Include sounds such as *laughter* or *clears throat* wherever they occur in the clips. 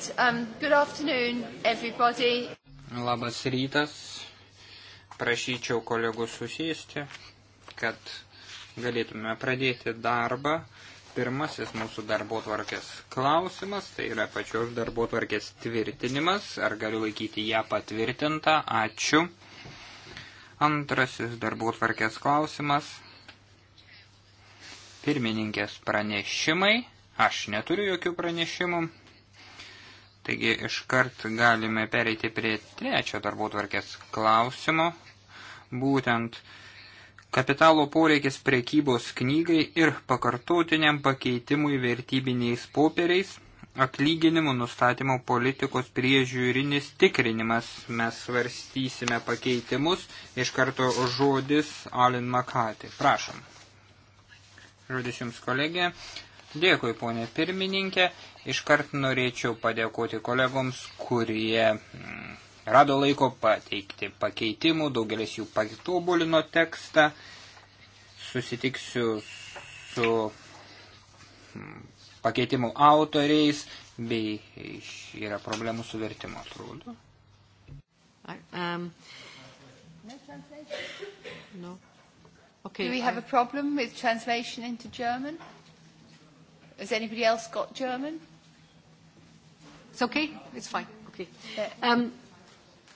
Right, um, good afternoon, everybody. Labas rytas. Prašyčiau kolegų susėsti, kad galėtume pradėti darbą. Pirmasis mūsų darbo tvarkės klausimas, tai yra pačios darbo tvarkės tvirtinimas. Ar galiu laikyti ją patvirtintą? Ačiū. Antrasis darbo tvarkės klausimas. Pirmininkės pranešimai. Aš neturiu jokių pranešimų. Taigi iškart galime pereiti prie trečio darbo tvarkės klausimo, būtent kapitalo poreikis priekybos knygai ir pakartotiniam pakeitimui vertybiniais popieriais, atlyginimų nustatymo politikos priežiūrinis tikrinimas. Mes svarstysime pakeitimus, iš karto žodis Alin Makati. Prašom. Žodis Jums kolegė. Dėkui, ponė pirmininkė. Iškart norėčiau padėkoti kolegoms, kurie mm, rado laiko pateikti pakeitimų, daugelis jų patobulino tekstą. Susitiksiu su mm, pakeitimų autoriais, bei yra problemų su vertimo, atrodo. Um. No. Okay. Do we have um, a problem with translation into German? Has anybody else got German? It's okay. It's fine. Okay. Um,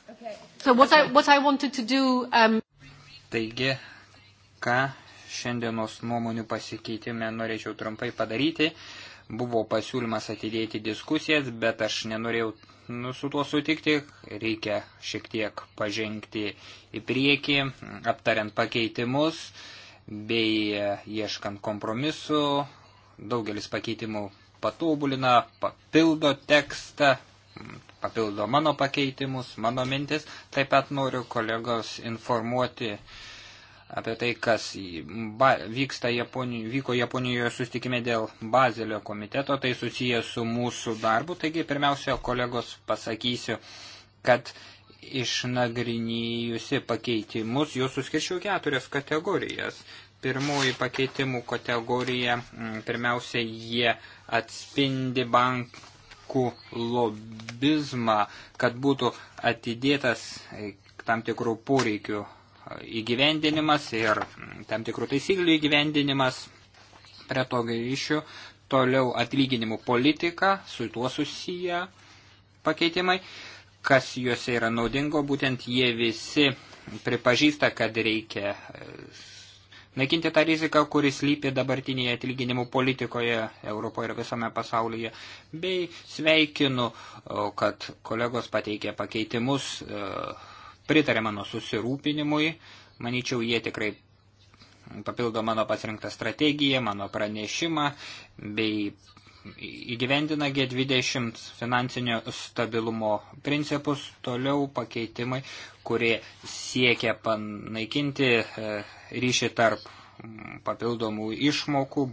okay. So what okay. I what I wanted to do. Um, Taigi, ką šiandienos nuomonių pasikeitime norėčiau trumpai padaryti. Buvo pasiūlymas atidėti diskusijas, bet aš nenorėjau nu, su tuo sutikti. Reikia šiek tiek pažengti į priekį, aptariant pakeitimus bei ieškant kompromisu Daugelis pakeitimų patobulina, papildo tekstą, mm, papildo mano pakeitimus, mano mintis. Taip pat noriu kolegos informuoti apie tai, kas vyksta Japonijoje, vyko Japonijoje sustikime dėl Bazelio komiteto, tai susijęs su mūsų darbu. Taigi, pirmiausia, kolegos pasakysiu, kad išnagrinėjusi pakeitimus, jūs suskirčiau keturias kategorijas. Pirmoji pakeitimų kategorija, mm, pirmiausia, jie atspindi bankų lobizmą, kad būtų atidėtas e, tam tikrų poreikių e, įgyvendinimas ir mm, tam tikrų taisyklių įgyvendinimas prie to grįšiu. Toliau atlyginimų politika, su tuo susiję pakeitimai, kas juose yra naudingo, būtent jie visi pripažįsta, kad reikia e, naikinti tą riziką, kuris lypi dabartinėje atlyginimų politikoje Europoje ir visame pasaulyje. Bei sveikinu, kad kolegos pateikė pakeitimus, e, pritarė mano susirūpinimui, manyčiau, jie tikrai papildo mano pasirinktą strategiją, mano pranešimą bei įgyvendina G20 finansinio stabilumo principus, toliau pakeitimai, kurie siekia panaikinti e, ryšį tarp mm, papildomų išmokų,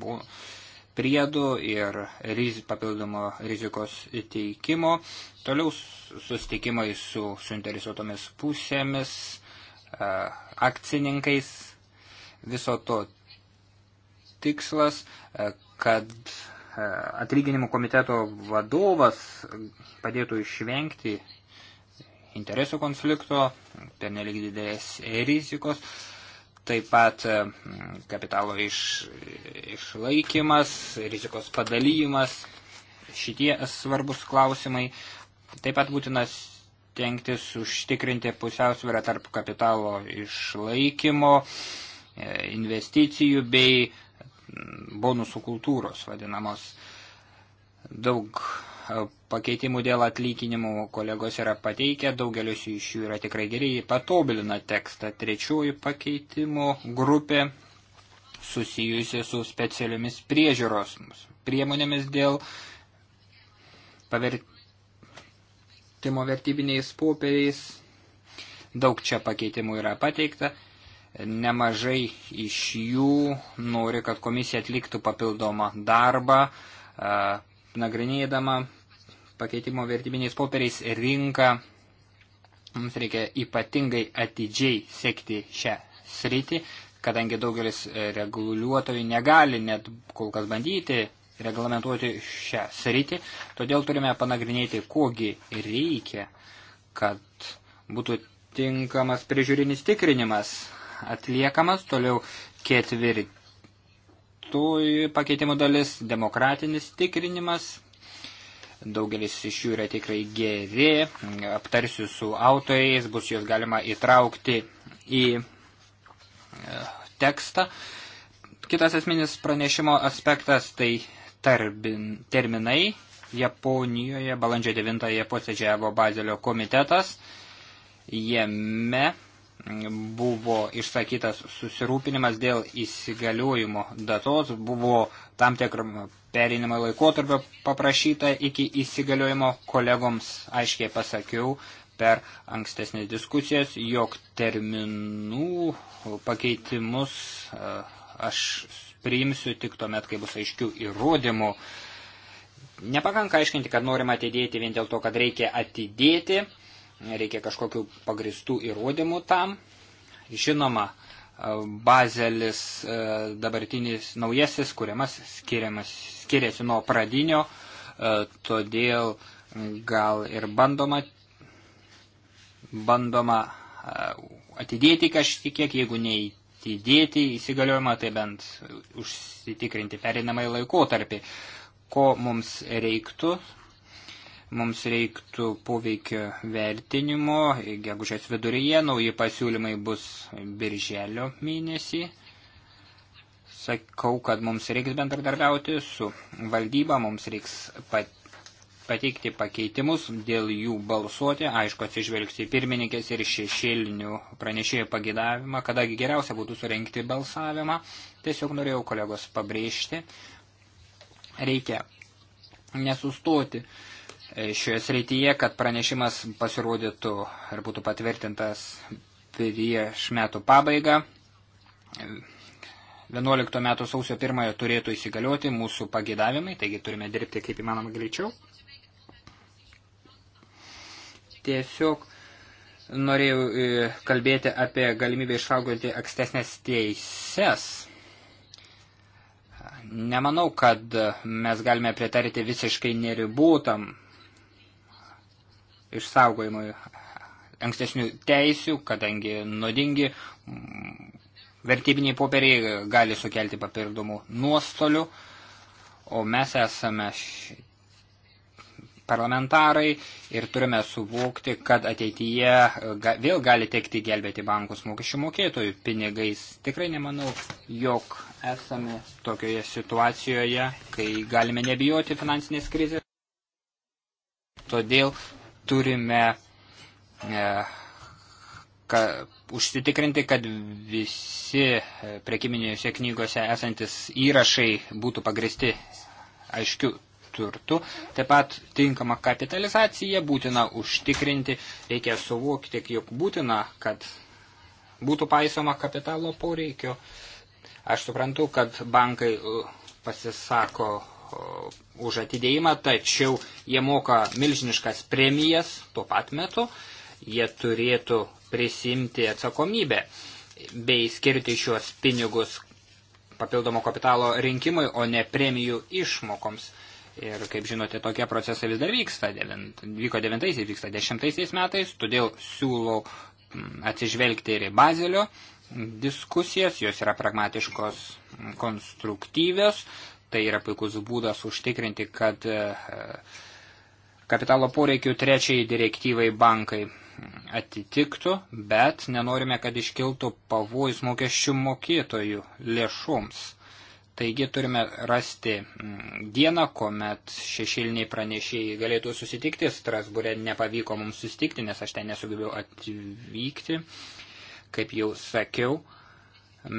priedų ir riz, papildomo rizikos teikimo, toliau sustikimai su suinteresuotomis pusėmis, e, akcininkais, viso to tikslas, e, kad E, atlyginimų komiteto vadovas padėtų išvengti interesų konflikto, pernelik didelės rizikos, taip pat e, kapitalo iš, išlaikimas, rizikos padalyjimas, šitie svarbus klausimai. Taip pat būtinas tenktis užtikrinti pusiausvyrą tarp kapitalo išlaikymo, e, investicijų bei bonusų kultūros vadinamos. Daug e, pakeitimų dėl atlyginimų kolegos yra pateikę, daugelis iš jų yra tikrai geriai, patobulina tekstą. Trečioji pakeitimų grupė susijusi su specialiomis priežiūros priemonėmis dėl pavertimo vertybiniais popieriais. Daug čia pakeitimų yra pateikta. Nemažai iš jų nori, kad komisija atliktų papildomą darbą, nagrinėdama pakeitimo vertybiniais popieriais rinką. Mums reikia ypatingai atidžiai sekti šią sritį, kadangi daugelis reguliuotojų negali net kol kas bandyti reglamentuoti šią sritį, todėl turime panagrinėti, kogi reikia, kad būtų tinkamas prižiūrinis tikrinimas, atliekamas. Toliau ketvirtųjų pakeitimų dalis – demokratinis tikrinimas. Daugelis iš jų yra tikrai geri. Aptarsiu su autoriais, bus juos galima įtraukti į e, tekstą. Kitas esminis pranešimo aspektas – tai tarbin, terminai. Japonijoje balandžio 9 posėdžiavo Bazelio komitetas. Jame buvo išsakytas susirūpinimas dėl įsigaliojimo datos, buvo tam tikrą perinimą laikotarpio paprašyta iki įsigaliojimo, kolegoms aiškiai pasakiau per ankstesnės diskusijas, jog terminų pakeitimus e, aš priimsiu tik tuomet, kai bus aiškių įrodymų. Nepakanka aiškinti, kad norima atidėti vien dėl to, kad reikia atidėti reikia kažkokių pagristų įrodymų tam. Žinoma, e, bazelis e, dabartinis naujasis, kuriamas skiriamas, skiriasi nuo pradinio, e, todėl gal ir bandoma, bandoma atidėti kažkiek, jeigu neįtidėti įsigaliojimą, tai bent užsitikrinti perinamai laikotarpį. Ko mums reiktų, Mums reiktų poveikio vertinimo, gegužės viduryje nauji pasiūlymai bus birželio mėnesį. Sakau, kad mums reiks bendradarbiauti su valdyba, mums reiks pateikti pakeitimus, dėl jų balsuoti, aišku, atsižvelgti pirmininkės ir šešėlinių pranešėjų pagidavimą, kadangi geriausia būtų surenkti balsavimą. Tiesiog norėjau kolegos pabrėžti, reikia nesustoti E, šioje srityje, kad pranešimas pasirodytų ir būtų patvirtintas prieš metų pabaigą. 11 metų sausio 1 turėtų įsigalioti mūsų pagėdavimai, taigi turime dirbti kaip įmanoma greičiau. Tiesiog norėjau e, kalbėti apie galimybę išsaugoti ankstesnės teises. Nemanau, kad mes galime pritarti visiškai neribotam išsaugojimui ankstesnių teisių, kadangi nuodingi mm, vertybiniai popieriai gali sukelti papirdomų nuostolių, o mes esame parlamentarai ir turime suvokti, kad ateityje ga, vėl gali tekti gelbėti bankus mokesčių mokėtojų pinigais. Tikrai nemanau, jog esame tokioje situacijoje, kai galime nebijoti finansinės krizės. Todėl turime e, ka, užsitikrinti, kad visi prekiminėse knygose esantis įrašai būtų pagristi aiškiu turtu. Taip pat tinkama kapitalizacija būtina užtikrinti, reikia suvokti, jog būtina, kad būtų paisoma kapitalo poreikio. Aš suprantu, kad bankai e, pasisako e, už atidėjimą, tačiau jie moka milžiniškas premijas tuo pat metu, jie turėtų prisimti atsakomybę bei skirti šiuos pinigus papildomo kapitalo rinkimui, o ne premijų išmokoms. Ir kaip žinote, tokie procesai vis dar vyksta, devint, vyko devintaisiais, vyksta dešimtaisiais metais, todėl siūlau mm, atsižvelgti ir į Bazelio diskusijas, jos yra pragmatiškos, konstruktyvios, tai yra puikus būdas užtikrinti, kad e, kapitalo poreikių trečiai direktyvai bankai atitiktų, bet nenorime, kad iškiltų pavojus mokesčių mokėtojų lėšoms. Taigi turime rasti mm, dieną, kuomet šešiliniai pranešėjai galėtų susitikti. Strasbūrė nepavyko mums susitikti, nes aš ten nesugebėjau atvykti, kaip jau sakiau.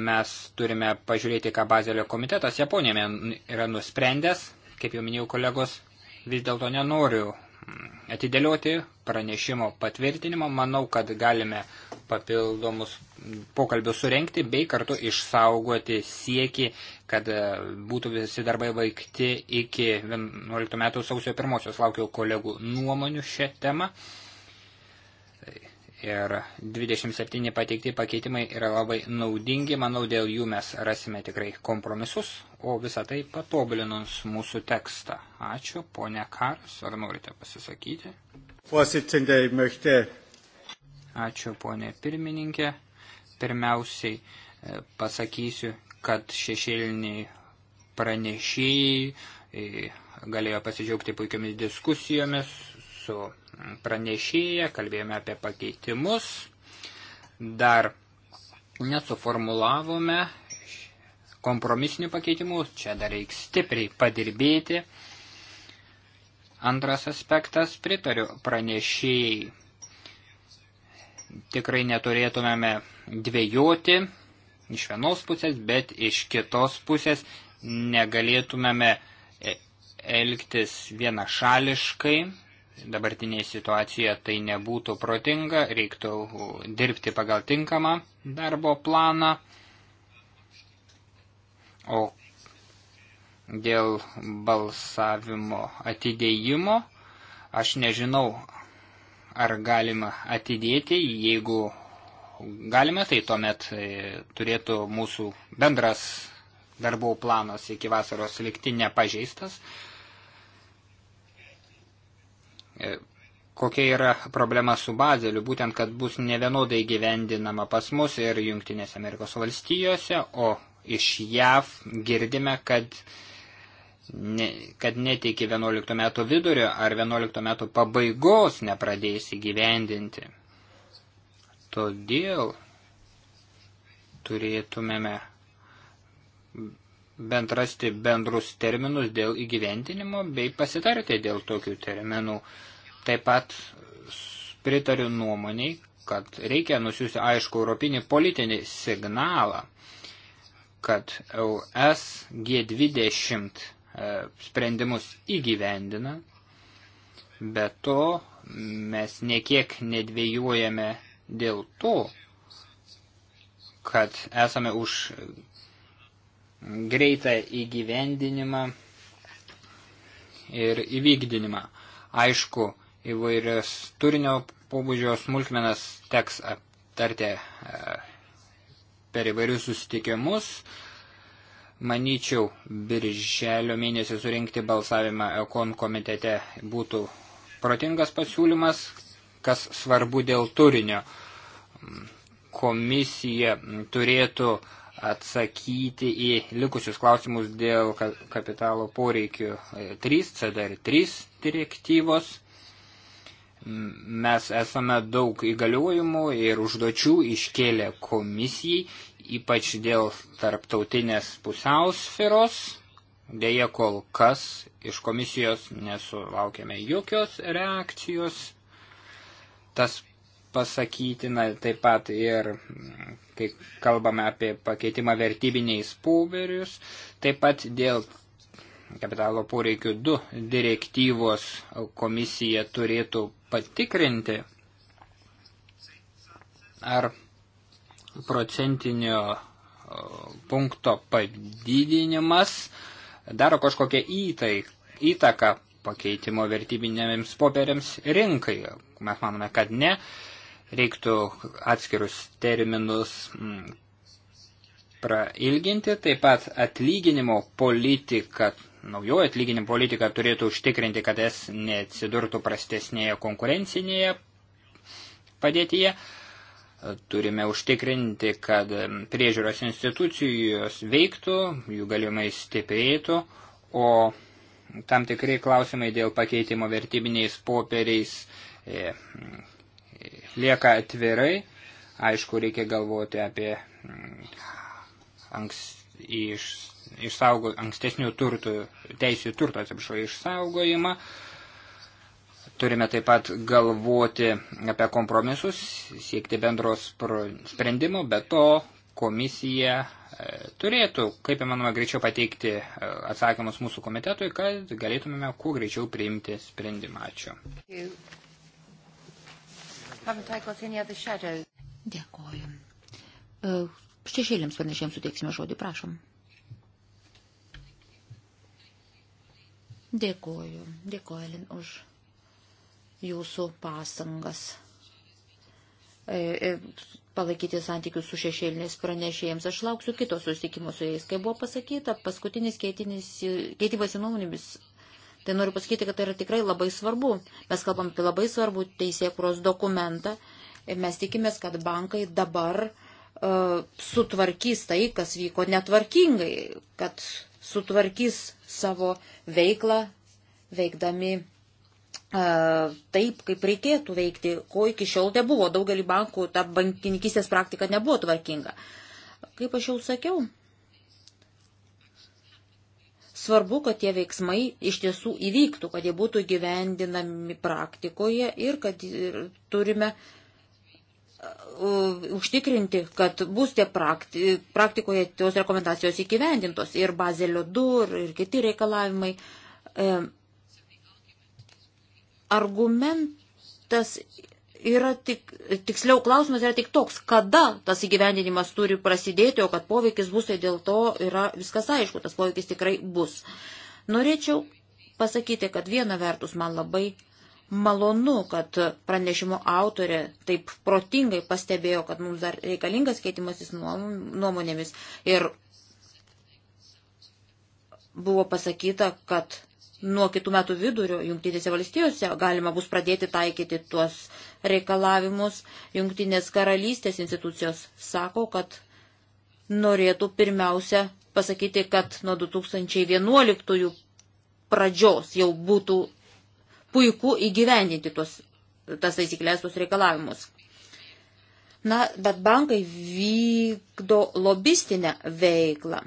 Mes turime pažiūrėti, ką Bazelio komitetas Japonija yra nusprendęs, kaip jau minėjau kolegos, vis dėlto nenoriu mm, atidėlioti pranešimo patvirtinimo. Manau, kad galime papildomus pokalbius surenkti bei kartu išsaugoti sieki, kad e, būtų visi darbai vaikti iki 11 metų sausio pirmosios. Laukiau kolegų nuomonių šią temą ir 27 pateikti pakeitimai yra labai naudingi, manau, dėl jų mes rasime tikrai kompromisus, o visą tai patobulinus mūsų tekstą. Ačiū, ponia Karas, ar norite pasisakyti? Ačiū, ponė pirmininkė. Pirmiausiai e, pasakysiu, kad šešėliniai pranešėjai e, galėjo pasidžiaugti puikiamis diskusijomis su pranešėja, kalbėjome apie pakeitimus, dar nesuformulavome kompromisinių pakeitimų, čia dar reiks stipriai padirbėti. Antras aspektas, pritariu pranešėjai. Tikrai neturėtumėme dvėjoti iš vienos pusės, bet iš kitos pusės negalėtumėme e- elgtis vienašališkai, dabartinėje situacijoje tai nebūtų protinga, reiktų dirbti pagal tinkamą darbo planą. O dėl balsavimo atidėjimo, aš nežinau, ar galima atidėti, jeigu galime, tai tuomet e, turėtų mūsų bendras darbų planas iki vasaros likti nepažeistas. E, kokia yra problema su bazeliu, būtent, kad bus nevienodai gyvendinama pas mus ir Junktinėse Amerikos valstijose, o iš JAV girdime, kad, ne, kad net iki 11 metų vidurio ar 11 metų pabaigos nepradės įgyvendinti. Todėl turėtumėme bent rasti bendrus terminus dėl įgyventinimo bei pasitarti dėl tokių terminų. Taip pat pritariu nuomoniai, kad reikia nusiųsti aišku europinį politinį signalą, kad ES G20 e, sprendimus įgyvendina, bet to mes niekiek nedvėjuojame dėl to, kad esame už greitą įgyvendinimą ir įvykdinimą. Aišku, įvairias turinio pobūdžio smulkmenas teks aptarti e, per įvairius susitikimus. Manyčiau, birželio mėnesį surinkti balsavimą Ekon komitete būtų protingas pasiūlymas, kas svarbu dėl turinio. Komisija turėtų uh, atsakyti į likusius klausimus dėl kapitalo poreikių 3, CDR3 direktyvos. Mes esame daug įgaliojimų ir užduočių iškėlę komisijai, ypač dėl tarptautinės pusiausfiros. Deja, kol kas iš komisijos nesulaukėme jokios reakcijos. Tas pasakytina taip pat ir, mm, kai kalbame apie pakeitimą vertybiniais pūverius, taip pat dėl kapitalo poreikių 2 direktyvos komisija turėtų patikrinti, ar procentinio punkto padidinimas daro kažkokią įtaką pakeitimo vertybinėms popieriams rinkai. Mes manome, kad ne reiktų atskirus terminus mm, prailginti, taip pat atlyginimo politika, naujoji atlyginimo politika turėtų užtikrinti, kad es neatsidurtų prastesnėje konkurencinėje padėtyje. Turime užtikrinti, kad priežiūros institucijos veiktų, jų galimai stiprėtų, o tam tikrai klausimai dėl pakeitimo vertybiniais popieriais e, lieka atvirai. Aišku, reikia galvoti apie mm, anks, iš, išsaugo, ankstesnių turtų, teisų turto atsiprašau, išsaugojimą. Turime taip pat galvoti apie kompromisus, siekti bendros sprendimo, bet to komisija e, turėtų, kaip įmanoma, greičiau pateikti e, atsakymus mūsų komitetui, kad galėtumėme kuo greičiau priimti sprendimą. Ačiū. Dėkoju. E, Šešėlėms panašiams suteiksime žodį, prašom. Dėkoju, dėkoju, Elin, už jūsų pastangas e, e, palaikyti santykius su šešėliniais pranešėjams. Aš lauksiu kito susitikimo su jais. Kai buvo pasakyta, paskutinis keitimas nuomonėmis tai noriu pasakyti, kad tai yra tikrai labai svarbu. Mes kalbam apie labai svarbų teisėkuros dokumentą ir mes tikimės, kad bankai dabar uh, sutvarkys tai, kas vyko netvarkingai, kad sutvarkys savo veiklą, veikdami e, taip, kaip reikėtų veikti, ko iki šiol nebuvo. Daugelį bankų ta bankininkistės praktika nebuvo tvarkinga. Kaip aš jau sakiau, Svarbu, kad tie veiksmai iš tiesų įvyktų, kad jie būtų gyvendinami praktikoje ir kad turime e, užtikrinti, kad bus tie prakti, praktikoje tos rekomendacijos įgyvendintos ir bazelio 2 ir kiti reikalavimai. E, argumentas yra tik, tiksliau klausimas yra tik toks, kada tas įgyvendinimas turi prasidėti, o kad poveikis bus, tai dėl to yra viskas aišku, tas poveikis tikrai bus. Norėčiau pasakyti, kad viena vertus man labai malonu, kad pranešimo autorė taip protingai pastebėjo, kad mums dar reikalingas keitimasis nuomonėmis ir buvo pasakyta, kad nuo kitų metų vidurio Junktinėse valstijose galima bus pradėti taikyti tuos reikalavimus. Junktinės karalystės institucijos sako, kad norėtų pirmiausia pasakyti, kad nuo 2011 pradžios jau būtų puiku įgyvendinti tuos, tas taisyklės, tuos reikalavimus. Na, bet bankai vykdo lobistinę veiklą.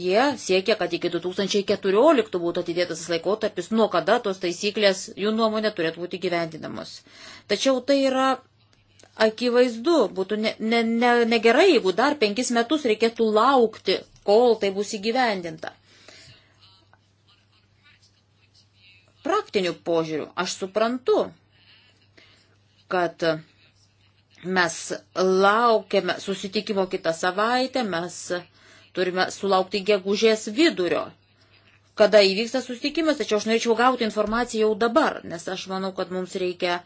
Jie siekia, kad iki 2014 būtų atidėtas laikotarpis, nuo kada tos taisyklės jų nuomonė turėtų būti gyvendinamos. Tačiau tai yra akivaizdu, būtų negerai, ne, ne, ne gerai, jeigu dar penkis metus reikėtų laukti, kol tai bus įgyvendinta. Praktiniu požiūriu aš suprantu, kad mes laukiame susitikimo kitą savaitę, mes Turime sulaukti gegužės vidurio, kada įvyksta susitikimas, tačiau aš norėčiau gauti informaciją jau dabar, nes aš manau, kad mums reikia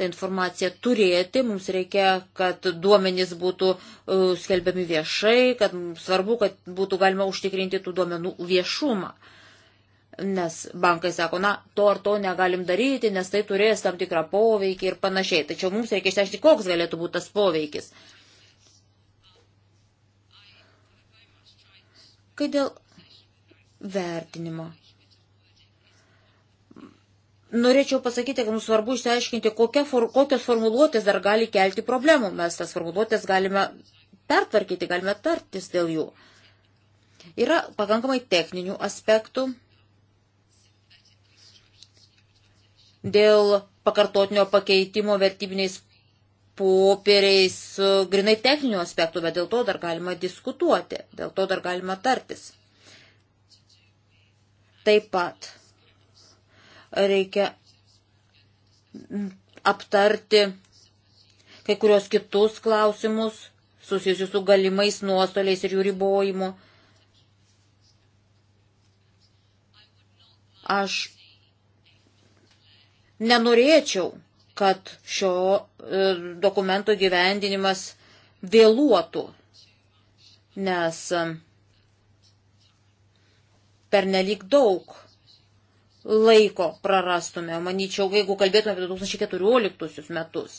tą informaciją turėti, mums reikia, kad duomenys būtų uh, skelbiami viešai, kad svarbu, kad būtų galima užtikrinti tų duomenų viešumą. Nes bankai sako, na, to ar to negalim daryti, nes tai turės tam tikrą poveikį ir panašiai. Tačiau mums reikia išsiaiškinti, koks galėtų būti tas poveikis. Uh, Kai dėl vertinimo. Norėčiau pasakyti, kad mums svarbu išsiaiškinti, kokia for, kokios formuluotės dar gali kelti problemų. Mes tas formuluotės galime pertvarkyti, galime tartis dėl jų. Yra pakankamai techninių aspektų dėl pakartotinio pakeitimo vertybiniais popieriais grinai techninių aspektų, bet dėl to dar galima diskutuoti, dėl to dar galima tartis. Taip pat reikia aptarti kai kurios kitus klausimus susijusius su galimais nuostoliais ir jų ribojimu. Aš nenorėčiau kad šio e, dokumento gyvendinimas vėluotų, nes e, per nelik daug laiko prarastume, manyčiau, jeigu kalbėtume apie 2014 metus.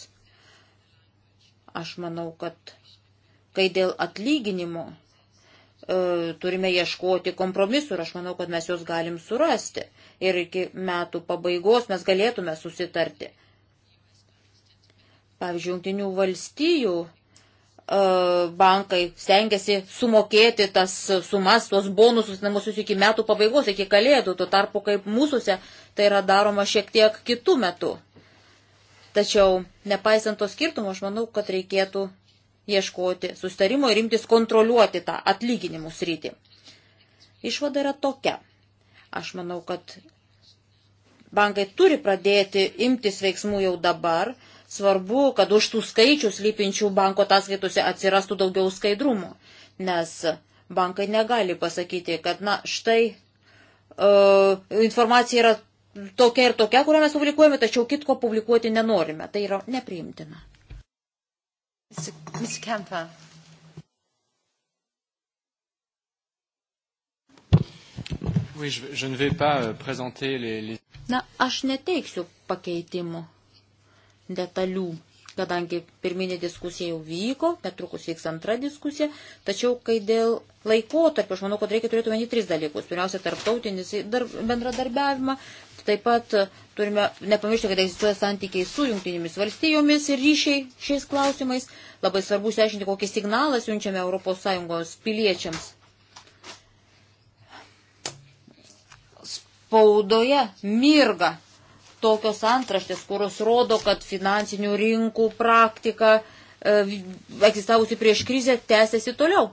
Aš manau, kad kai dėl atlyginimo e, turime ieškoti kompromisų ir aš manau, kad mes juos galim surasti ir iki metų pabaigos mes galėtume susitarti. Pavyzdžiui, jungtinių valstijų e, bankai stengiasi sumokėti tas sumas, tuos bonusus namusius iki metų pabaigos, iki kalėdų, tuo tarpu kaip mūsųse tai yra daroma šiek tiek kitų metų. Tačiau, nepaisant to skirtumo, aš manau, kad reikėtų ieškoti sustarimo ir imtis kontroliuoti tą atlyginimų sritį. Išvada yra tokia. Aš manau, kad bankai turi pradėti imtis veiksmų jau dabar, Svarbu, kad už tų skaičių slypinčių banko ataskaitose atsirastų daugiau skaidrumo, nes bankai negali pasakyti, kad, na, štai uh, informacija yra tokia ir tokia, kurią mes publikuojame, tačiau kitko publikuoti nenorime. Tai yra nepriimtina. Mr. Kemper. Oui, je, je ne vais pas euh, présenter les, les... Na, aš neteiksiu pakeitimų detalių, kadangi pirminė diskusija jau vyko, netrukus vyks antra diskusija, tačiau kai dėl laikotarpio, aš manau, kad reikia turėti meni tris dalykus. Pirmiausia, tarptautinis darb, bendradarbiavimą, taip pat turime nepamiršti, kad egzistuoja santykiai su jungtinėmis valstijomis ir ryšiai šiais klausimais. Labai svarbu išsiaiškinti, kokį signalą siunčiame ES piliečiams. Spaudoje mirga tokios antraštės, kurios rodo, kad finansinių rinkų praktika e, egzistavusi prieš krizę tęsiasi toliau.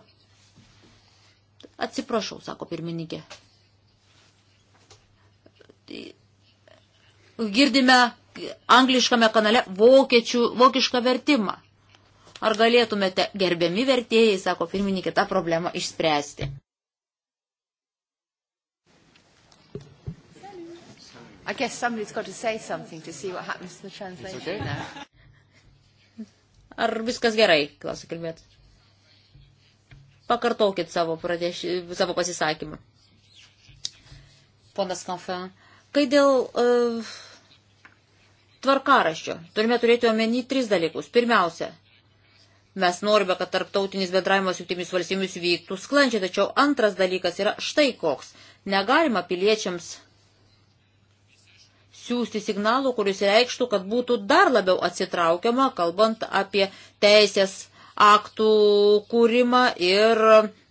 Atsiprašau, sako pirmininkė. Tai, girdime angliškame kanale vokiečių, vokišką vertimą. Ar galėtumėte, gerbiami vertėjai, sako pirmininkė, tą problemą išspręsti? I guess somebody's got to say something to see what happens to the translation It's okay. now. Ar viskas gerai, klausia kalbėt. Pakartokit savo, pradėš, savo pasisakymą. Ponas Konfen, kai dėl uh, tvarkaraščio turime turėti omeny tris dalykus. Pirmiausia, mes norime, kad tarptautinis bendravimas jungtimis valstybėmis vyktų sklandžiai, tačiau antras dalykas yra štai koks. Negalima piliečiams siūsti signalų, kuris reikštų, kad būtų dar labiau atsitraukiama, kalbant apie teisės aktų kūrimą ir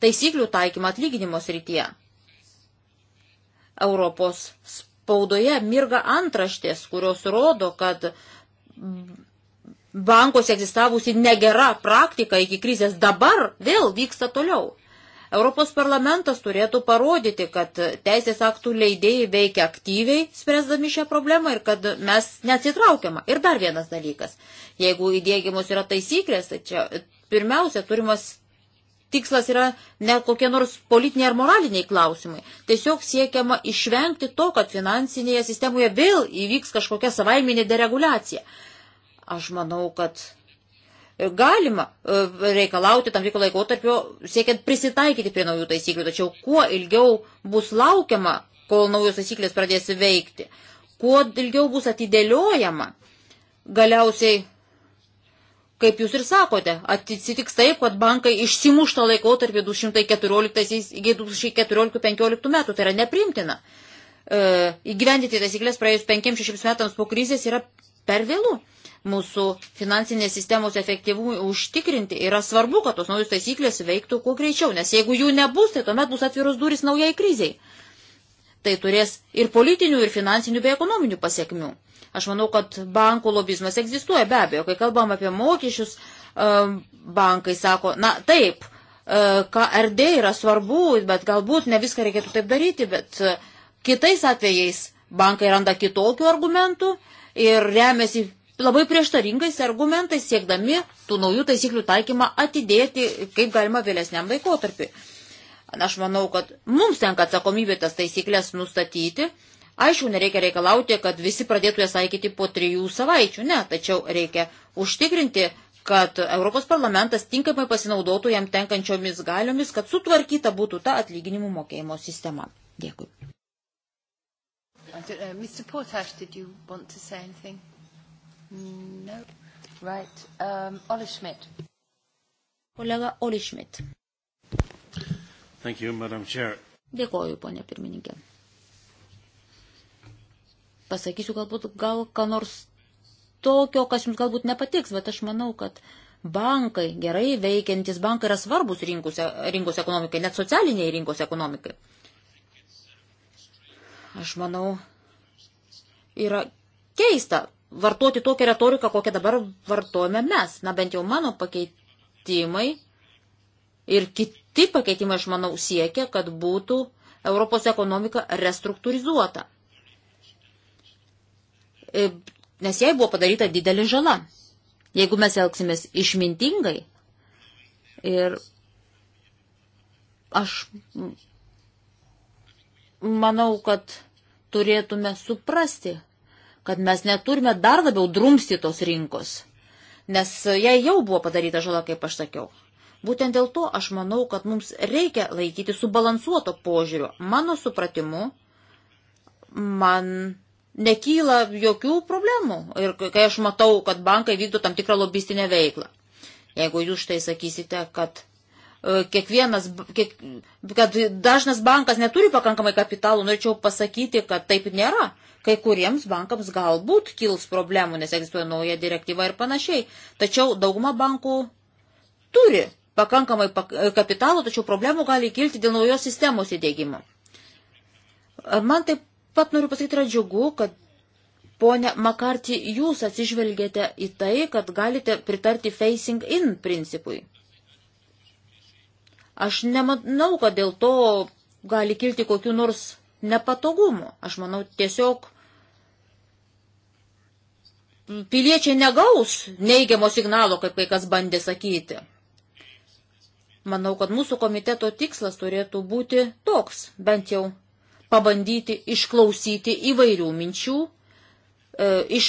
taisyklių taikymą atlyginimo srityje. Europos spaudoje mirga antraštės, kurios rodo, kad bankos egzistavusi negera praktika iki krizės dabar vėl vyksta toliau. Europos parlamentas turėtų parodyti, kad teisės aktų leidėjai veikia aktyviai, spręsdami šią problemą ir kad mes neatsitraukiama. Ir dar vienas dalykas. Jeigu įdėgimus yra taisyklės, tai čia pirmiausia turimas tikslas yra ne kokie nors politiniai ar moraliniai klausimai. Tiesiog siekiama išvengti to, kad finansinėje sistemoje vėl įvyks kažkokia savaiminė deregulacija. Aš manau, kad galima e, reikalauti tam tikro laikotarpio, siekiant prisitaikyti prie naujų taisyklių, tačiau kuo ilgiau bus laukiama, kol naujos taisyklės pradės veikti, kuo ilgiau bus atidėliojama, galiausiai, kaip jūs ir sakote, atsitiks taip, kad bankai išsimušta laikotarpį 214-2015 metų, tai yra neprimtina. E, įgyvendyti taisyklės praėjus 5-6 metams po krizės yra per vėlų mūsų finansinės sistemos efektyvumui užtikrinti, yra svarbu, kad tos naujos taisyklės veiktų kuo greičiau, nes jeigu jų nebus, tai tuomet bus atviros durys naujai kriziai. Tai turės ir politinių, ir finansinių, bei ekonominių pasiekmių. Aš manau, kad bankų lobizmas egzistuoja be abejo. Kai kalbam apie mokesčius, e, bankai sako, na taip, e, KRD yra svarbu, bet galbūt ne viską reikėtų taip daryti, bet e, kitais atvejais bankai randa kitokių argumentų ir remiasi labai prieštaringais argumentais siekdami tų naujų taisyklių taikymą atidėti kaip galima vėlesniam laikotarpiu. Aš manau, kad mums tenka atsakomybė tas taisyklės nustatyti. Aišku, nereikia reikalauti, kad visi pradėtų jas taikyti po trijų savaičių, ne, tačiau reikia užtikrinti, kad Europos parlamentas tinkamai pasinaudotų jam tenkančiomis galiomis, kad sutvarkyta būtų ta atlyginimų mokėjimo sistema. Dėkui. Uh, Mr. Portash, did you want to say anything? No. Right. Um, Oli Schmidt. Kolega Oli Schmidt. Thank you, Madam Chair. Dėkoju, ponė pirmininkė. Pasakysiu galbūt gal ką nors tokio, kas jums galbūt nepatiks, bet aš manau, kad bankai, gerai veikiantis bankai yra svarbus rinkos, rinkos ekonomikai, net socialiniai rinkos ekonomikai. Aš manau, yra keista vartoti tokią retoriką, kokią dabar vartojame mes. Na bent jau mano pakeitimai ir kiti pakeitimai, aš manau, siekia, kad būtų Europos ekonomika restruktūrizuota. E, nes jai buvo padaryta didelė žala. Jeigu mes elgsimės išmintingai ir aš manau, kad turėtume suprasti, kad mes neturime dar labiau drumsti tos rinkos, nes jai jau buvo padaryta žala, kaip aš sakiau. Būtent dėl to aš manau, kad mums reikia laikyti subalansuoto požiūrio. Mano supratimu, man nekyla jokių problemų. Ir kai aš matau, kad bankai vykdo tam tikrą lobistinę veiklą. Jeigu jūs štai sakysite, kad kiekvienas, kiek, kad dažnas bankas neturi pakankamai kapitalų, norėčiau pasakyti, kad taip nėra. Kai kuriems bankams galbūt kils problemų, nes egzistuoja nauja direktyva ir panašiai. Tačiau dauguma bankų turi pakankamai kapitalo, tačiau problemų gali kilti dėl naujos sistemos įdėgymo. Man taip pat noriu pasakyti, yra džiugu, kad Pone Makarti, jūs atsižvelgėte į tai, kad galite pritarti facing in principui. Aš nemanau, kad dėl to gali kilti kokiu nors nepatogumu. Aš manau, tiesiog piliečiai negaus neigiamo signalo, kaip kai kas bandė sakyti. Manau, kad mūsų komiteto tikslas turėtų būti toks, bent jau pabandyti išklausyti įvairių minčių, e, iš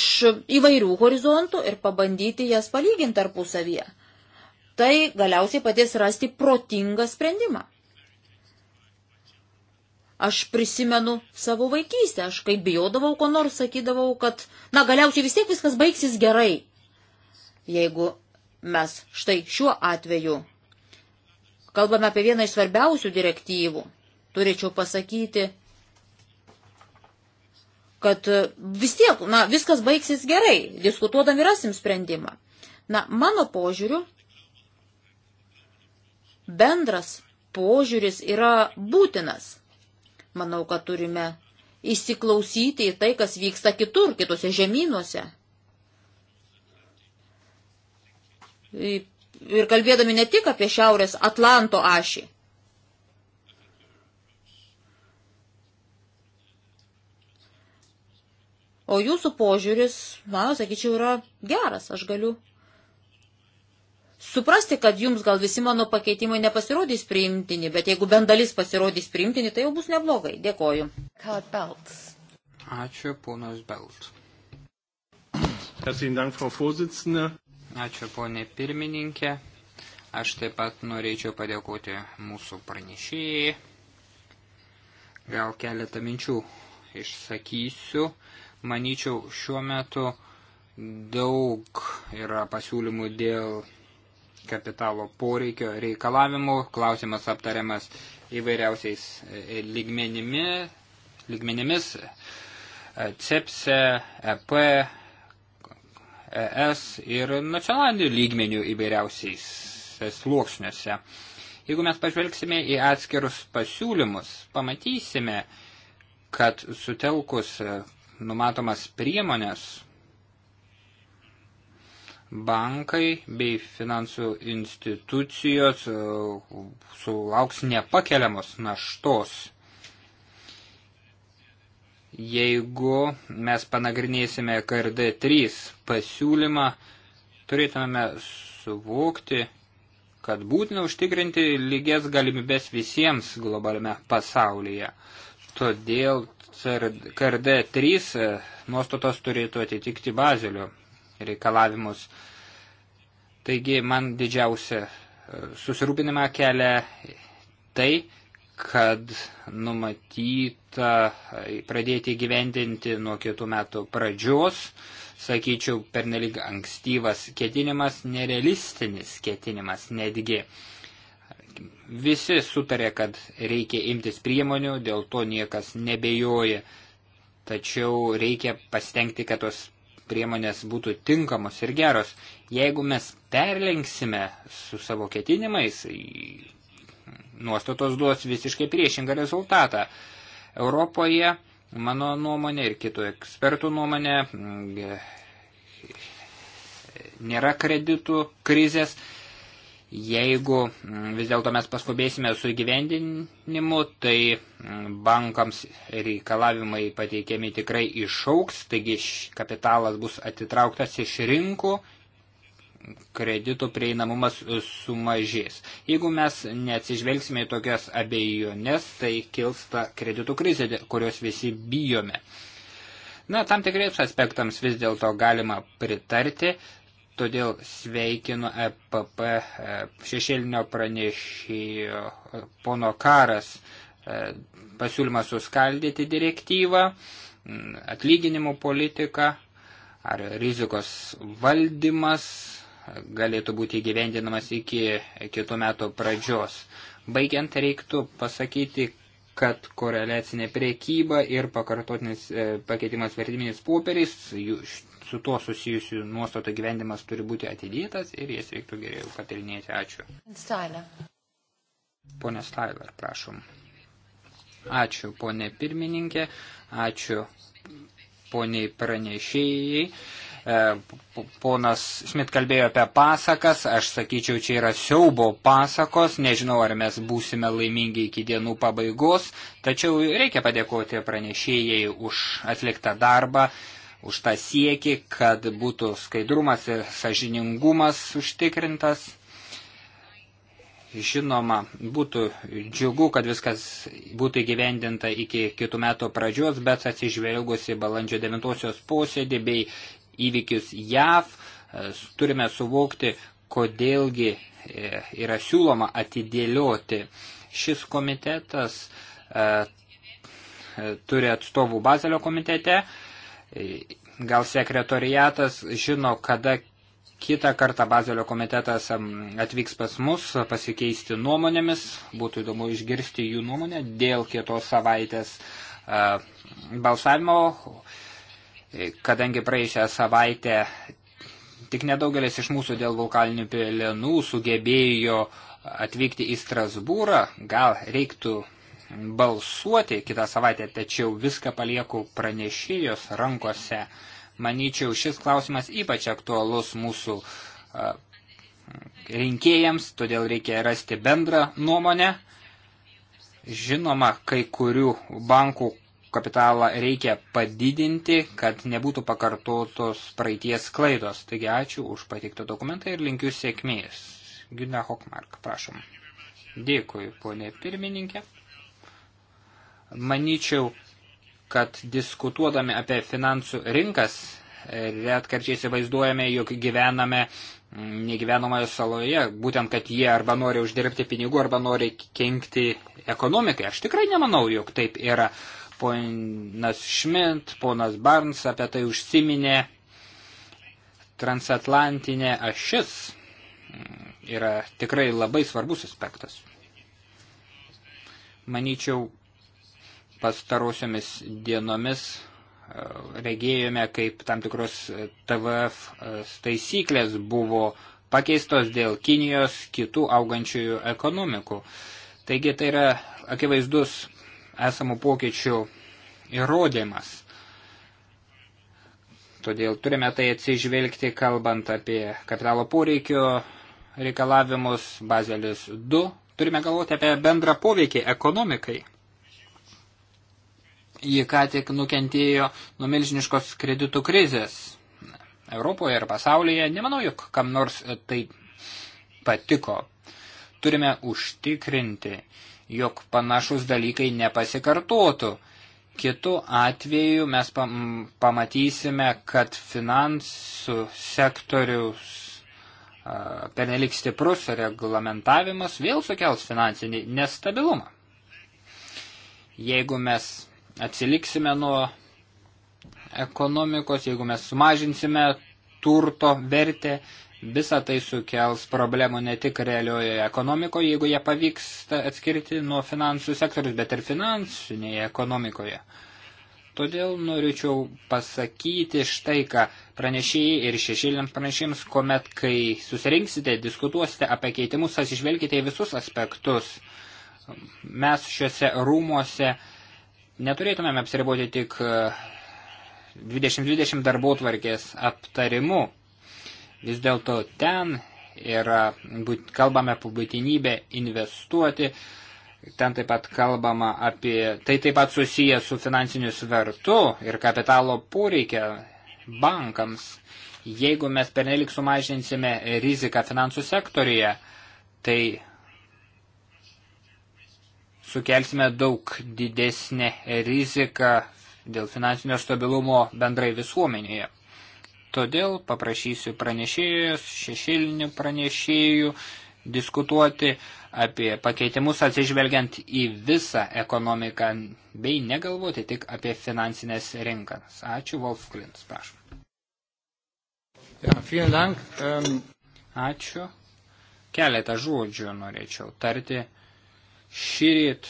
įvairių horizontų ir pabandyti jas palyginti tarpusavyje tai galiausiai padės rasti protingą sprendimą. Aš prisimenu savo vaikystę, aš kaip bijodavau, ko nors sakydavau, kad, na, galiausiai vis tiek viskas baigsis gerai. Jeigu mes štai šiuo atveju kalbame apie vieną iš svarbiausių direktyvų, turėčiau pasakyti, kad vis tiek, na, viskas baigsis gerai, diskutuodami rasim sprendimą. Na, mano požiūriu, bendras požiūris yra būtinas. Manau, kad turime įsiklausyti į tai, kas vyksta kitur, kitose žemynuose. Ir kalbėdami ne tik apie Šiaurės Atlanto ašį. O jūsų požiūris, na, sakyčiau, yra geras, aš galiu suprasti, kad jums gal visi mano pakeitimai nepasirodys priimtini, bet jeigu bent dalis pasirodys priimtini, tai jau bus neblogai. Dėkoju. Ačiū, ponas Belt. Ačiū, ponė pirmininkė. Aš taip pat norėčiau padėkoti mūsų pranešėjai. Gal keletą minčių išsakysiu. Manyčiau, šiuo metu daug yra pasiūlymų dėl kapitalo poreikio reikalavimų. Klausimas aptariamas įvairiausiais e, lygmenimi, lygmenimis. E, CEPSE, EP, ES ir nacionalinių lygmenių įvairiausiais sluoksniuose. Jeigu mes pažvelgsime į atskirus pasiūlymus, pamatysime, kad sutelkus e, numatomas priemonės bankai bei finansų institucijos e, sulauks nepakeliamos naštos. Jeigu mes panagrinėsime KRD3 pasiūlymą, turėtume suvokti, kad būtina užtikrinti lygias galimybės visiems globaliame pasaulyje. Todėl KRD3 e, nuostatos turėtų atitikti Bazelio reikalavimus. Taigi man didžiausia e, susirūpinimą kelia tai, kad numatyta e, pradėti gyvendinti nuo kitų metų pradžios, sakyčiau, pernelyg ankstyvas ketinimas, nerealistinis ketinimas netgi. Visi sutarė, kad reikia imtis priemonių, dėl to niekas nebejoja, tačiau reikia pastengti, kad tos priemonės būtų tinkamos ir geros. Jeigu mes perlenksime su savo ketinimais, nuostatos duos visiškai priešingą rezultatą. Europoje, mano nuomonė ir kitų ekspertų nuomonė, mm, nėra kreditų krizės, Jeigu mm, vis dėlto mes paskubėsime su įgyvendinimu, tai mm, bankams reikalavimai pateikiami tikrai išauks, taigi kapitalas bus atitrauktas iš rinkų, kreditų prieinamumas sumažės. Jeigu mes neatsižvelgsime į tokias abejonės, tai kilsta kreditų krizė, kurios visi bijome. Na, tam tikriems aspektams vis dėlto galima pritarti, todėl sveikinu EPP e, šešėlinio pranešėjo e, pono karas e, pasiūlymą suskaldyti direktyvą, atlyginimų politiką ar rizikos valdymas galėtų būti įgyvendinamas iki kitų metų pradžios. Baigiant reiktų pasakyti, kad koreliacinė priekyba ir pakartotinis pakeitimas vertiminis popieriais, su tuo susijusių nuostatų gyvendimas turi būti atidėtas ir jas reiktų geriau patirinėti. Ačiū. Styler. Pone Styler, prašom. Ačiū, ponė pirmininkė. Ačiū, poniai pranešėjai. E, ponas Smit kalbėjo apie pasakas, aš sakyčiau, čia yra siaubo pasakos, nežinau, ar mes būsime laimingi iki dienų pabaigos, tačiau reikia padėkoti pranešėjai už atliktą darbą už tą siekį, kad būtų skaidrumas ir sažiningumas užtikrintas. Žinoma, būtų džiugu, kad viskas būtų įgyvendinta iki kitų metų pradžios, bet atsižvelgusi balandžio 9-osios posėdį bei įvykius JAV, e, turime suvokti, kodėlgi e, yra siūloma atidėlioti. Šis komitetas e, turi atstovų Bazelio komitete, Gal sekretoriatas žino, kada kitą kartą Bazelio komitetas atvyks pas mus pasikeisti nuomonėmis. Būtų įdomu išgirsti jų nuomonę dėl kitos savaitės e, balsavimo, kadangi praėjusią savaitę tik nedaugelis iš mūsų dėl vulkaninių pelenų sugebėjo atvykti į Strasbūrą, gal reiktų balsuoti kitą savaitę, tačiau viską palieku pranešėjos rankose. Manyčiau, šis klausimas ypač aktualus mūsų rinkėjams, todėl reikia rasti bendrą nuomonę. Žinoma, kai kurių bankų kapitalą reikia padidinti, kad nebūtų pakartotos praeities klaidos. Taigi ačiū už pateiktą dokumentą ir linkiu sėkmės. Gina Hokmark, prašom. Dėkui, ponė pirmininkė. Manyčiau, kad diskutuodami apie finansų rinkas, e, retkarčiai įsivaizduojame, jog gyvename mm, negyvenamoje saloje, būtent kad jie arba nori uždirbti pinigų, arba nori kenkti ekonomikai. Aš tikrai nemanau, jog taip yra. Ponas Šmint, ponas Barnes apie tai užsiminė. Transatlantinė ašis mm, yra tikrai labai svarbus aspektas. Manyčiau, pastarosiomis dienomis e, regėjome, kaip tam tikros e, TVF e, taisyklės buvo pakeistos dėl Kinijos kitų augančiųjų ekonomikų. Taigi tai yra akivaizdus esamų pokyčių įrodymas. Todėl turime tai atsižvelgti, kalbant apie kapitalo poreikio reikalavimus, bazelis 2. Turime galvoti apie bendrą poveikį ekonomikai. Ji ką tik nukentėjo nuo milžiniškos kreditų krizės Europoje ir pasaulyje. Nemanau, jog kam nors tai patiko. Turime užtikrinti, jog panašus dalykai nepasikartotų. Kitu atveju mes pamatysime, kad finansų sektorius pernelik stiprus reglamentavimas vėl sukels finansinį nestabilumą. Jeigu mes atsiliksime nuo ekonomikos, jeigu mes sumažinsime turto vertę, visa tai sukels problemų ne tik realioje ekonomikoje, jeigu jie pavyks atskirti nuo finansų sektorius, bet ir finansinėje ekonomikoje. Todėl norėčiau pasakyti štai ką pranešėjai ir šešėliniams pranešėjams, kuomet, kai susirinksite, diskutuosite apie keitimus, atsižvelkite į visus aspektus. Mes šiuose rūmuose uh, neturėtumėme apsiriboti tik 2020 e, darbų tvarkės aptarimu. Vis dėlto ten yra, kalbame apie būtinybę investuoti, ten taip pat kalbama apie, tai taip pat susiję su finansiniu svertu ir kapitalo poreikia bankams. Jeigu mes pernelik sumažinsime riziką finansų sektorija, tai sukelsime daug didesnę riziką dėl finansinio stabilumo bendrai visuomenėje. Todėl paprašysiu pranešėjus, šešilinių pranešėjų diskutuoti apie pakeitimus atsižvelgiant į visą ekonomiką bei negalvoti tik apie finansinės rinkas. Ačiū, Wolf Klins, prašom. Ja, Dank, um... Ačiū. Keletą žodžių norėčiau tarti Šįryt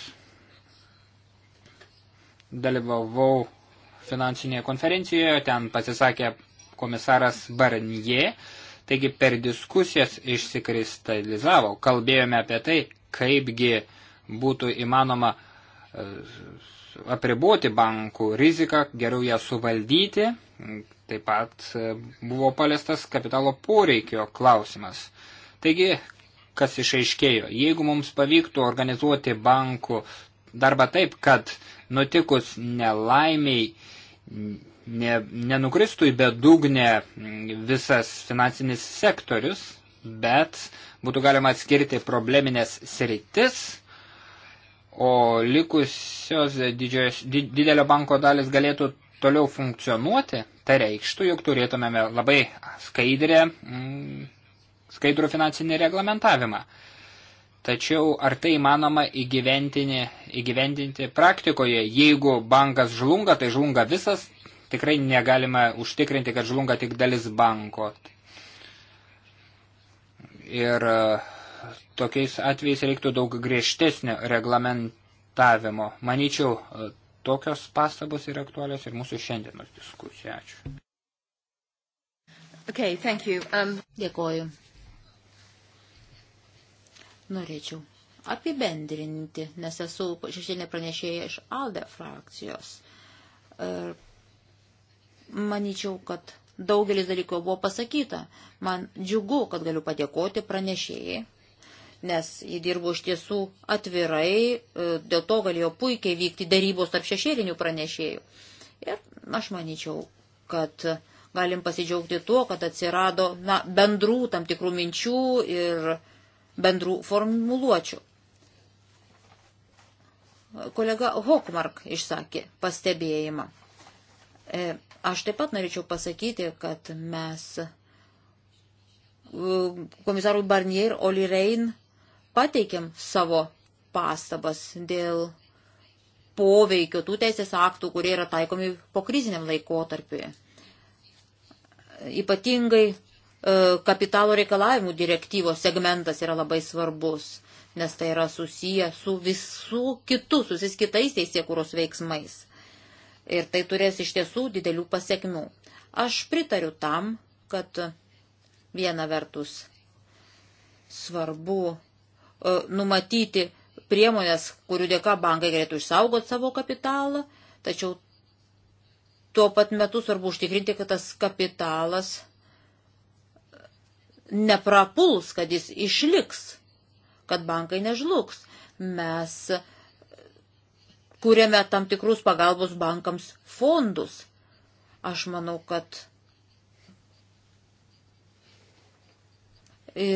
dalyvavau finansinėje konferencijoje, ten pasisakė komisaras Barnier, taigi per diskusijas išsikristalizavo. Kalbėjome apie tai, kaipgi būtų įmanoma e, apriboti bankų riziką, geriau ją suvaldyti. Taip pat e, buvo paliestas kapitalo poreikio klausimas. Taigi kas išaiškėjo. Jeigu mums pavyktų organizuoti bankų darbą taip, kad nutikus nelaimiai ne, nenukristų į bedugnę visas finansinis sektorius, bet būtų galima atskirti probleminės sritis, o likusios didžios, did, didelio banko dalis galėtų toliau funkcionuoti, tai reikštų, jog turėtumėme labai skaidrę m, mm, skaidrų finansinį reglamentavimą. Tačiau ar tai manoma įgyvendinti praktikoje, jeigu bankas žlunga, tai žlunga visas, tikrai negalima užtikrinti, kad žlunga tik dalis banko. Ir e, tokiais atvejais reiktų daug griežtesnio reglamentavimo. Manyčiau, e, tokios pastabos yra aktualios ir mūsų šiandienos diskusija. Ačiū. Okay, thank you. Um... Dėkoju norėčiau apibendrinti, nes esu šešėlinė pranešėja iš ALDE frakcijos. Ir e, manyčiau, kad daugelis dalykų buvo pasakyta. Man džiugu, kad galiu padėkoti pranešėjai, nes jį dirbo iš tiesų atvirai, e, dėl to galėjo puikiai vykti darybos tarp šešėlinių pranešėjų. Ir aš manyčiau, kad galim pasidžiaugti tuo, kad atsirado na, bendrų tam tikrų minčių ir uh, bendrų formuluočių. Kolega Hokmark išsakė pastebėjimą. E, aš taip pat norėčiau pasakyti, kad mes e, komisarui Barnier ir Oli Rein pateikėm savo pastabas dėl poveikio tų teisės aktų, kurie yra taikomi po kriziniam laikotarpiu. E, ypatingai E, kapitalo reikalavimų direktyvos segmentas yra labai svarbus, nes tai yra susiję su visų kitų, su vis kitais teisėkūros veiksmais. Ir tai turės iš tiesų didelių pasiekmių. Aš pritariu tam, kad viena vertus svarbu e, numatyti priemonės, kurių dėka bankai galėtų išsaugoti savo kapitalą, tačiau tuo pat metu svarbu užtikrinti, kad tas kapitalas neprapuls, kad jis išliks, kad bankai nežlugs. Mes kūrėme tam tikrus pagalbos bankams fondus. Aš manau, kad e,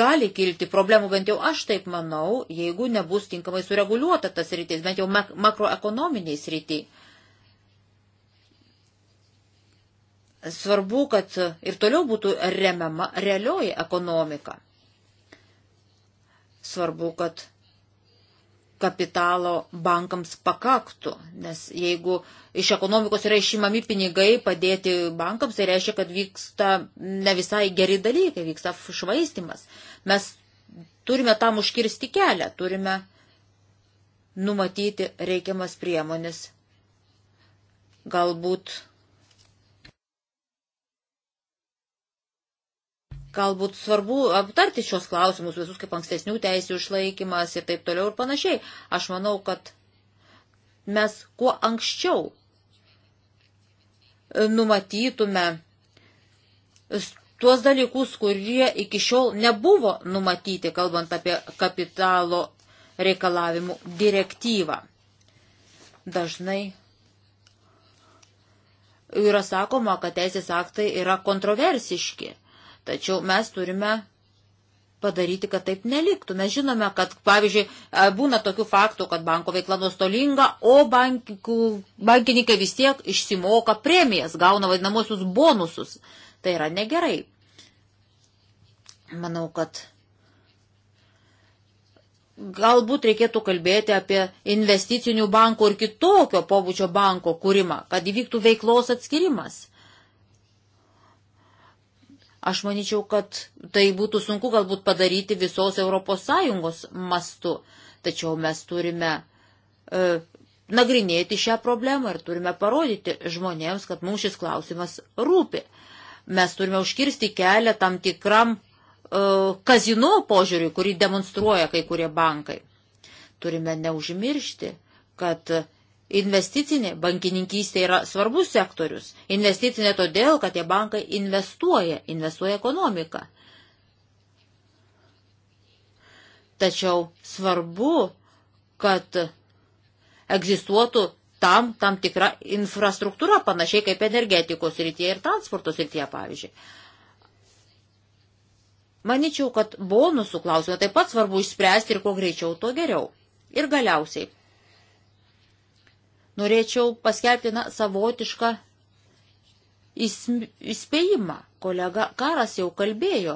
gali kilti problemų, bent jau aš taip manau, jeigu nebus tinkamai sureguliuota tas rytis, bent jau makroekonominiai rytis. Svarbu, kad ir toliau būtų remiama realioji ekonomika. Svarbu, kad kapitalo bankams pakaktų, nes jeigu iš ekonomikos yra išimami pinigai padėti bankams, tai reiškia, kad vyksta ne visai geri dalykai, vyksta švaistimas. Mes turime tam užkirsti kelią, turime numatyti reikiamas priemonės. Galbūt Galbūt svarbu aptarti šios klausimus visus kaip ankstesnių teisių išlaikymas ir taip toliau ir panašiai. Aš manau, kad mes kuo anksčiau e, numatytume tuos dalykus, kurie iki šiol nebuvo numatyti, kalbant apie kapitalo reikalavimų direktyvą. Dažnai yra sakoma, kad teisės aktai yra kontroversiški. Tačiau mes turime padaryti, kad taip neliktų. Mes žinome, kad, pavyzdžiui, e, būna tokių faktų, kad banko veikla nuostolinga, o bankų, bankininkai vis tiek išsimoka premijas, gauna vadinamosius bonusus. Tai yra negerai. Manau, kad galbūt reikėtų kalbėti apie investicinių bankų ir kitokio pobūdžio banko kūrimą, kad įvyktų veiklos atskirimas. Aš manyčiau, kad tai būtų sunku galbūt padaryti visos ES mastu, tačiau mes turime e, nagrinėti šią problemą ir turime parodyti žmonėms, kad mums šis klausimas rūpi. Mes turime užkirsti kelią tam tikram e, kazino požiūriui, kurį demonstruoja kai kurie bankai. Turime neužmiršti, kad Investicinė bankininkystė yra svarbus sektorius. Investicinė todėl, kad tie bankai investuoja, investuoja ekonomiką. Tačiau svarbu, kad egzistuotų tam tam tikra infrastruktūra, panašiai kaip energetikos rytyje ir transporto rytyje, pavyzdžiui. Maničiau, kad bonusų klausimą taip pat svarbu išspręsti ir kuo greičiau, tuo geriau. Ir galiausiai norėčiau paskelbti na, savotišką įspėjimą. Kolega Karas jau kalbėjo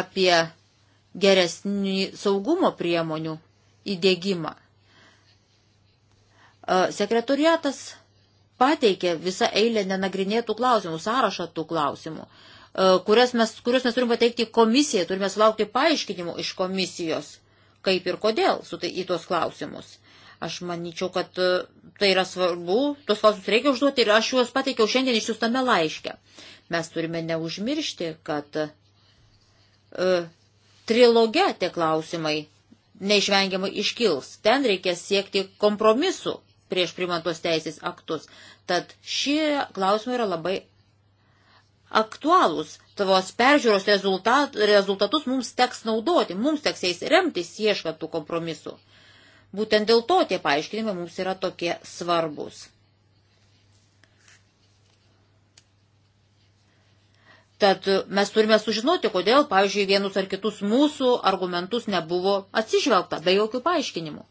apie geresnį saugumo priemonių įdėgymą. E, sekretoriatas pateikė visą eilę nenagrinėtų klausimų, sąrašą tų klausimų, e, kuriuos mes, kuriuos mes turime pateikti komisijai, turime sulaukti paaiškinimų iš komisijos, kaip ir kodėl su tai į tuos klausimus. Aš manyčiau, kad e, tai yra svarbu, tuos klausimus reikia užduoti ir aš juos pateikiau šiandien išsiųstame laiške. Mes turime neužmiršti, kad e, triloge tie klausimai neišvengiamai iškils. Ten reikės siekti kompromisu prieš primantos teisės aktus. Tad šie klausimai yra labai aktualūs. Tavos peržiūros rezultat, rezultatus mums teks naudoti, mums teks jais remtis ieškant tų kompromisų. Būtent dėl to tie paaiškinimai mums yra tokie svarbus. Tad mes turime sužinoti, kodėl, pavyzdžiui, vienus ar kitus mūsų argumentus nebuvo atsižvelgta be jokių paaiškinimų.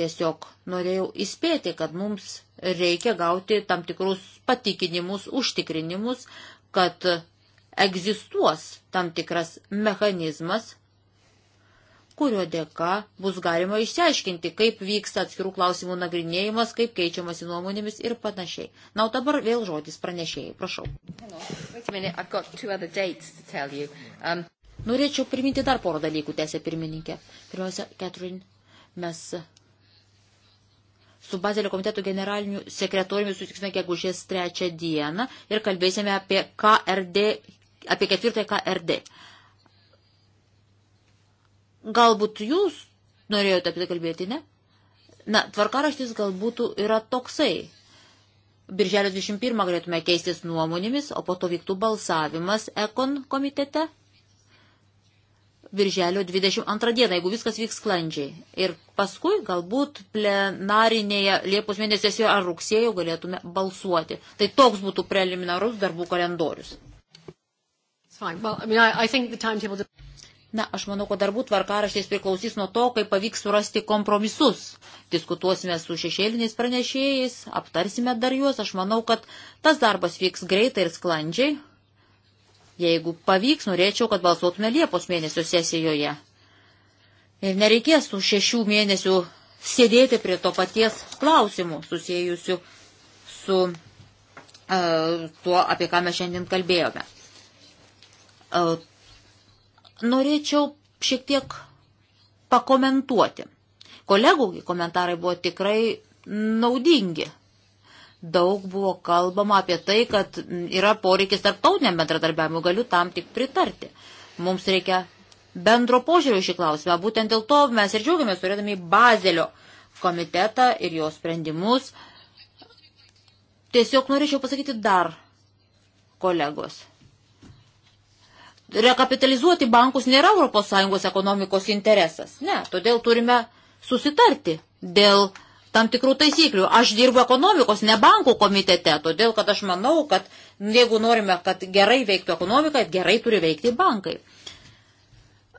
Tiesiog norėjau įspėti, kad mums reikia gauti tam tikrus patikinimus, užtikrinimus, kad egzistuos tam tikras mechanizmas, kurio dėka bus galima išsiaiškinti, kaip vyksta atskirų klausimų nagrinėjimas, kaip keičiamasi nuomonėmis ir panašiai. Na, o dabar vėl žodis pranešėjai, prašau. Um... Norėčiau priminti dar porą dalykų, tęsė pirmininkė. Pirmiausia, Catherine, mes su Bazelio komiteto generaliniu sekretoriumi susitiksime gegužės trečią dieną ir kalbėsime apie KRD, apie ketvirtąją KRD. Uh, Galbūt jūs norėjote apie tai kalbėti, ne? Na, tvarkaraštis galbūt yra toksai. Birželio 21 galėtume keistis nuomonėmis, o po to vyktų balsavimas Ekon komitete. Birželio 22 dieną, jeigu viskas vyks sklandžiai. Ir paskui galbūt plenarinėje Liepos mėnesėse ar rugsėjo galėtume balsuoti. Tai toks būtų preliminarus darbų kalendorius. Well, I mean, I, I Na, aš manau, kad darbų tvarkaraštis priklausys nuo to, kaip pavyks surasti kompromisus. Diskutuosime su šešėliniais pranešėjais, aptarsime dar juos. Aš manau, kad tas darbas vyks greitai ir sklandžiai. Jeigu pavyks, norėčiau, kad balsuotume Liepos mėnesio sesijoje. Ir nereikės tų šešių mėnesių sėdėti prie to paties klausimų susijusių su e, tuo, apie ką mes šiandien kalbėjome. E, norėčiau šiek tiek pakomentuoti. Kolegų komentarai buvo tikrai naudingi. Daug buvo kalbama apie tai, kad yra poreikis tarptautiniam bendradarbiavimui, galiu tam tik pritarti. Mums reikia bendro požiūrio šį klausimą. Būtent dėl to mes ir džiaugiamės turėdami Bazelio komitetą ir jo sprendimus. Tiesiog norėčiau pasakyti dar kolegos rekapitalizuoti bankus nėra ES ekonomikos interesas. Ne, todėl turime susitarti dėl tam tikrų taisyklių. Aš dirbu ekonomikos, ne bankų komitete, todėl kad aš manau, kad jeigu norime, kad gerai veiktų ekonomika, gerai turi veikti bankai.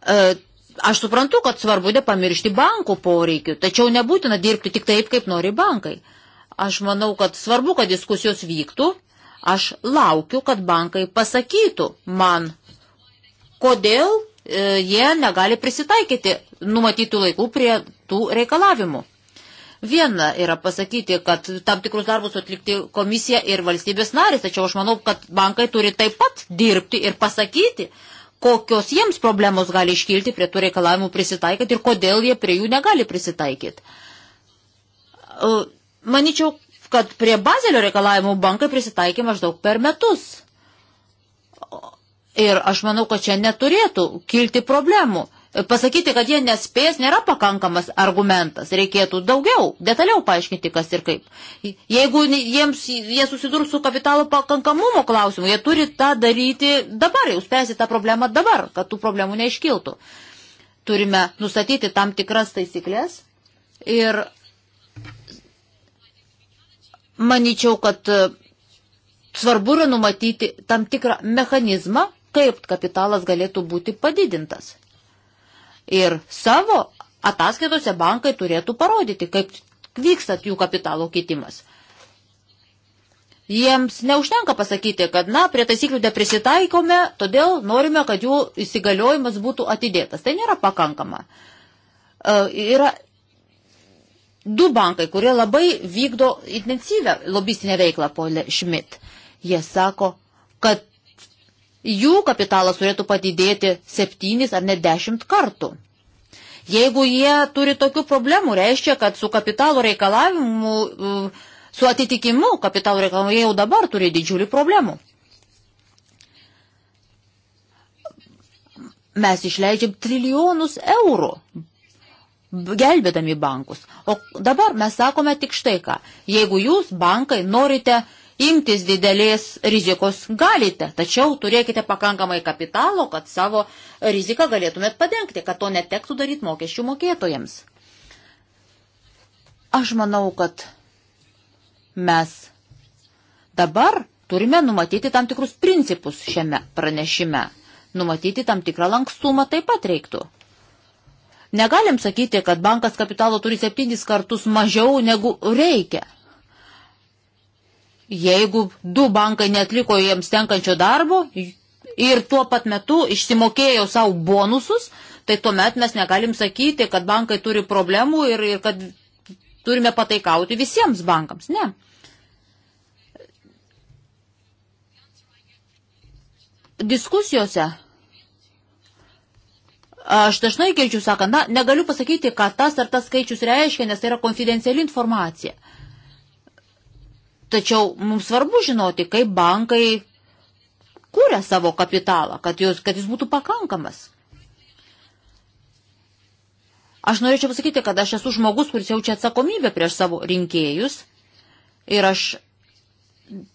E, aš suprantu, kad svarbu nepamiršti bankų poreikių, tačiau nebūtina dirbti tik taip, kaip nori bankai. Aš manau, kad svarbu, kad diskusijos vyktų. Aš laukiu, kad bankai pasakytų man, kodėl e, jie negali prisitaikyti numatytų laikų prie tų reikalavimų. Viena yra pasakyti, kad tam tikrus darbus atlikti komisija ir valstybės narys, tačiau aš manau, kad bankai turi taip pat dirbti ir pasakyti, kokios jiems problemos gali iškilti prie tų reikalavimų prisitaikyti ir kodėl jie prie jų negali prisitaikyti. E, Maničiau, kad prie bazelio reikalavimų bankai prisitaikė maždaug per metus. Ir aš manau, kad čia neturėtų kilti problemų. Pasakyti, kad jie nespės, nėra pakankamas argumentas. Reikėtų daugiau, detaliau paaiškinti, kas ir kaip. Jeigu jiems, jie susidurs su kapitalo pakankamumo klausimu, jie turi tą daryti dabar, jau spręsti tą problemą dabar, kad tų problemų neiškiltų. Turime nustatyti tam tikras taisyklės ir manyčiau, kad svarbu yra numatyti tam tikrą mechanizmą, kaip kapitalas galėtų būti padidintas. Ir savo ataskaitose bankai turėtų parodyti, kaip vyksta jų kapitalo keitimas. Jiems neužtenka pasakyti, kad, na, prie taisyklių neprisitaikome, todėl norime, kad jų įsigaliojimas būtų atidėtas. Tai nėra pakankama. E, yra du bankai, kurie labai vykdo intensyvę lobistinę veiklą, polė Šmit. Jie sako, kad jų kapitalas turėtų padidėti 7 ar net 10 kartų. Jeigu jie turi tokių problemų, reiškia, kad su kapitalo reikalavimu, su atitikimu kapitalo reikalavimu jie jau dabar turi didžiulį problemų. Mes išleidžiam trilijonus eurų gelbėdami bankus. O dabar mes sakome tik štai ką. Jeigu jūs, bankai, norite imtis didelės rizikos galite, tačiau turėkite pakankamai kapitalo, kad savo riziką galėtumėt padengti, kad to netektų daryti mokesčių mokėtojams. Aš manau, kad mes dabar turime numatyti tam tikrus principus šiame pranešime. Numatyti tam tikrą lankstumą taip pat reiktų. Negalim sakyti, kad bankas kapitalo turi septynis kartus mažiau negu reikia. Jeigu du bankai netliko jiems tenkančio darbo ir tuo pat metu išsimokėjo savo bonusus, tai tuomet mes negalim sakyti, kad bankai turi problemų ir, ir kad turime pataikauti visiems bankams. Ne. Diskusijose Aš dažnai girdžiu sakant, na, negaliu pasakyti, ką tas ar tas skaičius reiškia, nes tai yra konfidenciali informacija. Uh, Tačiau mums svarbu žinoti, kaip bankai kūrė savo kapitalą, kad, jos, kad jis būtų pakankamas. Aš norėčiau pasakyti, kad aš esu žmogus, kuris jaučia atsakomybę prieš savo rinkėjus ir aš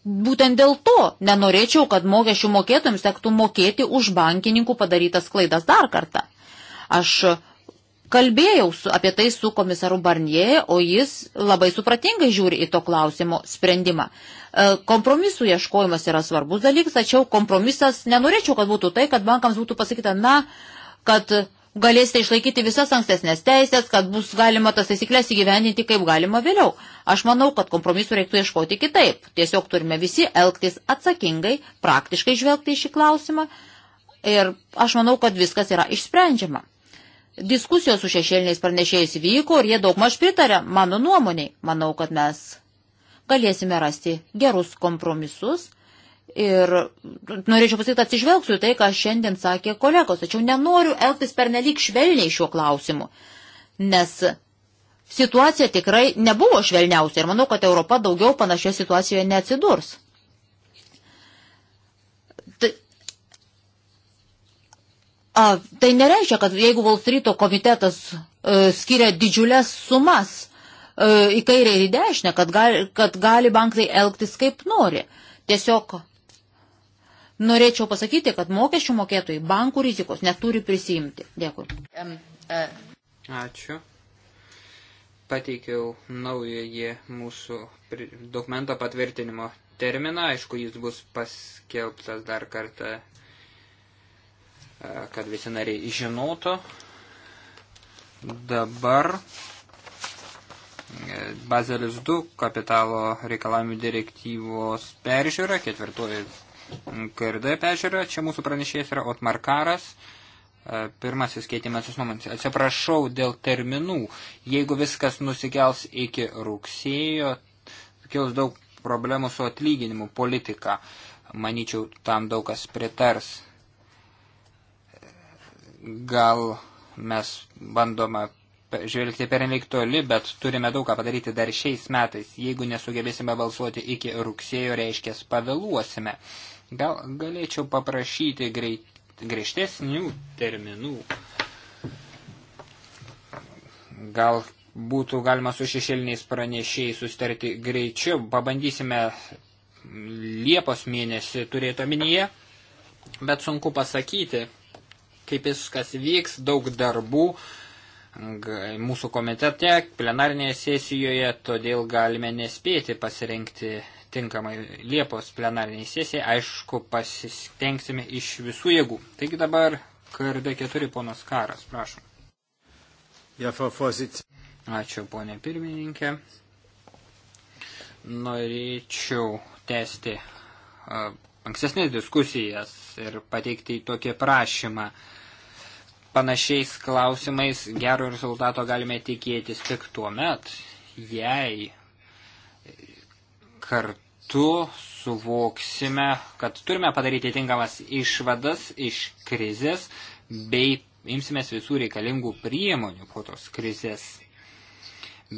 būtent dėl to nenorėčiau, kad mokesčių mokėtojams tektų mokėti už bankininkų padarytas klaidas dar kartą. Aš Kalbėjau su, apie tai su komisaru Barnie, o jis labai supratingai žiūri į to klausimo sprendimą. E, kompromisų ieškojimas yra svarbus dalykas, tačiau kompromisas nenorėčiau, kad būtų tai, kad bankams būtų pasakyta, na, kad galėsite išlaikyti visas ankstesnės teisės, kad bus galima tas taisyklės įgyvendinti kaip galima vėliau. Aš manau, kad kompromisų reiktų ieškoti kitaip. Tiesiog turime visi elgtis atsakingai, praktiškai žvelgti į šį klausimą ir aš manau, kad viskas yra išsprendžiama. Diskusijos su šešėliniais pranešėjais vyko ir jie daug maž pritarė mano nuomoniai. Manau, kad mes galėsime rasti gerus kompromisus ir norėčiau pasakyti, atsižvelgsiu tai, ką šiandien sakė kolegos, tačiau nenoriu elgtis pernelyg švelniai šiuo klausimu, nes situacija tikrai nebuvo švelniausia ir manau, kad Europa daugiau panašioje situacijoje neatsidurs. A, tai nereiškia, kad jeigu Volstryto komitetas e, skiria didžiulės sumas e, į kairę ir į dešinę, kad gali, kad gali bankai elgtis kaip nori. Tiesiog norėčiau pasakyti, kad mokesčių mokėtojai bankų rizikos neturi prisijimti. Dėkui. E. Ačiū. Pateikiau naująjį mūsų dokumento patvirtinimo terminą. Aišku, jis bus paskelbtas dar kartą kad visi nariai žinotų. Dabar e, Bazelis 2 kapitalo reikalavimų direktyvos peržiūra, ketvirtoji KRD peržiūra, čia mūsų pranešėjas yra Otmar Karas. E, pirmasis keitimasis nuomonės. Atsiprašau dėl terminų. Jeigu viskas nusikels iki rugsėjo, kils daug problemų su atlyginimu politika. Manyčiau, tam daug kas pritars gal mes bandoma žvelgti per nelik toli, bet turime daug ką padaryti dar šiais metais. Jeigu nesugebėsime balsuoti iki rugsėjo, reiškia pavėluosime. Gal galėčiau paprašyti greit, griežtesnių terminų. Gal būtų galima su šešėliniais pranešėjais sustarti greičiau. Pabandysime Liepos mėnesį turėti omenyje, bet sunku pasakyti kaip viskas vyks, daug darbų mūsų komitete, plenarinėje sesijoje, todėl galime nespėti pasirinkti tinkamai Liepos plenariniai sesijai, aišku, pasistengsime iš visų jėgų. Taigi dabar KRD 4 ponas Karas, prašom. Ačiū, ponė pirmininkė. Norėčiau tęsti ankstesnės diskusijas ir pateikti tokį prašymą. Panašiais klausimais gero rezultato galime tikėtis tik tuo met, jei kartu suvoksime, kad turime padaryti tinkamas išvadas iš krizės bei imsimės visų reikalingų priemonių po tos krizės.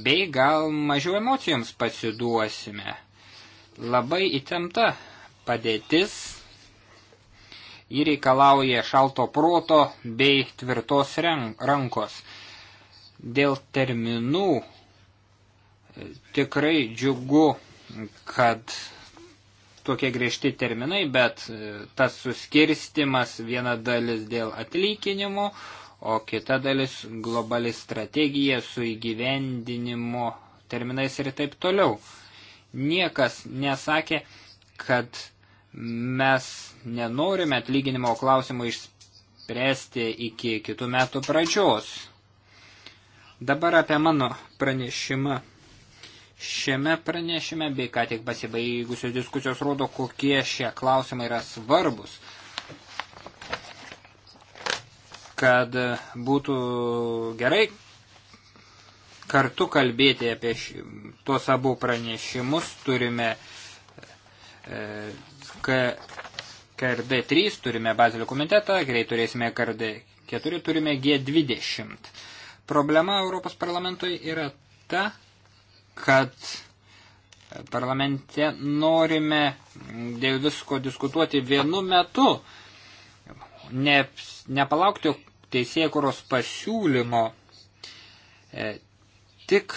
Bei gal mažiau emocijoms pasiduosime. Labai įtempta padėtis. Ji reikalauja šalto proto bei tvirtos rankos. Dėl terminų e, tikrai džiugu, kad tokie griežti terminai, bet e, tas suskirstimas viena dalis dėl atlyginimo, o kita dalis globali strategija su įgyvendinimo terminais ir taip toliau. Niekas nesakė, kad Mes nenorime atlyginimo klausimų išspręsti iki kitų metų pradžios. Dabar apie mano pranešimą. Šiame pranešime bei ką tik pasibaigusios diskusijos rodo, kokie šie klausimai yra svarbus kad būtų gerai kartu kalbėti apie ši, tuos abu pranešimus, turime e, KRD3 turime Bazelio komitetą, greit turėsime KRD4, turime G20. Problema Europos parlamentui yra ta, kad parlamente norime dėl visko diskutuoti vienu metu, ne, nepalaukti teisėkuros pasiūlymo, e, tik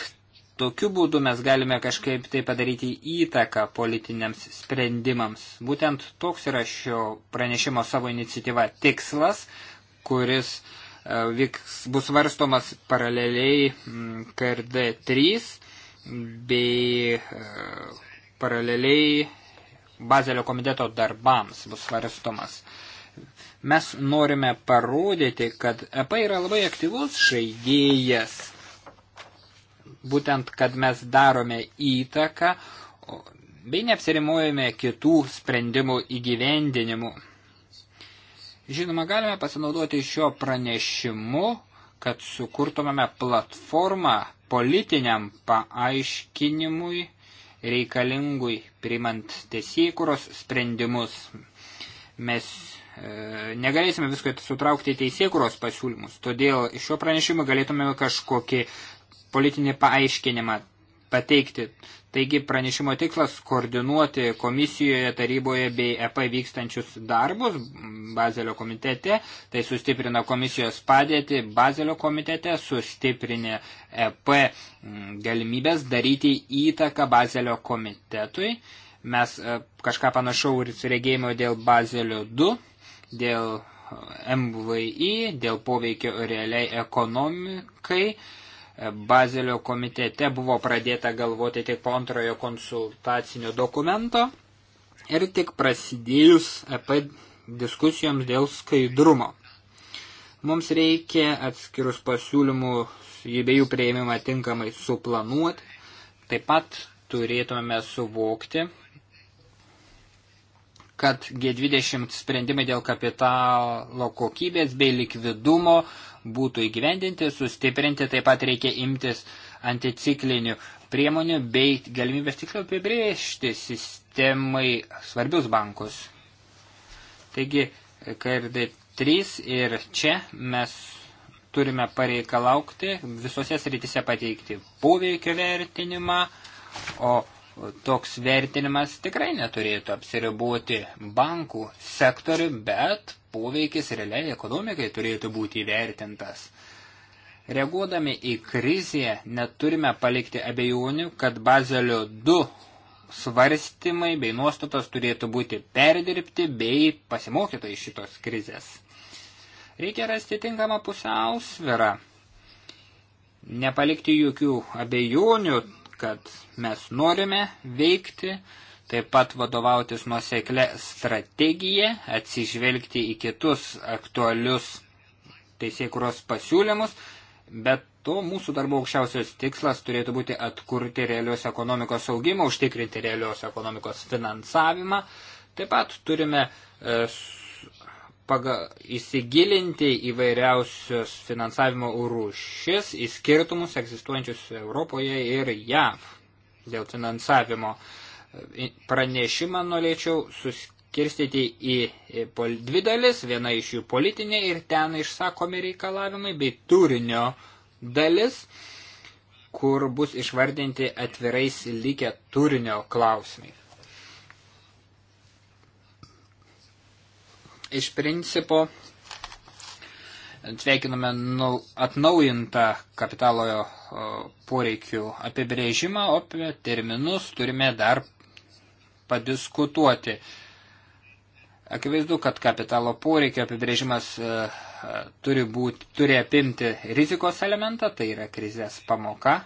Tokiu būdu mes galime kažkaip tai padaryti įtaką politiniams sprendimams. Būtent toks yra šio pranešimo savo iniciatyva tikslas, kuris e, vyks, bus varstomas paraleliai mm, KRD3 bei e, paraleliai Bazelio komiteto darbams bus varstomas. Mes norime parodyti, kad EP yra labai aktyvus žaidėjas būtent, kad mes darome įtaką, bei neapsirimuojame kitų sprendimų įgyvendinimu. Žinoma, galime pasinaudoti šio pranešimu, kad sukurtumėme platformą politiniam paaiškinimui reikalingui priimant teisėkuros sprendimus. Mes e, negalėsime visko sutraukti į teisėkuros pasiūlymus, todėl iš šio pranešimo galėtume kažkokį politinį paaiškinimą pateikti. Taigi pranešimo tikslas koordinuoti komisijoje, taryboje bei EP vykstančius darbus Bazelio komitete, tai sustiprina komisijos padėtį Bazelio komitete, sustiprina EP mm, galimybės daryti įtaką Bazelio komitetui. Mes e, kažką panašau ir suregėjimo dėl Bazelio 2, dėl MVI, dėl poveikio realiai ekonomikai Bazelio komitete buvo pradėta galvoti tik po antrojo konsultacinio dokumento ir tik prasidėjus apie diskusijoms dėl skaidrumo. Mums reikia atskirus pasiūlymus įbėjų prieimimą tinkamai suplanuoti. Taip pat turėtume suvokti, kad G20 sprendimai dėl kapitalo kokybės bei likvidumo būtų įgyvendinti, sustiprinti, taip pat reikia imtis anticiklinių priemonių bei galimybės tiksliau apibriežti sistemai svarbius bankus. Taigi, KRD3 ir čia mes turime pareikalaukti visose srityse pateikti poveikio vertinimą, o toks vertinimas tikrai neturėtų apsiribuoti bankų sektoriu, bet poveikis realiai ekonomikai turėtų būti įvertintas. Reaguodami į krizę neturime palikti abejonių, kad bazelio 2 svarstymai bei nuostatos turėtų būti perdirbti bei pasimokyta iš šitos krizės. Reikia rasti tinkamą pusiausvirą, nepalikti jokių abejonių kad mes norime veikti, taip pat vadovautis nuoseklę strategiją, atsižvelgti į kitus aktualius teisėkuros pasiūlymus, bet to mūsų darbo aukščiausias tikslas turėtų būti atkurti realios ekonomikos augimą, užtikrinti realios ekonomikos finansavimą. Taip pat turime e, paga, įsigilinti įvairiausios finansavimo rūšis, į skirtumus egzistuojančius Europoje ir JAV dėl finansavimo. E, pranešimą norėčiau suskirstyti į dvi dalis, viena iš jų politinė ir ten išsakomi reikalavimai bei turinio dalis, kur bus išvardinti atvirais likę turinio klausimai. Iš principo sveikiname atnaujintą kapitalo poreikių apibrėžimą, o apie terminus turime dar padiskutuoti. Akivaizdu, kad kapitalo poreikio apibrėžimas e, e, turi, būt, turi apimti rizikos elementą, tai yra krizės pamoka.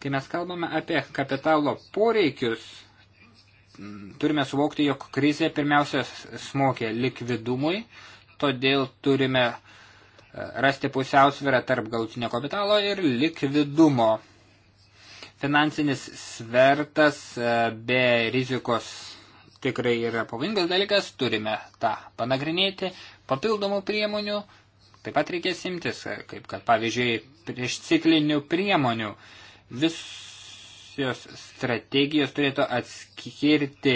Kai mes kalbame apie kapitalo poreikius, turime suvokti, jog krizė pirmiausia smokė likvidumui, todėl turime e, rasti pusiausvyrą tarp galutinio kapitalo ir likvidumo. Finansinis svertas e, be rizikos tikrai yra pavojingas dalykas, turime tą panagrinėti, papildomų priemonių taip pat reikės imtis, e, kaip kad pavyzdžiui prieš ciklinių priemonių. Vis migracijos strategijos turėtų atskirti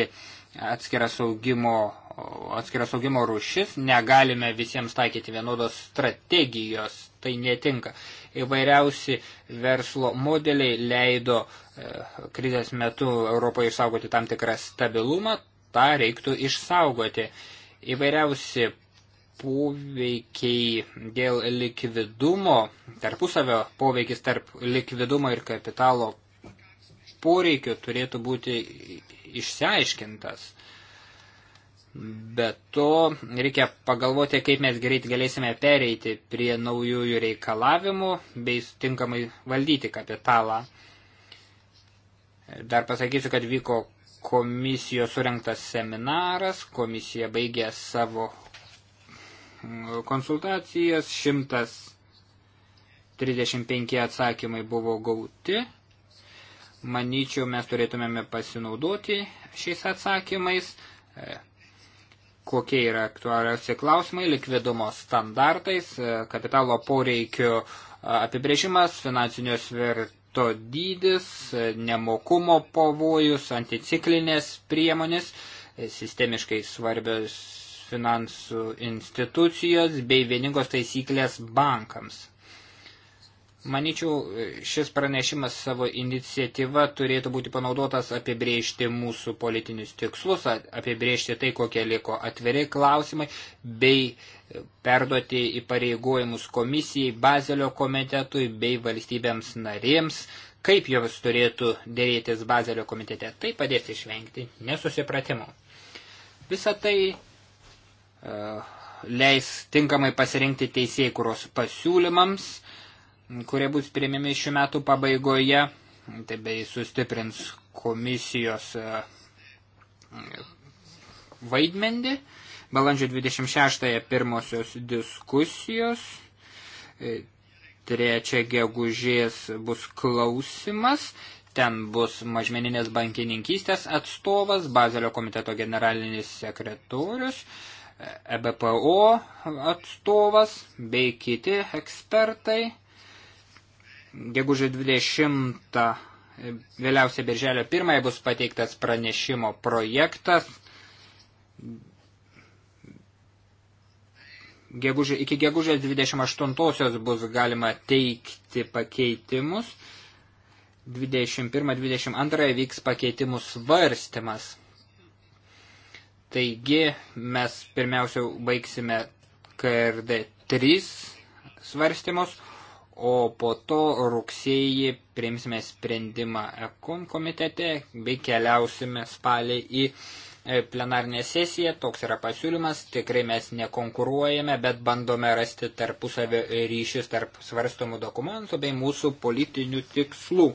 atskiras augimo, atskiras augimo rušis, negalime visiems taikyti vienodos strategijos, tai netinka. Įvairiausi verslo modeliai leido e, krizės metu Europoje išsaugoti tam tikrą stabilumą, tą reiktų išsaugoti. Įvairiausi poveikiai dėl likvidumo, tarpusavio poveikis tarp likvidumo ir kapitalo poreikio turėtų būti išsiaiškintas. Be to, reikia pagalvoti, kaip mes greit galėsime pereiti prie naujųjų reikalavimų bei tinkamai valdyti kapitalą. Dar pasakysiu, kad vyko komisijos surinktas seminaras, komisija baigė savo konsultacijas, 135 atsakymai buvo gauti Manyčiau, mes turėtumėme pasinaudoti šiais atsakymais, e, kokie yra aktualiausi klausimai, likvidumo standartais, e, kapitalo poreikio e, apibrėžimas, finansinio sverto dydis, nemokumo pavojus, anticiklinės priemonės, sistemiškai svarbios finansų institucijos bei vieningos taisyklės bankams. Maničiau, šis pranešimas savo iniciatyva turėtų būti panaudotas apibriežti mūsų politinius tikslus, apibriežti tai, kokie liko atviri klausimai, bei perduoti įpareigojimus komisijai, Bazelio komitetui bei valstybėms narėms, kaip jos turėtų dėrėtis Bazelio komitete. Tai padės išvengti nesusipratimų. Visą tai uh, leis tinkamai pasirinkti teisėjai, kurios pasiūlymams, uh, kurie bus priimimi šių metų pabaigoje, tai bei sustiprins komisijos e, vaidmendį. Balandžio 26-ąją pirmosios diskusijos, 3 e, gegužės bus klausimas, ten bus mažmeninės bankininkystės atstovas, Bazelio komiteto generalinis sekretorius, EBPO e atstovas bei kiti ekspertai. Gegužė 20, vėliausiai birželio 1 bus pateiktas pranešimo projektas. Gegužė, iki gegužės 28 bus galima teikti pakeitimus. 21-22 vyks pakeitimų svarstymas. Taigi mes pirmiausia baigsime KRD 3 svarstymus, o po to rugsėjį priimsime sprendimą EKON komitete bei keliausime spalį į e, plenarinę sesiją. Toks yra pasiūlymas, tikrai mes nekonkuruojame, bet bandome rasti tarpusavio ryšius tarp svarstomų dokumentų bei mūsų politinių tikslų.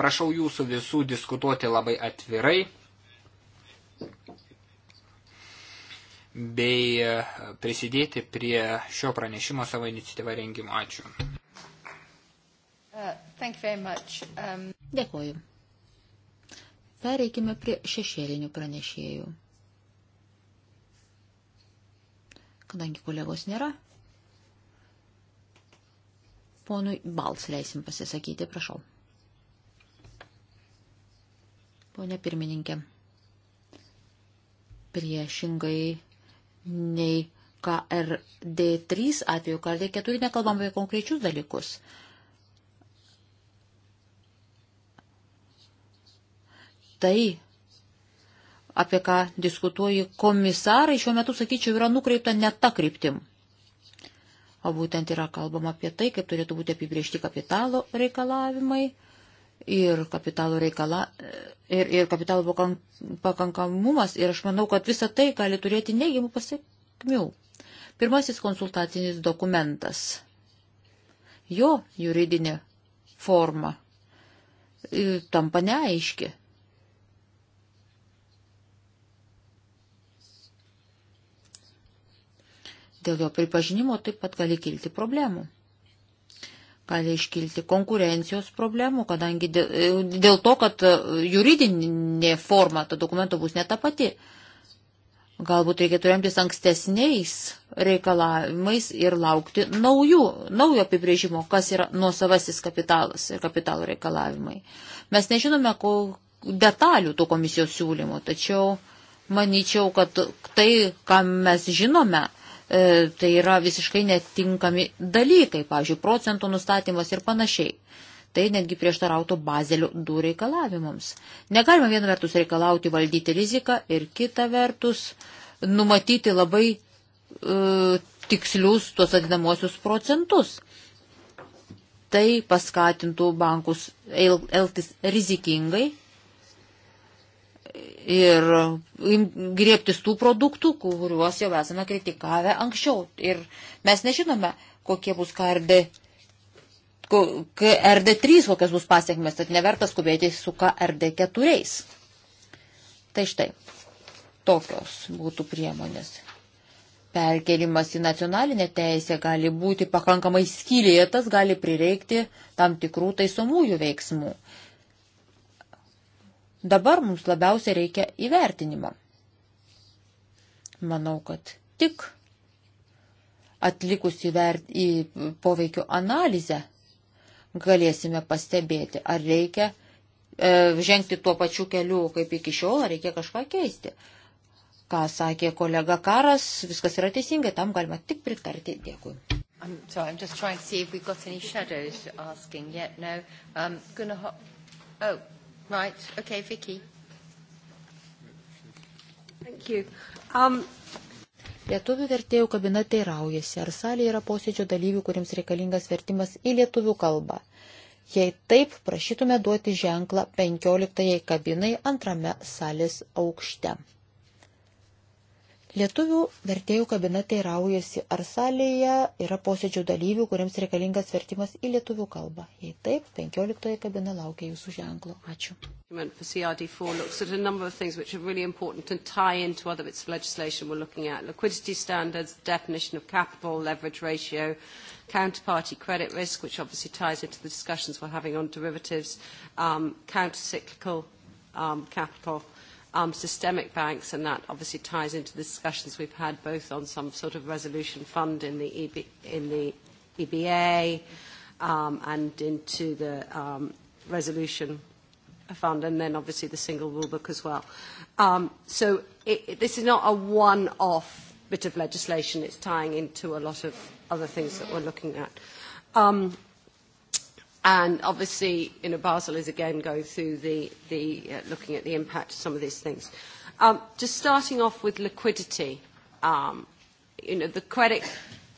Prašau jūsų visų diskutuoti labai atvirai bei e, prisidėti prie šio pranešimo savo iniciatyvą rengimo. Ačiū. Uh, um... Dėkuoju. Pereikime prie šešėlinių pranešėjų. Kadangi kolegos nėra, ponui Balts leisim pasisakyti, prašau. Pone pirmininkė, priešingai nei KRD3 atveju, KRD4 nekalbam apie konkrečius dalykus. Tai, apie ką diskutuoji komisarai, šiuo metu, sakyčiau, yra nukreipta ne ta kryptim. O būtent yra kalbama apie tai, kaip turėtų būti apibriežti kapitalo reikalavimai ir kapitalo reikala, ir, ir kapitalo pakankamumas. Ir aš manau, kad visa tai gali turėti neigiamų pasiekmių. Pirmasis konsultacinis dokumentas. Jo juridinė forma e, tampa neaiški. Dėl jo pripažinimo taip pat gali kilti problemų gali iškilti konkurencijos problemų, kadangi dėl, e, dėl to, kad e, juridinė forma to dokumento bus ne ta pati. Galbūt reikėtų remtis ankstesniais reikalavimais ir laukti naujų, naujo apibrėžimo, kas yra nuosavasis kapitalas ir kapitalo reikalavimai. Mes nežinome ko, detalių tų komisijos siūlymų, tačiau manyčiau, kad tai, ką mes žinome, e, tai yra visiškai netinkami dalykai, pavyzdžiui, procentų nustatymas ir panašiai. Tai netgi prieštarautų bazelių du reikalavimams. Negalima viena vertus reikalauti valdyti riziką ir kita vertus numatyti labai e, tikslius tuos atidamosius procentus. Tai paskatintų bankus elgtis rizikingai ir griebtis tų produktų, kuriuos jau esame kritikavę anksčiau. Ir mes nežinome, kokie bus KRD, KRD3, kokios bus pasiekmes, tad neverta skubėti su KRD4. Tai štai, tokios būtų priemonės. Perkelimas į nacionalinę teisę gali būti pakankamai skylėtas, gali prireikti tam tikrų taisomųjų veiksmų. Dabar mums labiausiai reikia įvertinimo. Manau, kad tik atlikus įvert, į poveikio analizę galėsime pastebėti, ar reikia e, žengti tuo pačiu keliu, kaip iki šiol, ar reikia kažką keisti. Ką sakė kolega Karas, viskas yra teisingai, tam galima tik pritarti. Dėkui. I'm sorry, I'm just trying to see if we've got any shadows asking yet. No. Um, gonna... Oh, Right. Okay, Vicky. Thank you. Um, Lietuvių vertėjų kabina teiraujasi, ar salėje yra posėdžio dalyvių, kuriems reikalingas vertimas į lietuvių kalbą. Jei taip, prašytume duoti ženklą 15 kabinai antrame salės aukšte. Lietuvių vertėjų kabina teiraujasi, ar salėje yra posėdžio dalyvių, kuriems reikalingas vertimas į lietuvių kalbą. Jei taip, 15 kabina laukia jūsų ženklo. Ačiū. Liquidity standards, definition of capital, leverage ratio, counterparty credit risk, which obviously ties into the discussions we're having on derivatives, um, counter-cyclical um, capital, uh, um, systemic banks, and that obviously ties into the discussions we've had both on some sort of resolution fund in the, EB, in the EBA um, and into the um, resolution fund, and then obviously the single rulebook as well. Um, so it, it, this is not a one-off bit of legislation. It's tying into a lot of other things that we're looking at. Um, And obviously, you know, Basel is again going through the, the uh, looking at the impact of some of these things. Um, just starting off with liquidity, um, you know, the credit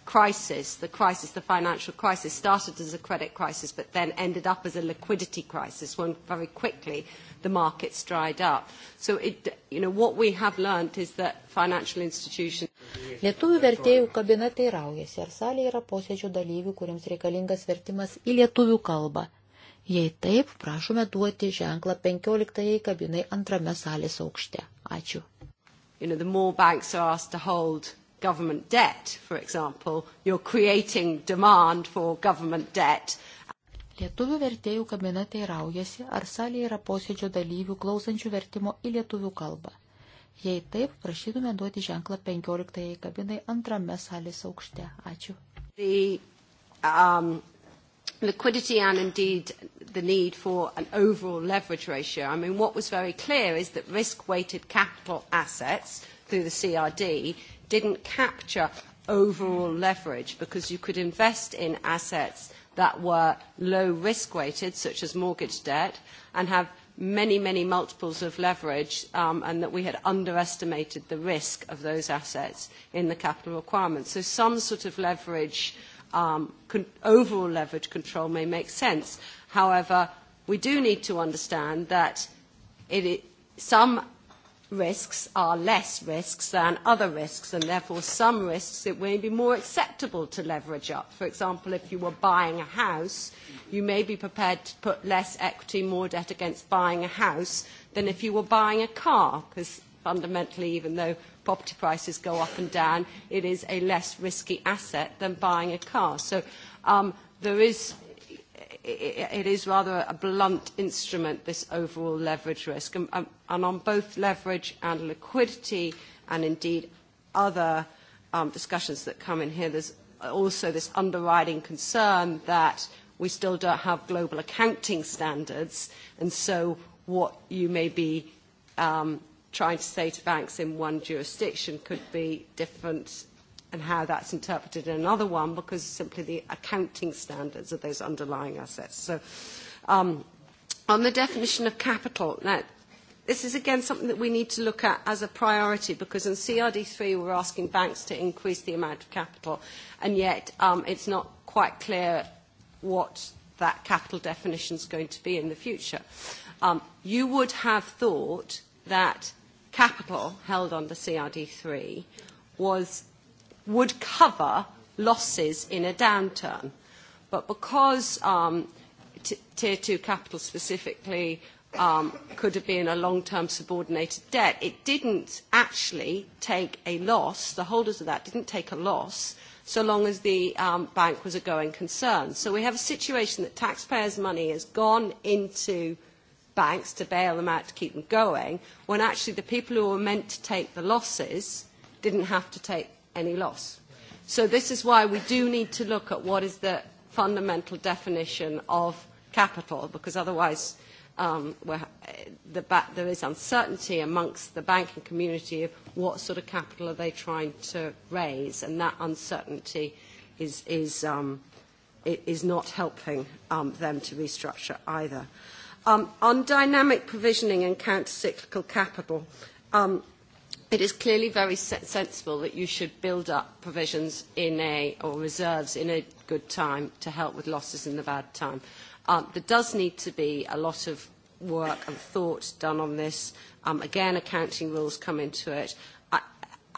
crisis, the crisis, the financial crisis, started as a credit crisis, but then ended up as a liquidity crisis when very quickly the markets dried up. So, it, you know, what we have learned is that financial institutions Lietuvių vertėjų kabina teiraujasi, ar salėje yra posėdžio dalyvių, kuriems reikalingas vertimas į lietuvių kalbą. Jei taip, prašome duoti ženklą 15 kabinai antrame salės aukšte. Ačiū. You know, the more banks are asked to hold government debt, for example, you're creating demand for government debt. Lietuvių vertėjų kabinetai raujasi, ar salėje yra posėdžio dalyvių klausančių vertimo į lietuvių kalbą. Jei taip, prašytume duoti ženklą 15 kabinai antrame salės aukšte. Ačiū. The, um, liquidity and indeed the need for an overall leverage ratio. I mean, what was very clear is that risk-weighted capital assets through the CRD didn't capture overall leverage because you could invest in assets that were low risk weighted, such as mortgage debt, and have many, many multiples of leverage um, and that we had underestimated the risk of those assets in the capital requirements. So some sort of leverage, um, con- overall leverage control may make sense. However, we do need to understand that it, it, some risks are less risks than other risks, and therefore some risks it may be more acceptable to leverage up. For example, if you were buying a house, you may be prepared to put less equity, more debt against buying a house than if you were buying a car, because fundamentally, even though property prices go up and down, it is a less risky asset than buying a car. So um, there is it is rather a blunt instrument, this overall leverage risk. And, um, and on both leverage and liquidity, and indeed other um, discussions that come in here, there's also this underwriting concern that we still don't have global accounting standards, and so what you may be um, trying to say to banks in one jurisdiction could be different and how that's interpreted in another one because simply the accounting standards of those underlying assets. So um, on the definition of capital, now, this is again something that we need to look at as a priority because in CRD3 we're asking banks to increase the amount of capital and yet um, it's not quite clear what that capital definition is going to be in the future. Um, you would have thought that capital held under CRD3 was would cover losses in a downturn. But because um, t- Tier 2 capital specifically um, could have been a long-term subordinated debt, it didn't actually take a loss. The holders of that didn't take a loss so long as the um, bank was a going concern. So we have a situation that taxpayers' money has gone into banks to bail them out to keep them going, when actually the people who were meant to take the losses didn't have to take any loss. So this is why we do need to look at what is the fundamental definition of capital, because otherwise um, we're, the ba- there is uncertainty amongst the banking community of what sort of capital are they trying to raise, and that uncertainty is, is, um, is not helping um, them to restructure either. Um, on dynamic provisioning and countercyclical capital, um, it is clearly very sensible that you should build up provisions in a, or reserves in a good time to help with losses in the bad time. Um, there does need to be a lot of work and thought done on this. Um, again, accounting rules come into it. I,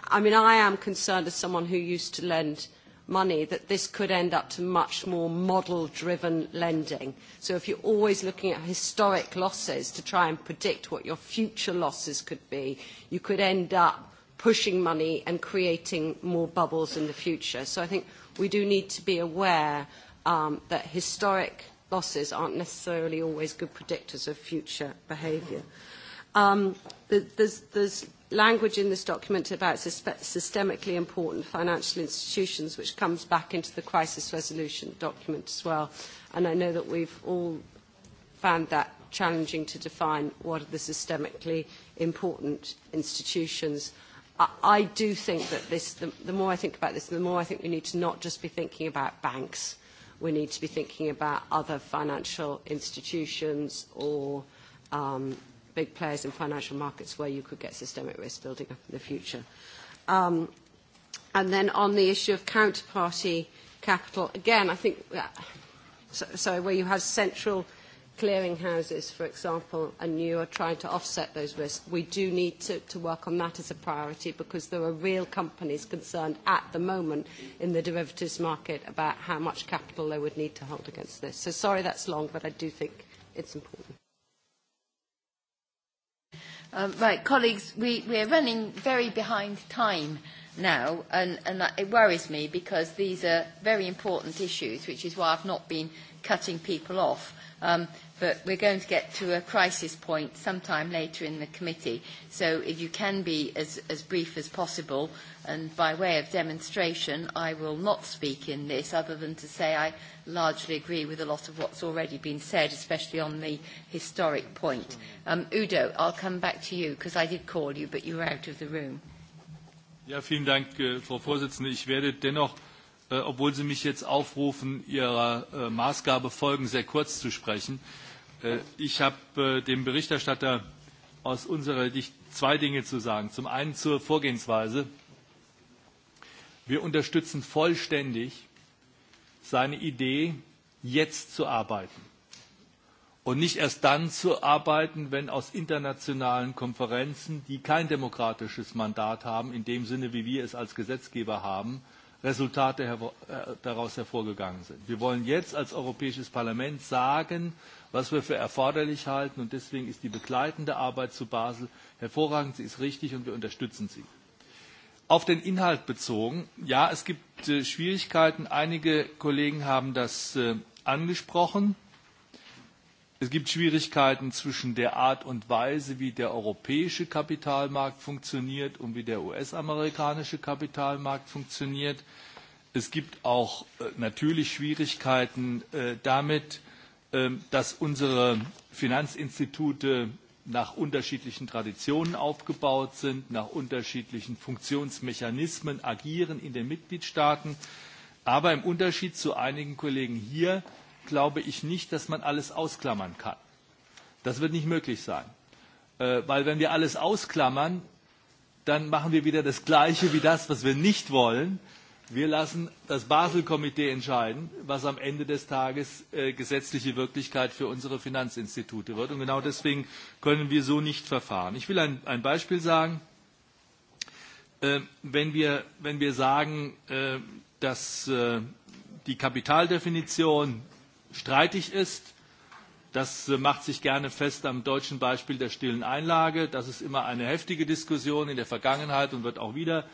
I mean, I am concerned as someone who used to lend uh, money that this could end up to much more model driven lending. So if you're always looking at historic losses to try and predict what your future losses could be, you could end up pushing money and creating more bubbles in the future. So I think we do need to be aware um, that historic losses aren't necessarily always good predictors of future behaviour. Um, there's, there's language in this document about systemically important financial institutions, which comes back into the crisis resolution document as well. And I know that we've all found that challenging to define what are the systemically important institutions. I, I do think that this, the, the more I think about this, the more I think we need to not just be thinking about banks. We need to be thinking about other financial institutions or um, big players in financial markets where you could get systemic risk building up in the future. Um, and then on the issue of counterparty capital, again, I think, uh, so, sorry, where you have central clearing houses, for example, and you are trying to offset those risks, we do need to, to work on that as a priority because there are real companies concerned at the moment in the derivatives market about how much capital they would need to hold against this. So sorry that's long, but I do think it's important. Um, right, colleagues, we, we're running very behind time now, and, and that, it worries me because these are very important issues, which is why I've not been cutting people off. Um, but we're going to get to a crisis point sometime later in the committee. So if you can be as, as brief as possible, and by way of demonstration, I will not speak in this other than to say I largely agree with a lot of what's already been said, especially on the historic point. Um, Udo, I'll come back to you because I did call you, but you were out of the room. Ja, vielen Dank, äh, Frau Vorsitzende. Ich werde dennoch äh, äh, obwohl Sie mich jetzt aufrufen, Ihrer äh, Maßgabe folgen, sehr kurz zu sprechen. Äh, ich habe äh, dem Berichterstatter aus unserer Sicht zwei Dinge zu sagen. Zum einen zur Vorgehensweise. Wir unterstützen vollständig seine Idee, jetzt zu arbeiten und nicht erst dann zu arbeiten, wenn aus internationalen Konferenzen, die kein demokratisches Mandat haben, in dem Sinne, wie wir es als Gesetzgeber haben, Resultate hervor, äh, daraus hervorgegangen sind. Wir wollen jetzt als Europäisches Parlament sagen, was wir für erforderlich halten. Und deswegen ist die begleitende Arbeit zu Basel hervorragend. Sie ist richtig und wir unterstützen sie. Auf den Inhalt bezogen. Ja, es gibt äh, Schwierigkeiten. Einige Kollegen haben das äh, angesprochen. Es gibt Schwierigkeiten zwischen der Art und Weise, wie der europäische Kapitalmarkt funktioniert und wie der US-amerikanische Kapitalmarkt funktioniert. Es gibt auch äh, natürlich Schwierigkeiten äh, damit, äh, dass unsere Finanzinstitute nach unterschiedlichen Traditionen aufgebaut sind, nach unterschiedlichen Funktionsmechanismen agieren in den Mitgliedstaaten. Aber im Unterschied zu einigen Kollegen hier glaube ich nicht, dass man alles ausklammern kann. Das wird nicht möglich sein. Äh, weil wenn wir alles ausklammern, dann machen wir wieder das Gleiche wie das, was wir nicht wollen. Wir lassen das Basel-Komitee entscheiden, was am Ende des Tages äh, gesetzliche Wirklichkeit für unsere Finanzinstitute wird. Und genau deswegen können wir so nicht verfahren. Ich will ein, ein Beispiel sagen. Äh, wenn, wir, wenn wir sagen, äh, dass äh, die Kapitaldefinition streitig ist. Das äh, macht sich gerne fest am deutschen Beispiel der stillen Einlage. Das ist immer eine heftige Diskussion in der Vergangenheit und wird auch wieder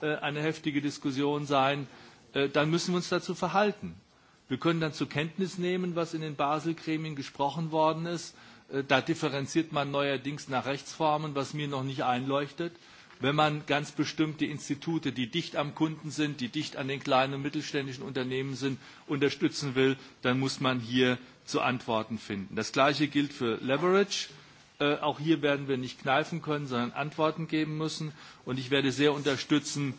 äh, eine heftige Diskussion sein. Äh, dann müssen wir uns dazu verhalten. Wir können dann zur Kenntnis nehmen, was in den Basel-Gremien gesprochen worden ist. Da differenziert man neuerdings nach Rechtsformen, was mir noch nicht einleuchtet wenn man ganz bestimmte Institute, die dicht am Kunden sind, die dicht an den kleinen und mittelständischen Unternehmen sind, unterstützen will, dann muss man hier zu Antworten finden. Das Gleiche gilt für Leverage. Äh, auch hier werden wir nicht kneifen können, sondern Antworten geben müssen. Und ich werde sehr unterstützen,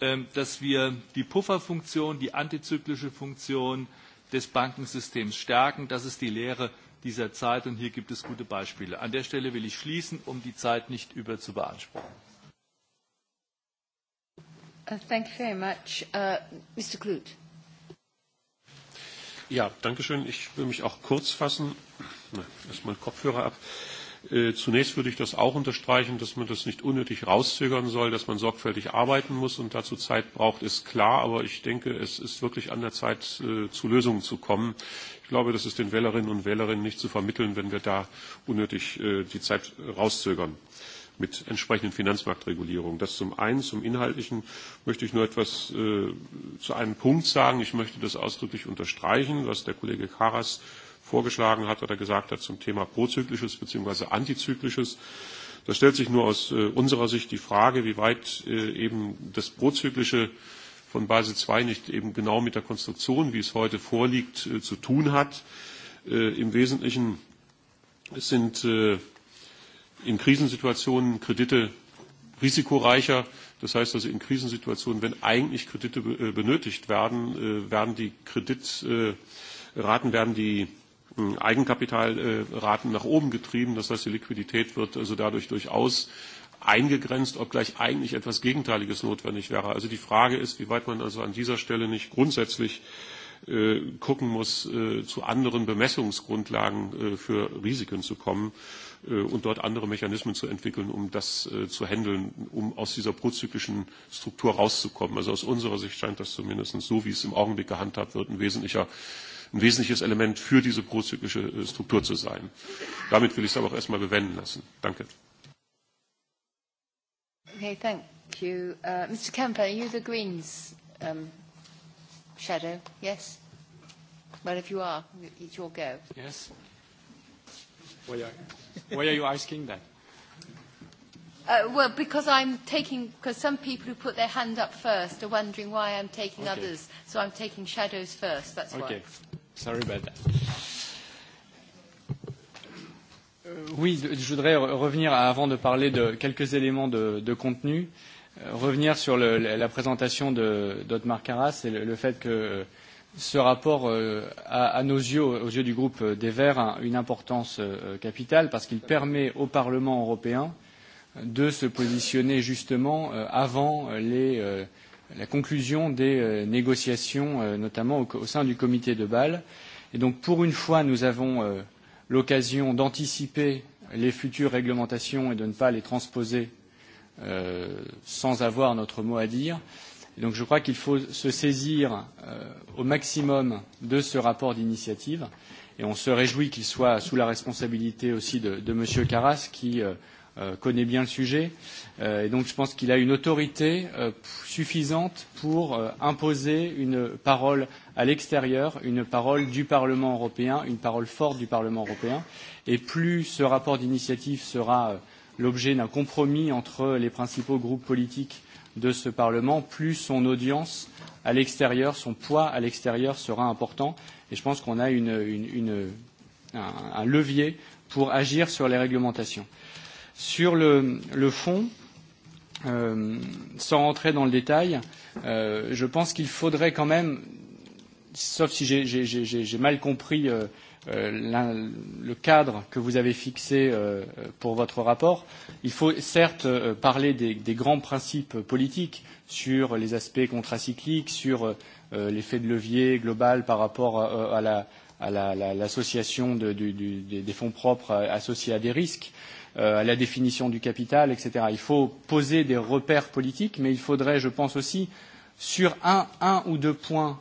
äh, dass wir die Pufferfunktion, die antizyklische Funktion des Bankensystems stärken. Das ist die Lehre dieser Zeit und hier gibt es gute Beispiele. An der Stelle will ich schließen, um die Zeit nicht über zu beanspruchen. Uh, thank you very much. Uh, Mr. Klut. Ja, danke schön. Ich will mich auch kurz fassen. Erstmal Kopfhörer ab. Äh, zunächst würde ich das auch unterstreichen, dass man das nicht unnötig rauszögern soll, dass man sorgfältig arbeiten muss und dazu Zeit braucht, ist klar. Aber ich denke, es ist wirklich an der Zeit, äh, zu Lösungen zu kommen. Ich glaube, das ist den Wählerinnen und Wählerinnen nicht zu vermitteln, wenn wir da unnötig äh, die Zeit rauszögern. Äh, mit entsprechenden Finanzmarktregulierungen. Das zum einen. Zum Inhaltlichen möchte ich nur etwas äh, zu einem Punkt sagen. Ich möchte das ausdrücklich unterstreichen, was der Kollege Karas vorgeschlagen hat oder gesagt hat zum Thema prozyklisches bzw. antizyklisches. Da stellt sich nur aus äh, unserer Sicht die Frage, wie weit äh, eben das prozyklische von Basel II nicht eben genau mit der Konstruktion, wie es heute vorliegt, äh, zu tun hat. Äh, Im Wesentlichen sind äh, in Krisensituationen Kredite risikoreicher. Das heißt also in Krisensituationen, wenn eigentlich Kredite äh, benötigt werden, äh, werden die Kreditraten, äh, werden die hm, Eigenkapitalraten nach oben getrieben. Das heißt, die Liquidität wird also dadurch durchaus eingegrenzt, obgleich eigentlich etwas Gegenteiliges notwendig wäre. Also die Frage ist, wie weit man also an dieser Stelle nicht grundsätzlich äh, gucken muss, äh, zu anderen Bemessungsgrundlagen äh, für Risiken zu kommen. Äh, und dort andere Mechanismen zu entwickeln, um das äh, zu handeln, um aus dieser prozyklischen Struktur rauszukommen. Also aus unserer Sicht scheint das zumindest so, wie es im Augenblick gehandhabt wird, ein wesentlicher ein wesentliches Element für diese prozyklische äh, Struktur zu sein. Damit will ich es aber auch erstmal bewenden lassen. Danke. Okay, thank you. Uh, Mr. Kemper, are you the Greens um, shadow? Yes? Well, if you are, it's your go. Yes. Why are, why are you asking that? Uh, well, because I'm taking, because some people who put their hand up first are wondering why I'm taking okay. others. So I'm taking shadows first, that's okay. why. Okay, sorry about that. Euh, oui, je voudrais revenir, à, avant de parler de quelques éléments de, de contenu, euh, revenir sur le, la présentation de d'Otmar Karas et le, le fait que ce rapport euh, a, à nos yeux, aux yeux du groupe euh, des Verts, un, une importance euh, euh, capitale parce qu'il permet au Parlement européen de se positionner justement euh, avant les, euh, la conclusion des euh, négociations, euh, notamment au, au sein du comité de Bâle. Et donc, pour une fois, nous avons euh, l'occasion d'anticiper les futures réglementations et de ne pas les transposer euh, sans avoir notre mot à dire. Euh, Et donc je crois qu'il faut se saisir euh, au maximum de ce rapport d'initiative et on se réjouit qu'il soit sous la responsabilité aussi de, de M. Carras qui euh, euh, connaît bien le sujet euh, et donc je pense qu'il a une autorité euh, suffisante pour euh, imposer une parole à l'extérieur, une parole du Parlement européen, une parole forte du Parlement européen et plus ce rapport d'initiative sera euh, l'objet d'un compromis entre les principaux groupes politiques de ce Parlement, plus son audience à l'extérieur, son poids à l'extérieur sera important. Et je pense qu'on a une, une, une, un, un levier pour agir sur les réglementations. Sur le, le fond, euh, sans rentrer dans le détail, euh, je pense qu'il faudrait quand même, sauf si j'ai mal compris euh, Euh, le cadre que vous avez fixé euh, pour votre rapport. Il faut certes euh, parler des, des grands principes politiques sur les aspects contracycliques, sur euh, l'effet de levier global par rapport à, euh, à la à l'association la, la, de, du, du, des fonds propres euh, associés à des risques, euh, à la définition du capital, etc. Il faut poser des repères politiques, mais il faudrait, je pense aussi, sur un, un ou deux points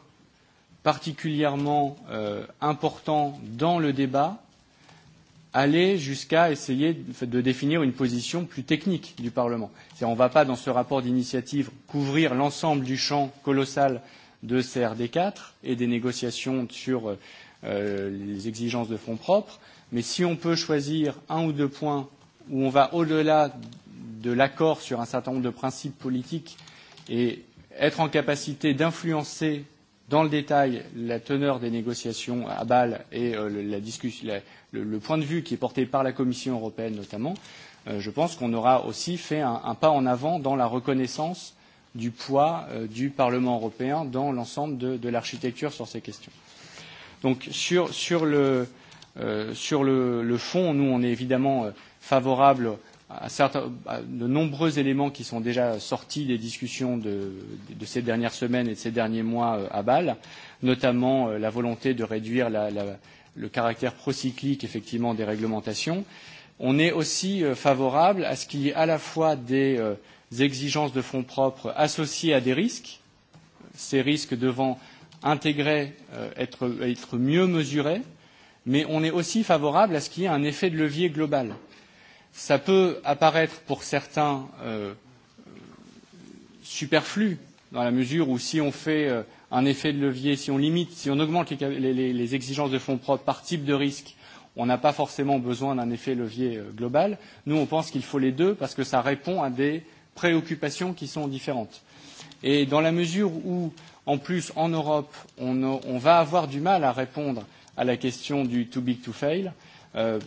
particulièrement euh, important dans le débat aller jusqu'à essayer de définir une position plus technique du Parlement. On ne va pas, dans ce rapport d'initiative, couvrir l'ensemble du champ colossal de CRD4 et des négociations sur euh, les exigences de fonds propres, mais si on peut choisir un ou deux points où on va au-delà de l'accord sur un certain nombre de principes politiques et être en capacité d'influencer dans le détail la teneur des négociations à Bâle et euh, la discussion, la, le, le point de vue qui est porté par la Commission européenne notamment, euh, je pense qu'on aura aussi fait un, un pas en avant dans la reconnaissance du poids euh, du Parlement européen dans l'ensemble de, de l'architecture sur ces questions. Donc sur, sur, le, euh, sur le, le fond, nous on est évidemment euh, favorable euh, un certain, de nombreux éléments qui sont déjà sortis des discussions de, de ces dernières semaines et de ces derniers mois euh, à Bâle, notamment euh, la volonté de réduire la, la, le caractère procyclique effectivement des réglementations. On est aussi euh, favorable à ce qu'il y ait à la fois des exigences de fonds propres associées à des risques, ces risques devant intégrer, être, être mieux mesurés, mais on est aussi favorable à ce qu'il y ait un effet de levier global. Euh, ça peut apparaître pour certains euh, superflu, dans la mesure où si on fait euh, un effet de levier, si on limite, si on augmente les, les, les exigences de fonds propres par type de risque, on n'a pas forcément besoin d'un effet levier euh, global. Nous, on pense qu'il faut les deux parce que ça répond à des préoccupations qui sont différentes. Et dans la mesure où, en plus, en Europe, on, on va avoir du mal à répondre à la question du too big to fail, euh,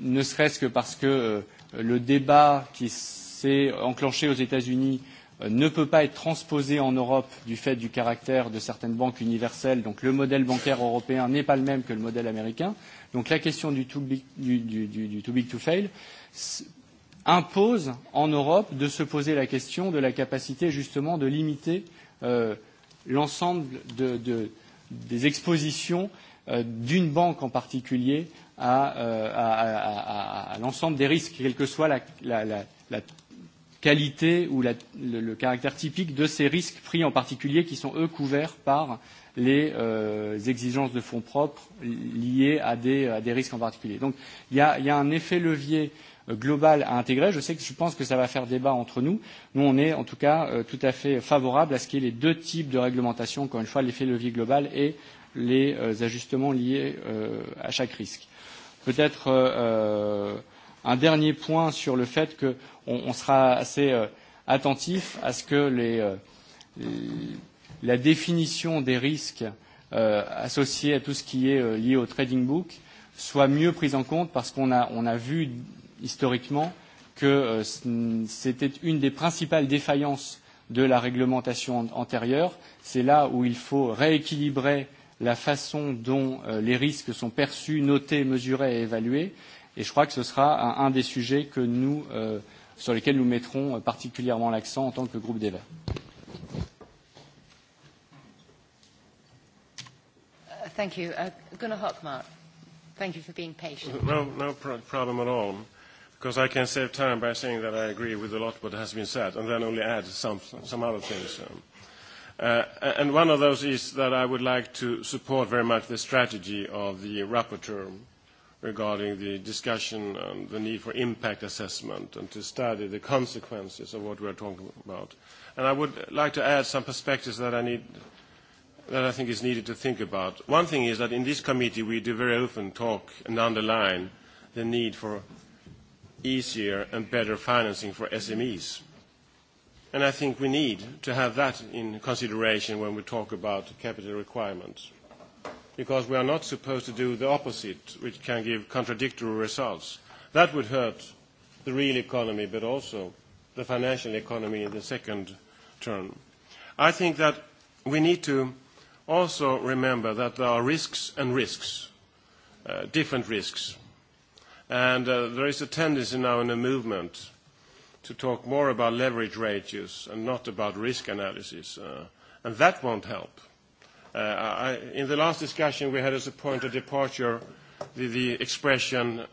ne serait-ce que parce que euh, le débat qui s'est enclenché aux États-Unis euh, ne peut pas être transposé en Europe du fait du caractère de certaines banques universelles. Donc le modèle bancaire européen n'est pas le même que le modèle américain. Donc la question du too big, du, du, du, du too, big to fail impose en Europe de se poser la question de la capacité justement de limiter euh, l'ensemble de, de, des expositions euh, d'une banque en particulier à, euh, à, à, à, à l'ensemble des risques, quelle que soit la, la, la, la qualité ou la, le, le caractère typique de ces risques pris en particulier qui sont eux couverts par les euh, exigences de fonds propres liées à des, à des risques en particulier. Donc il y a, y a un effet levier euh, global à intégrer. Je sais que je pense que ça va faire débat entre nous. Nous, on est en tout cas euh, tout à fait favorable à ce qu'il y ait les deux types de réglementation, encore une fois, l'effet levier global et les euh, ajustements liés euh, à chaque risque. Peut-être euh, euh, un dernier point sur le fait qu'on on sera assez euh, attentif à ce que les, euh, les, la définition des risques euh, associés à tout ce qui est euh, lié au trading book soit mieux prise en compte parce qu'on a, on a vu historiquement que euh, c'était une des principales défaillances de la réglementation antérieure. C'est là où il faut rééquilibrer la façon dont euh, les risques sont perçus, notés, mesurés et évalués. Et je crois que ce sera un, un des sujets que nous, euh, sur lesquels nous mettrons euh, particulièrement l'accent en tant que groupe des Verts. Uh, thank you. Uh, Gunnar Hockmark, thank you for being patient. No, no pro problem at all because I can save time by saying that I agree with a lot what has been said, and then only add some, some other things. Um, Uh, and one of those is that I would like to support very much the strategy of the rapporteur regarding the discussion on the need for impact assessment and to study the consequences of what we are talking about. And I would like to add some perspectives that I, need, that I think is needed to think about. One thing is that in this committee we do very often talk and underline the need for easier and better financing for SMEs and I think we need to have that in consideration when we talk about capital requirements, because we are not supposed to do the opposite, which can give contradictory results. That would hurt the real economy, but also the financial economy in the second term. I think that we need to also remember that there are risks and risks, uh, different risks. And uh, there is a tendency now in the movement to talk more about leverage ratios and not about risk analysis, uh, and that won't help. Uh, I, in the last discussion, we had as a point of departure the, the expression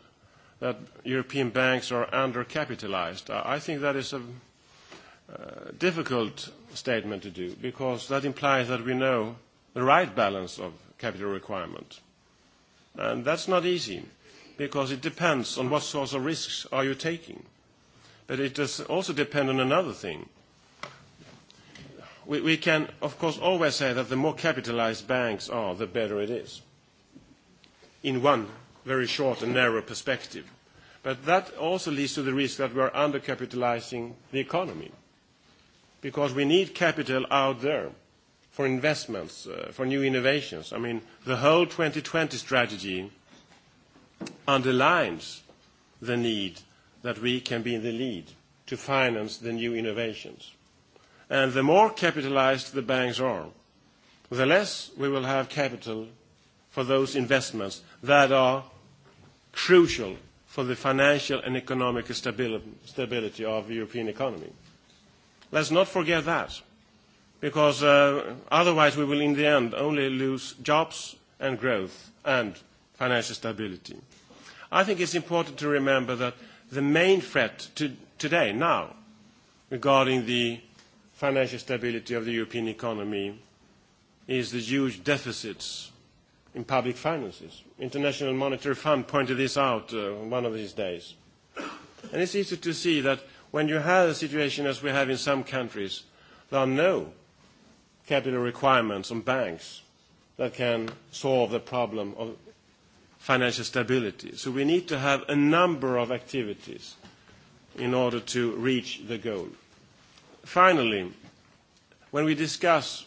that European banks are undercapitalized. I, I think that is a uh, difficult statement to do because that implies that we know the right balance of capital requirement. And that's not easy because it depends on what sorts of risks are you taking. But it does also depend on another thing. We, we can, of course, always say that the more capitalized banks are, the better it is, in one very short and narrow perspective. But that also leads to the risk that we are undercapitalizing the economy, because we need capital out there for investments, uh, for new innovations. I mean, the whole 2020 strategy underlines the need that we can be in the lead to finance the new innovations. And the more capitalized the banks are, the less we will have capital for those investments that are crucial for the financial and economic stability of the European economy. Let's not forget that, because uh, otherwise we will in the end only lose jobs and growth and financial stability. I think it's important to remember that the main threat to today, now, regarding the financial stability of the European economy is the huge deficits in public finances. International Monetary Fund pointed this out uh, one of these days. And it's easy to see that when you have a situation as we have in some countries, there are no capital requirements on banks that can solve the problem of financial stability. So we need to have a number of activities in order to reach the goal. Finally, when we discuss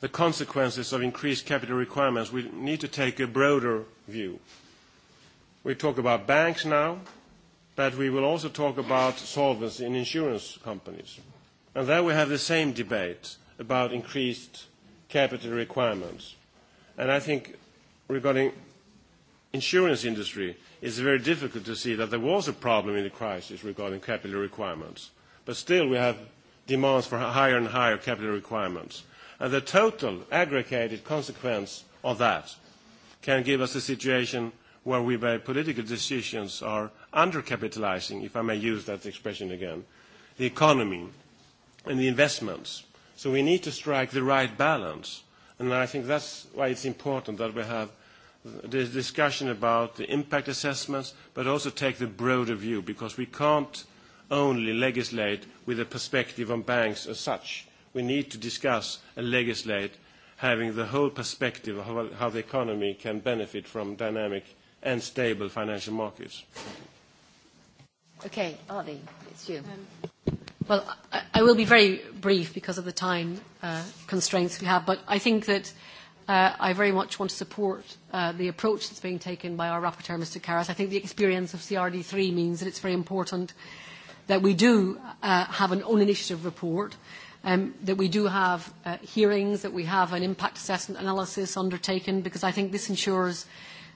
the consequences of increased capital requirements, we need to take a broader view. We talk about banks now, but we will also talk about solvency in insurance companies. And there we have the same debate about increased capital requirements. And I think regarding insurance industry, it's very difficult to see that there was a problem in the crisis regarding capital requirements. But still, we have demands for higher and higher capital requirements. And the total aggregated consequence of that can give us a situation where we, by political decisions, are undercapitalizing, if I may use that expression again, the economy and the investments. So we need to strike the right balance. And I think that's why it's important that we have this discussion about the impact assessments, but also take the broader view, because we can't only legislate with a perspective on banks as such. We need to discuss and legislate having the whole perspective of how the economy can benefit from dynamic and stable financial markets. Okay, Arlene, it's you. Um, well, I, I will be very brief because of the time uh, constraints we have, but I think that uh, Uh, I very much want to support uh, the approach that's being taken by our rapporteur, Mr. Karas. I think the experience of CRD3 means that it's very important that we do uh, have an own initiative report, um, that we do have uh, hearings, that we have an impact assessment analysis undertaken, because I think this ensures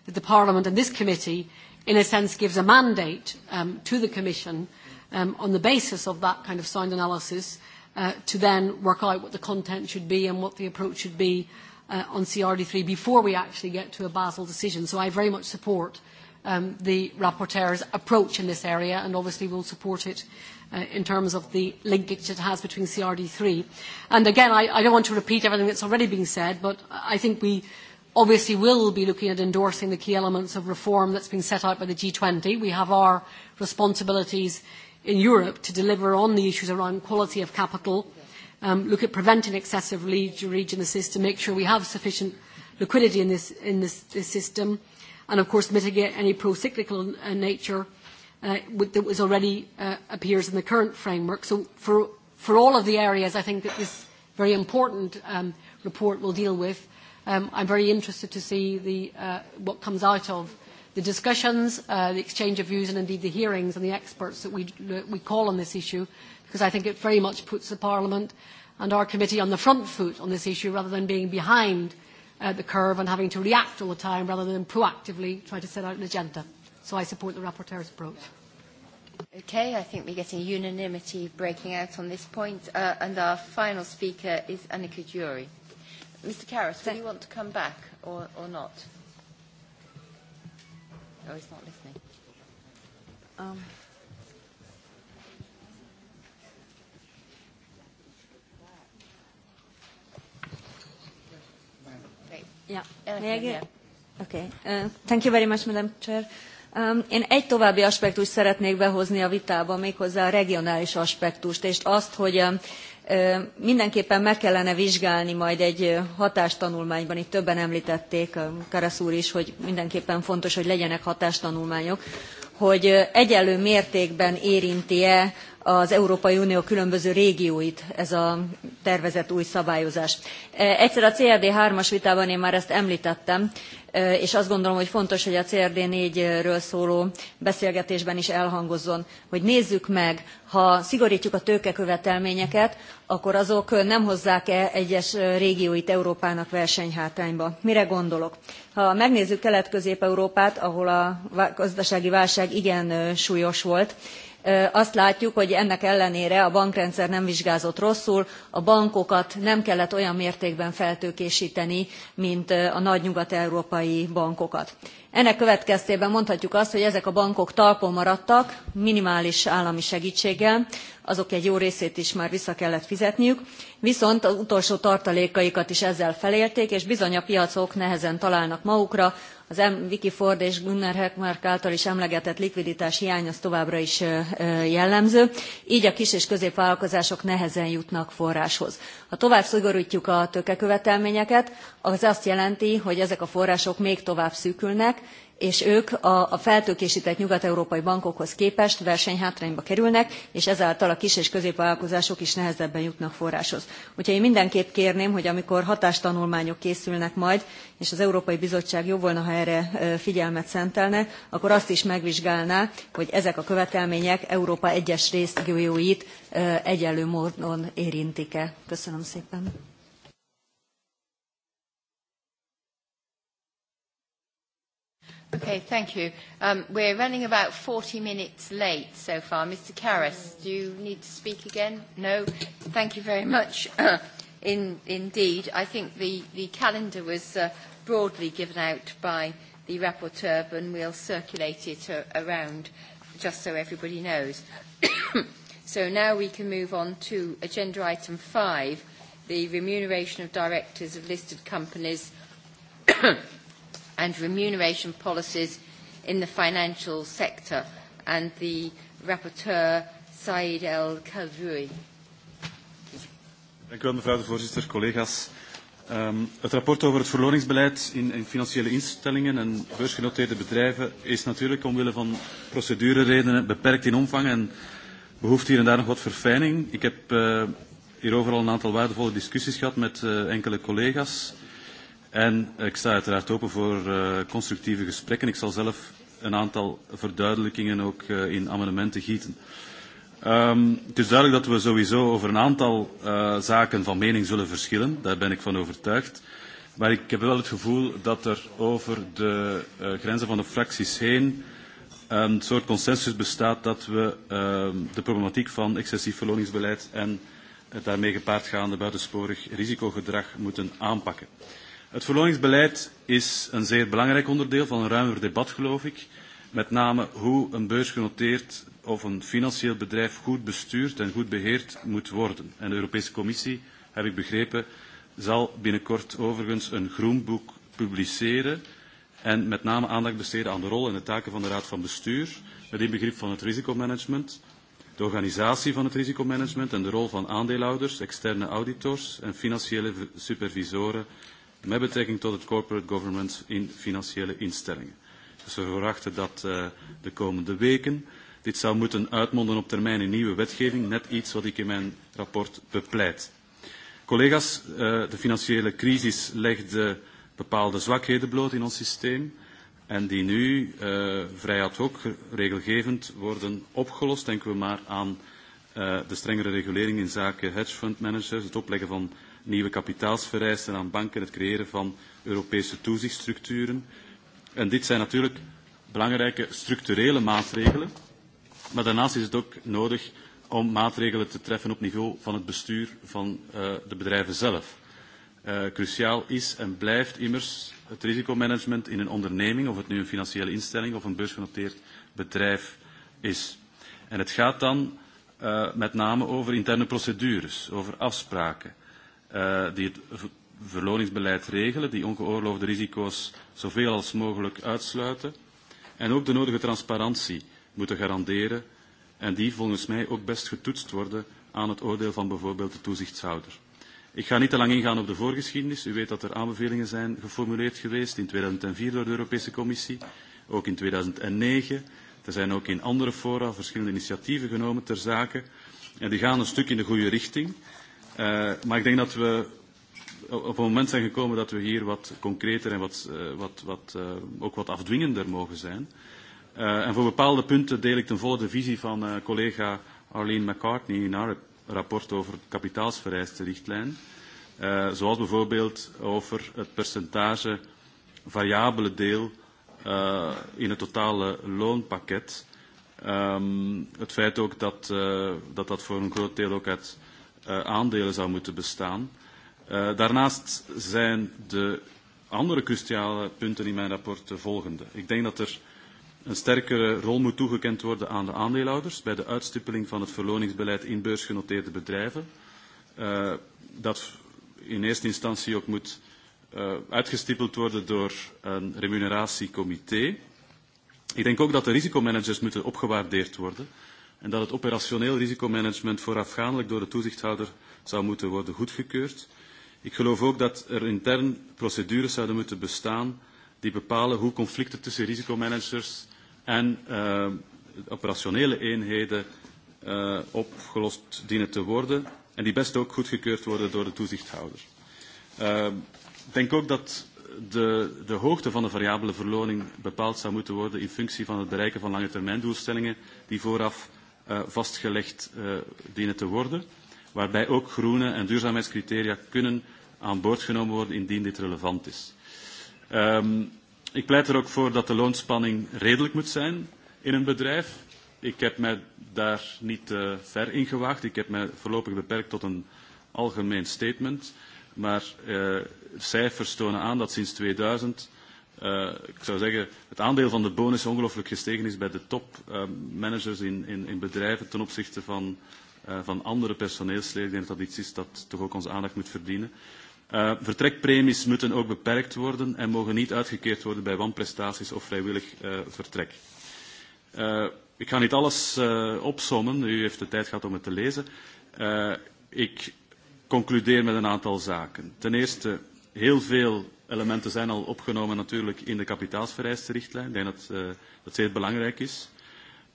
that the Parliament and this committee, in a sense, gives a mandate um, to the Commission um, on the basis of that kind of sound analysis uh, to then work out what the content should be and what the approach should be uh, on CRD3 before we actually get to a Basel decision. So I very much support um, the rapporteur's approach in this area and obviously will support it uh, in terms of the linkage it has between CRD3. And again, I, I don't want to repeat everything that's already been said, but I think we obviously will be looking at endorsing the key elements of reform that's been set out by the G20. We have our responsibilities in Europe to deliver on the issues around quality of capital, uh, um, look at preventing excessive leverage in the system, make sure we have sufficient liquidity in this, in this, this system, and of course mitigate any pro-cyclical uh, nature uh, that was already uh, appears in the current framework. So for, for all of the areas I think that this very important um, report will deal with, um, I'm very interested to see the, uh, what comes out of the discussions, uh, the exchange of views, and indeed the hearings and the experts that we, we call on this issue. Uh, because I think it very much puts the Parliament and our committee on the front foot on this issue rather than being behind uh, the curve and having to react all the time rather than proactively try to set out an agenda. So I support the rapporteur's approach. Okay, I think we're getting unanimity breaking out on this point. Uh, and our final speaker is Annika Jury. Mr. Karras, do you want to come back or, or not? Oh, he's not listening. Um. Yeah. Yeah. Okay. Uh, thank you very much, Madam Chair. Um, én egy további aspektust szeretnék behozni a vitába, méghozzá a regionális aspektust, és azt, hogy uh, mindenképpen meg kellene vizsgálni majd egy hatástanulmányban, itt többen említették, Karasz úr is, hogy mindenképpen fontos, hogy legyenek hatástanulmányok, hogy egyelő mértékben érinti-e az Európai Unió különböző régióit ez a tervezett új szabályozás. E, egyszer a CRD 3-as vitában én már ezt említettem, e, és azt gondolom, hogy fontos, hogy a CRD 4-ről szóló beszélgetésben is elhangozzon, hogy nézzük meg, ha szigorítjuk a tőkekövetelményeket, akkor azok nem hozzák-e egyes régióit Európának versenyhátrányba. Mire gondolok? Ha megnézzük Kelet-Közép-Európát, ahol a gazdasági válság igen súlyos volt, azt látjuk, hogy ennek ellenére a bankrendszer nem vizsgázott rosszul, a bankokat nem kellett olyan mértékben feltőkésíteni, mint a nagy nyugat-európai bankokat. Ennek következtében mondhatjuk azt, hogy ezek a bankok talpon maradtak, minimális állami segítséggel, azok egy jó részét is már vissza kellett fizetniük, viszont az utolsó tartalékaikat is ezzel felélték, és bizony a piacok nehezen találnak magukra, Az Viki Ford és Gunnar Höckmark által is emlegetett likviditás hiány az továbbra is jellemző, így a kis és középvállalkozások nehezen jutnak forráshoz. Ha tovább szigorítjuk a tökekövetelményeket, az azt jelenti, hogy ezek a források még tovább szűkülnek, és ők a, a feltőkésített nyugat-európai bankokhoz képest versenyhátrányba kerülnek, és ezáltal a kis és középvállalkozások is nehezebben jutnak forráshoz. Úgyhogy én mindenképp kérném, hogy amikor hatástanulmányok készülnek majd, és az Európai Bizottság jó volna, ha erre figyelmet szentelne, akkor azt is megvizsgálná, hogy ezek a követelmények Európa egyes részgyójóit egyenlő módon érintik-e. Köszönöm szépen. Okay, thank you. Um, we're running about 40 minutes late so far. Mr. Karras, do you need to speak again? No? Thank you very much. *coughs* In, indeed, I think the, the calendar was uh, broadly given out by the rapporteur, and we'll circulate it uh, around just so everybody knows. *coughs* so now we can move on to agenda item five, the remuneration of directors of listed companies *coughs* and remuneration policies in the financial sector. And the rapporteur, Said El Khadroui. Dank u wel, mevrouw de voorzitter, collega's. Um, het rapport over het verloningsbeleid in, in financiële instellingen en beursgenoteerde bedrijven is natuurlijk omwille van procedureredenen beperkt in omvang en behoeft hier en daar nog wat verfijning. Ik heb uh, hierover al een aantal waardevolle discussies gehad met uh, enkele collega's. Uh, En ik sta uiteraard open voor uh, constructieve gesprekken. Ik zal zelf een aantal verduidelijkingen ook uh, in amendementen gieten. Um, het is duidelijk dat we sowieso over een aantal uh, zaken van mening zullen verschillen. Daar ben ik van overtuigd. Maar ik heb wel het gevoel dat er over de uh, grenzen van de fracties heen een soort consensus bestaat dat we uh, de problematiek van excessief verloningsbeleid en het daarmee gepaardgaande buitensporig risicogedrag moeten aanpakken. Uh, Het verloningsbeleid is een zeer belangrijk onderdeel van een ruimer debat, geloof ik. Met name hoe een beursgenoteerd of een financieel bedrijf goed bestuurd en goed beheerd moet worden. En de Europese Commissie, heb ik begrepen, zal binnenkort overigens een groenboek publiceren en met name aandacht besteden aan de rol en de taken van de Raad van Bestuur, het inbegrip van het risicomanagement, de organisatie van het risicomanagement en de rol van aandeelhouders, externe auditors en financiële supervisoren met betrekking tot het corporate governance in financiële instellingen. Dus we verwachten dat uh, de komende weken dit zou moeten uitmonden op termijn in nieuwe wetgeving, net iets wat ik in mijn rapport bepleit. Collega's, uh, de financiële crisis legde bepaalde zwakheden bloot in ons systeem en die nu uh, vrij ad hoc regelgevend worden opgelost. Denken we maar aan uh, de strengere regulering in zaken hedge fund managers, het opleggen van nieuwe kapitaalsvereisten aan banken, het creëren van Europese toezichtsstructuren. En dit zijn natuurlijk belangrijke structurele maatregelen. Maar daarnaast is het ook nodig om maatregelen te treffen op niveau van het bestuur van uh, de bedrijven zelf. Uh, cruciaal is en blijft immers het risicomanagement in een onderneming, of het nu een financiële instelling of een beursgenoteerd bedrijf is. En het gaat dan uh, met name over interne procedures, over afspraken, uh, die het verloningsbeleid regelen, die ongeoorloofde risico's zoveel als mogelijk uitsluiten en ook de nodige transparantie moeten garanderen en die volgens mij ook best getoetst worden aan het oordeel van bijvoorbeeld de toezichtshouder. Ik ga niet te lang ingaan op de voorgeschiedenis. U weet dat er aanbevelingen zijn geformuleerd geweest in 2004 door de Europese Commissie, ook in 2009. Er zijn ook in andere fora verschillende initiatieven genomen ter zake en die gaan een stuk in de goede richting. Uh, maar ik denk dat we op een moment zijn gekomen dat we hier wat concreter en wat, uh, wat, wat, uh, ook wat afdwingender mogen zijn. Uh, en voor bepaalde punten deel ik ten volle de visie van uh, collega Arlene McCartney in haar rapport over de kapitaalsvereiste richtlijn. Uh, zoals bijvoorbeeld over het percentage variabele deel uh, in het totale loonpakket. Um, het feit ook dat, uh, dat dat voor een groot deel ook uit uh, aandelen zou moeten bestaan. Uh, daarnaast zijn de andere cruciale punten in mijn rapport de volgende. Ik denk dat er een sterkere rol moet toegekend worden aan de aandeelhouders bij de uitstippeling van het verloningsbeleid in beursgenoteerde bedrijven. Uh, dat in eerste instantie ook moet uh, uitgestippeld worden door een remuneratiecomité. Ik denk ook dat de risicomanagers moeten opgewaardeerd worden. Uh, en dat het operationeel risicomanagement voorafgaandelijk door de toezichthouder zou moeten worden goedgekeurd. Ik geloof ook dat er intern procedures zouden moeten bestaan die bepalen hoe conflicten tussen risicomanagers en uh, operationele eenheden uh, opgelost dienen te worden en die best ook goedgekeurd worden door de toezichthouder. Uh, ik denk ook dat de, de hoogte van de variabele verloning bepaald zou moeten worden in functie van het bereiken van langetermijndoelstellingen die vooraf uh, vastgelegd uh, dienen te worden, waarbij ook groene en duurzaamheidscriteria kunnen aan boord genomen worden indien dit relevant is. Um, ik pleit er ook voor dat de loonspanning redelijk moet zijn in een bedrijf. Ik heb mij daar niet uh, ver in gewaagd. Ik heb mij voorlopig beperkt tot een algemeen statement. Maar uh, cijfers tonen aan dat sinds 2000 uh, ik zou zeggen, het aandeel van de bonus ongelooflijk gestegen is bij de topmanagers eh, uh, in, in, in bedrijven ten opzichte van, uh, van andere personeelsleden. Ik denk dat dat iets is dat toch ook onze aandacht moet verdienen. Uh, vertrekpremies moeten ook beperkt worden en mogen niet uitgekeerd worden bij wanprestaties of vrijwillig uh, vertrek. Uh, ik ga niet alles uh, opsommen, u heeft de tijd gehad om het te lezen. Uh, ik concludeer met een aantal zaken. Ten eerste, heel veel elementen zijn al opgenomen natuurlijk in de kapitaalsvereistenrichtlijn. Ik denk dat uh, dat zeer belangrijk is.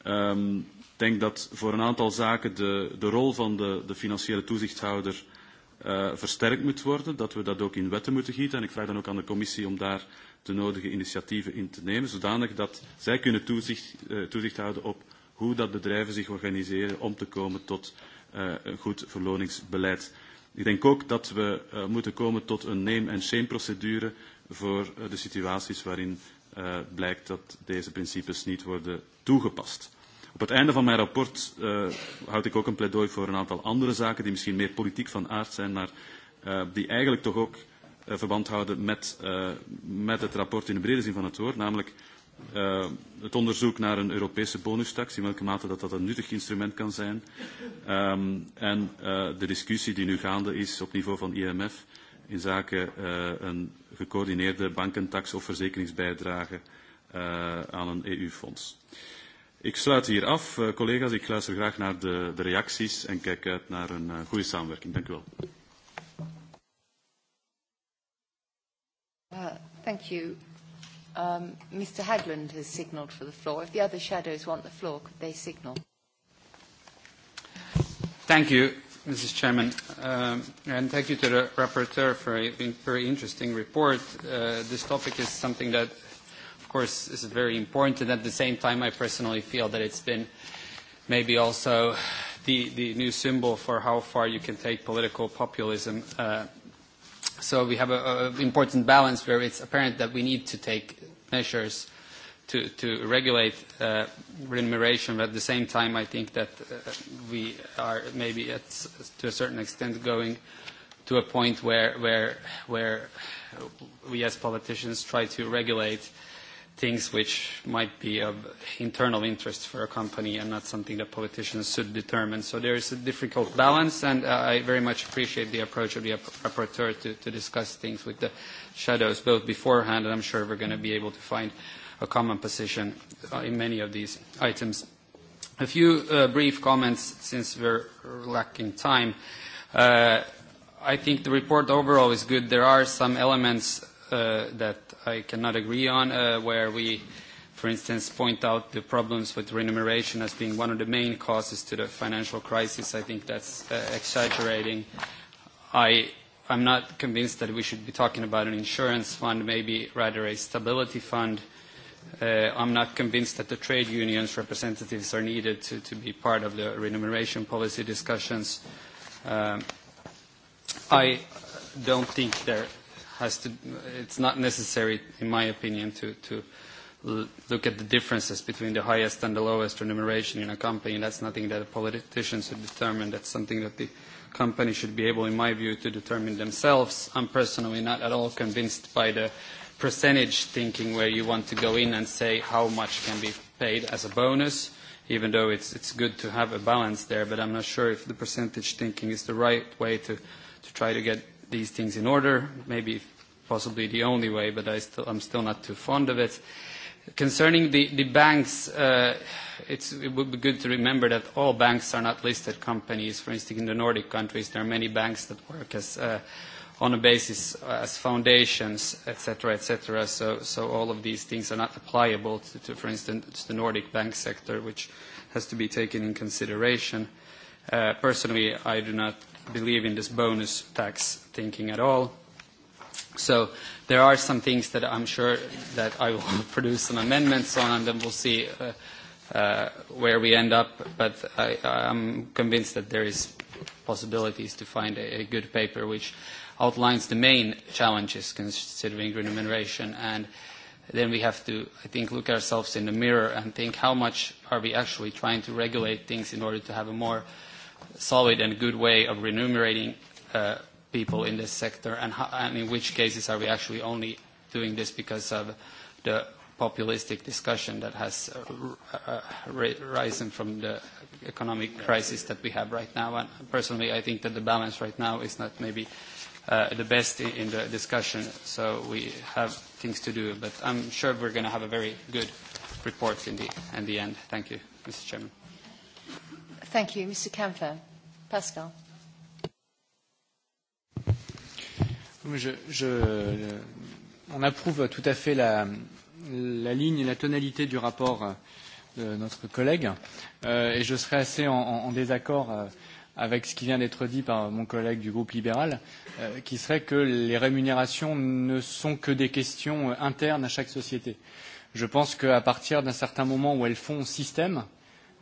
Um, ik denk dat voor een aantal zaken de, de rol van de, de financiële toezichthouder uh, eh, versterkt moet worden. Dat we dat ook in wetten moeten gieten. En ik vraag dan ook aan de commissie om daar de nodige initiatieven in te nemen. Zodanig dat zij kunnen toezicht, uh, toezicht houden op hoe dat bedrijven zich organiseren om te komen tot uh, een goed verloningsbeleid. Ik denk ook dat we uh, moeten komen tot een name- en shame-procedure voor uh, de situaties waarin uh, blijkt dat deze principes niet worden toegepast. Op het einde van mijn rapport uh, houd ik ook een pleidooi voor een aantal andere zaken die misschien meer politiek van aard zijn, maar uh, die eigenlijk toch ook uh, verband houden met, uh, met het rapport in de brede zin van het woord, namelijk uh, uh, het onderzoek naar een Europese bonustax, in welke mate dat, dat een nuttig instrument kan zijn. Um, en uh, de discussie die nu gaande is op niveau van IMF in zaken uh, een gecoördineerde bankentax of verzekeringsbijdrage uh, aan een EU-fonds. Ik sluit hier af, uh, collega's. Ik luister graag naar de, de reacties en kijk uit naar een uh, goede samenwerking. Dank u wel. Uh, thank you. Um, Mr Hagland has signalled for the floor. If the other shadows want the floor, could they signal? Thank you, Mrs Chairman, um, and thank you to the rapporteur for a very interesting report. Uh, this topic is something that, of course, is very important, and at the same time, I personally feel that it's been maybe also the, the new symbol for how far you can take political populism uh, So we have an important balance where it's apparent that we need to take measures to, to regulate uh, remuneration, but at the same time, I think that uh, we are maybe at, to a certain extent going to a point where, where, where we as politicians try to regulate uh, things which might be of internal interest for a company and not something that politicians should determine. So there is a difficult balance, and uh, I very much appreciate the approach of the rapporteur to, to discuss things with the shadows both beforehand, and I'm sure we're going to be able to find a common position uh, in many of these items. A few uh, brief comments since we're lacking time. Uh, I think the report overall is good. There are some elements uh, that I cannot agree on, uh, where we, for instance, point out the problems with remuneration as being one of the main causes to the financial crisis. I think that's uh, exaggerating. I, I'm not convinced that we should be talking about an insurance fund, maybe rather a stability fund. Uh, I'm not convinced that the trade unions representatives are needed to, to be part of the remuneration policy discussions. Um, I don't think there has to, it's not necessary, in my opinion, to, to look at the differences between the highest and the lowest remuneration in a company. That's nothing that a politician should determine. That's something that the company should be able, in my view, to determine themselves. I'm personally not at all convinced by the percentage thinking where you want to go in and say how much can be paid as a bonus, even though it's, it's good to have a balance there, but I'm not sure if the percentage thinking is the right way to, to try to get these things in order, maybe possibly the only way, but I still, I'm still not too fond of it. Concerning the, the banks, uh, it's, it would be good to remember that all banks are not listed companies. For instance, in the Nordic countries, there are many banks that work as uh, on a basis uh, as foundations, et cetera, et cetera. So, so all of these things are not applicable to, to, for instance, the Nordic bank sector, which has to be taken in consideration. Uh, personally, I do not believe in this bonus tax thinking at all. So there are some things that I'm sure that I will *laughs* produce some amendments on, and then we'll see uh, uh, where we end up. But I, I'm convinced that there is possibilities to find a, a good paper which outlines the main challenges considering remuneration. And then we have to, I think, look ourselves in the mirror and think how much are we actually trying to regulate things in order to have a more uh, solid and good way of remunerating uh, people in this sector, and, how, and in which cases are we actually only doing this because of the populistic discussion that has uh, uh, risen from the economic crisis that we have right now. And personally, I think that the balance right now is not maybe uh, the best in, in the discussion, so we have things to do. But I'm sure we're going to have a very good report in the, in the end. Thank you, Mr. Chairman. Thank you. Mr. Canfer. Pascal. Je, je, on approuve tout à fait la, la ligne et la tonalité du rapport euh, de notre collègue euh, et je serais assez en, en, en désaccord euh, avec ce qui vient d'être dit par mon collègue du groupe libéral, euh, qui serait que les rémunérations ne sont que des questions internes à chaque société. Je pense qu'à partir d'un certain moment où elles font système,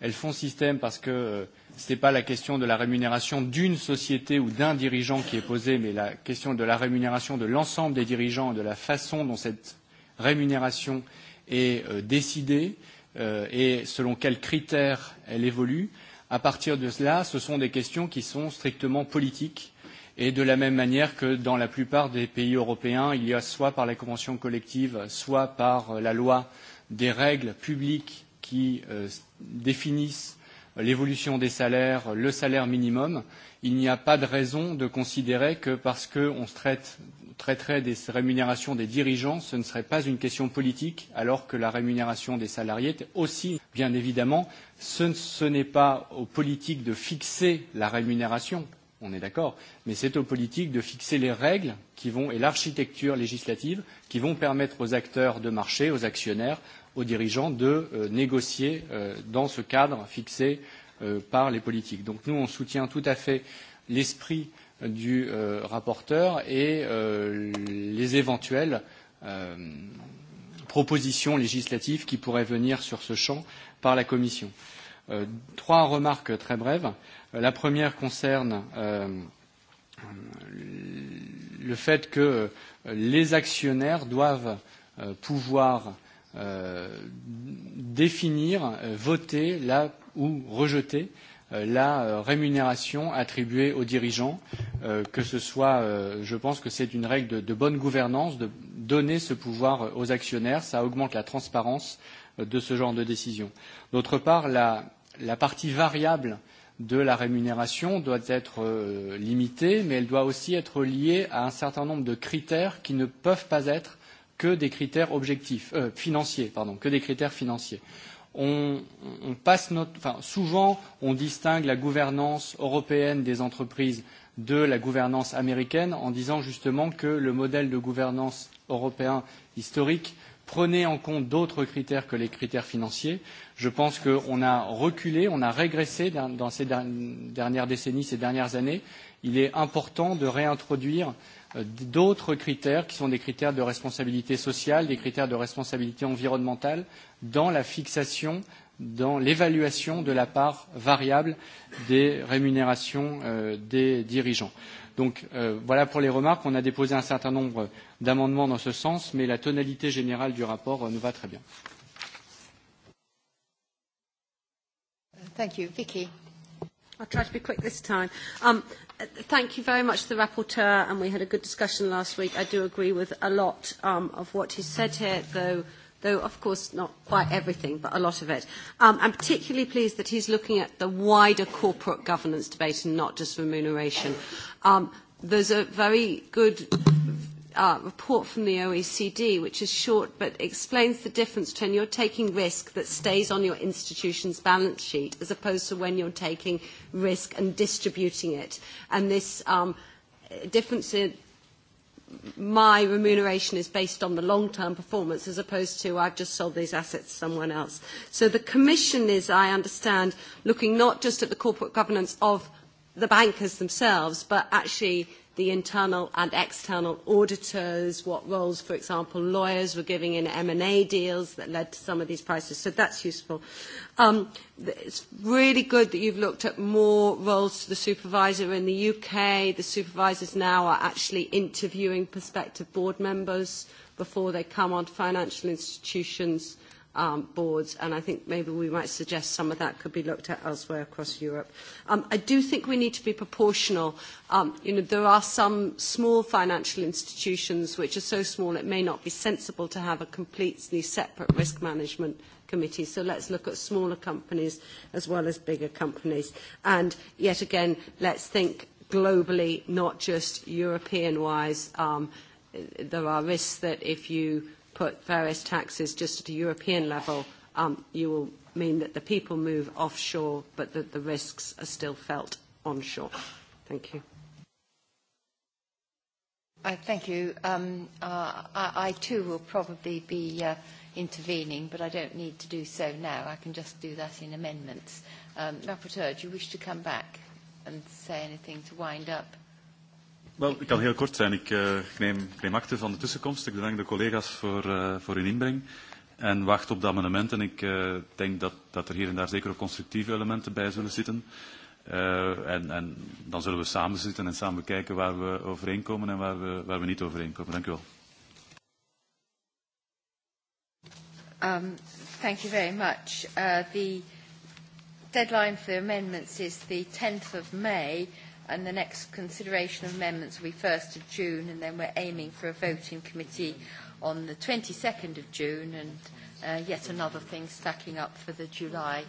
elles font système parce que euh, ce n'est pas la question de la rémunération d'une société ou d'un dirigeant qui est posée, mais la question de la rémunération de l'ensemble des dirigeants et de la façon dont cette rémunération est euh, décidée euh, et selon quels critères elle évolue. À partir de cela, ce sont des questions qui sont strictement politiques et de la même manière que dans la plupart des pays européens, il y a soit par la convention collective, soit par euh, la loi des règles publiques qui euh, définissent l'évolution des salaires, le salaire minimum, il n'y a pas de raison de considérer que parce qu'on traite, traiterait des rémunérations des dirigeants, ce ne serait pas une question politique, alors que la rémunération des salariés est aussi, bien évidemment, ce, ce n'est pas aux politiques de fixer la rémunération, on est d'accord, mais c'est aux politiques de fixer les règles qui vont, et l'architecture législative qui vont permettre aux acteurs de marché, aux actionnaires, aux dirigeants de euh, négocier euh, dans ce cadre fixé euh, par les politiques. Donc nous, on soutient tout à fait l'esprit du euh, rapporteur et euh, les éventuelles euh, propositions législatives qui pourraient venir sur ce champ par la Commission. Euh, trois remarques très brèves. Euh, la première concerne euh, le fait que euh, les actionnaires doivent euh, pouvoir Euh, définir, euh, voter euh, la, ou rejeter la rémunération attribuée aux dirigeants, euh, que ce soit, euh, je pense que c'est une règle de, de bonne gouvernance, de donner ce pouvoir aux actionnaires, ça augmente la transparence euh, de ce genre de décision. D'autre part, la, la partie variable de la rémunération doit être euh, limitée, mais elle doit aussi être liée à un certain nombre de critères qui ne peuvent pas être que des critères objectifs, euh, financiers, pardon, que des critères financiers. On, on passe notre, enfin, souvent, on distingue la gouvernance européenne des entreprises de la gouvernance américaine en disant justement que le modèle de gouvernance européen historique prenait en compte d'autres critères que les critères financiers. Je pense qu'on a reculé, on a régressé dans, dans ces dernières décennies, ces dernières années. Il est important de réintroduire Euh, d'autres critères qui sont des critères de responsabilité sociale, des critères de responsabilité environnementale dans la fixation, dans l'évaluation de la part variable des rémunérations euh, des dirigeants. Donc euh, voilà pour les remarques. On a déposé un certain nombre d'amendements dans ce sens, mais la tonalité générale du rapport euh, nous va très bien. Thank you. Vicky. I'll try to be quick this time. Um, thank you very much to the rapporteur, and we had a good discussion last week. I do agree with a lot um, of what he said here, though, though of course not quite everything, but a lot of it. Um, I'm particularly pleased that he's looking at the wider corporate governance debate and not just remuneration. Um, there's a very good uh, report from the OECD, which is short but explains the difference between you're taking risk that stays on your institution's balance sheet as opposed to when you're taking risk and distributing it. And this um, difference in my remuneration is based on the long-term performance as opposed to I've just sold these assets to someone else. So the Commission is, I understand, looking not just at the corporate governance of the bankers themselves, but actually the internal and external auditors, what roles, for example, lawyers were giving in M&A deals that led to some of these prices. So that's useful. Um, it's really good that you've looked at more roles to the supervisor in the UK. The supervisors now are actually interviewing prospective board members before they come on to financial institutions um, boards, and I think maybe we might suggest some of that could be looked at elsewhere across Europe. Um, I do think we need to be proportional. Um, you know, there are some small financial institutions which are so small it may not be sensible to have a completely separate risk management committee. So let's look at smaller companies as well as bigger companies. And yet again, let's think globally, not just European-wise. Um, there are risks that if you put various taxes just at a European level, um, you will mean that the people move offshore, but that the risks are still felt onshore. Thank you. Uh, thank you. Um, uh, I, I too will probably be uh, intervening, but I don't need to do so now. I can just do that in amendments. Um, Rapporteur, do you wish to come back and say anything to wind up? Wel, ik kan heel kort zijn. Ik, uh, ik, neem, ik neem acte van de tussenkomst. Ik bedank de collega's voor, uh, voor hun inbreng en wacht op de amendementen. Ik uh, denk dat, dat er hier en daar zeker ook constructieve elementen bij zullen zitten. Uh, en, en dan zullen we samen zitten en samen kijken waar we overeenkomen en waar we, waar we niet overeenkomen. Dank u wel. Um, thank you very much. Uh, the deadline for the amendments is the 10th of May and the next consideration of amendments will be 1st of June, and then we're aiming for a vote in committee on the 22nd of June, and uh, yet another thing stacking up for the July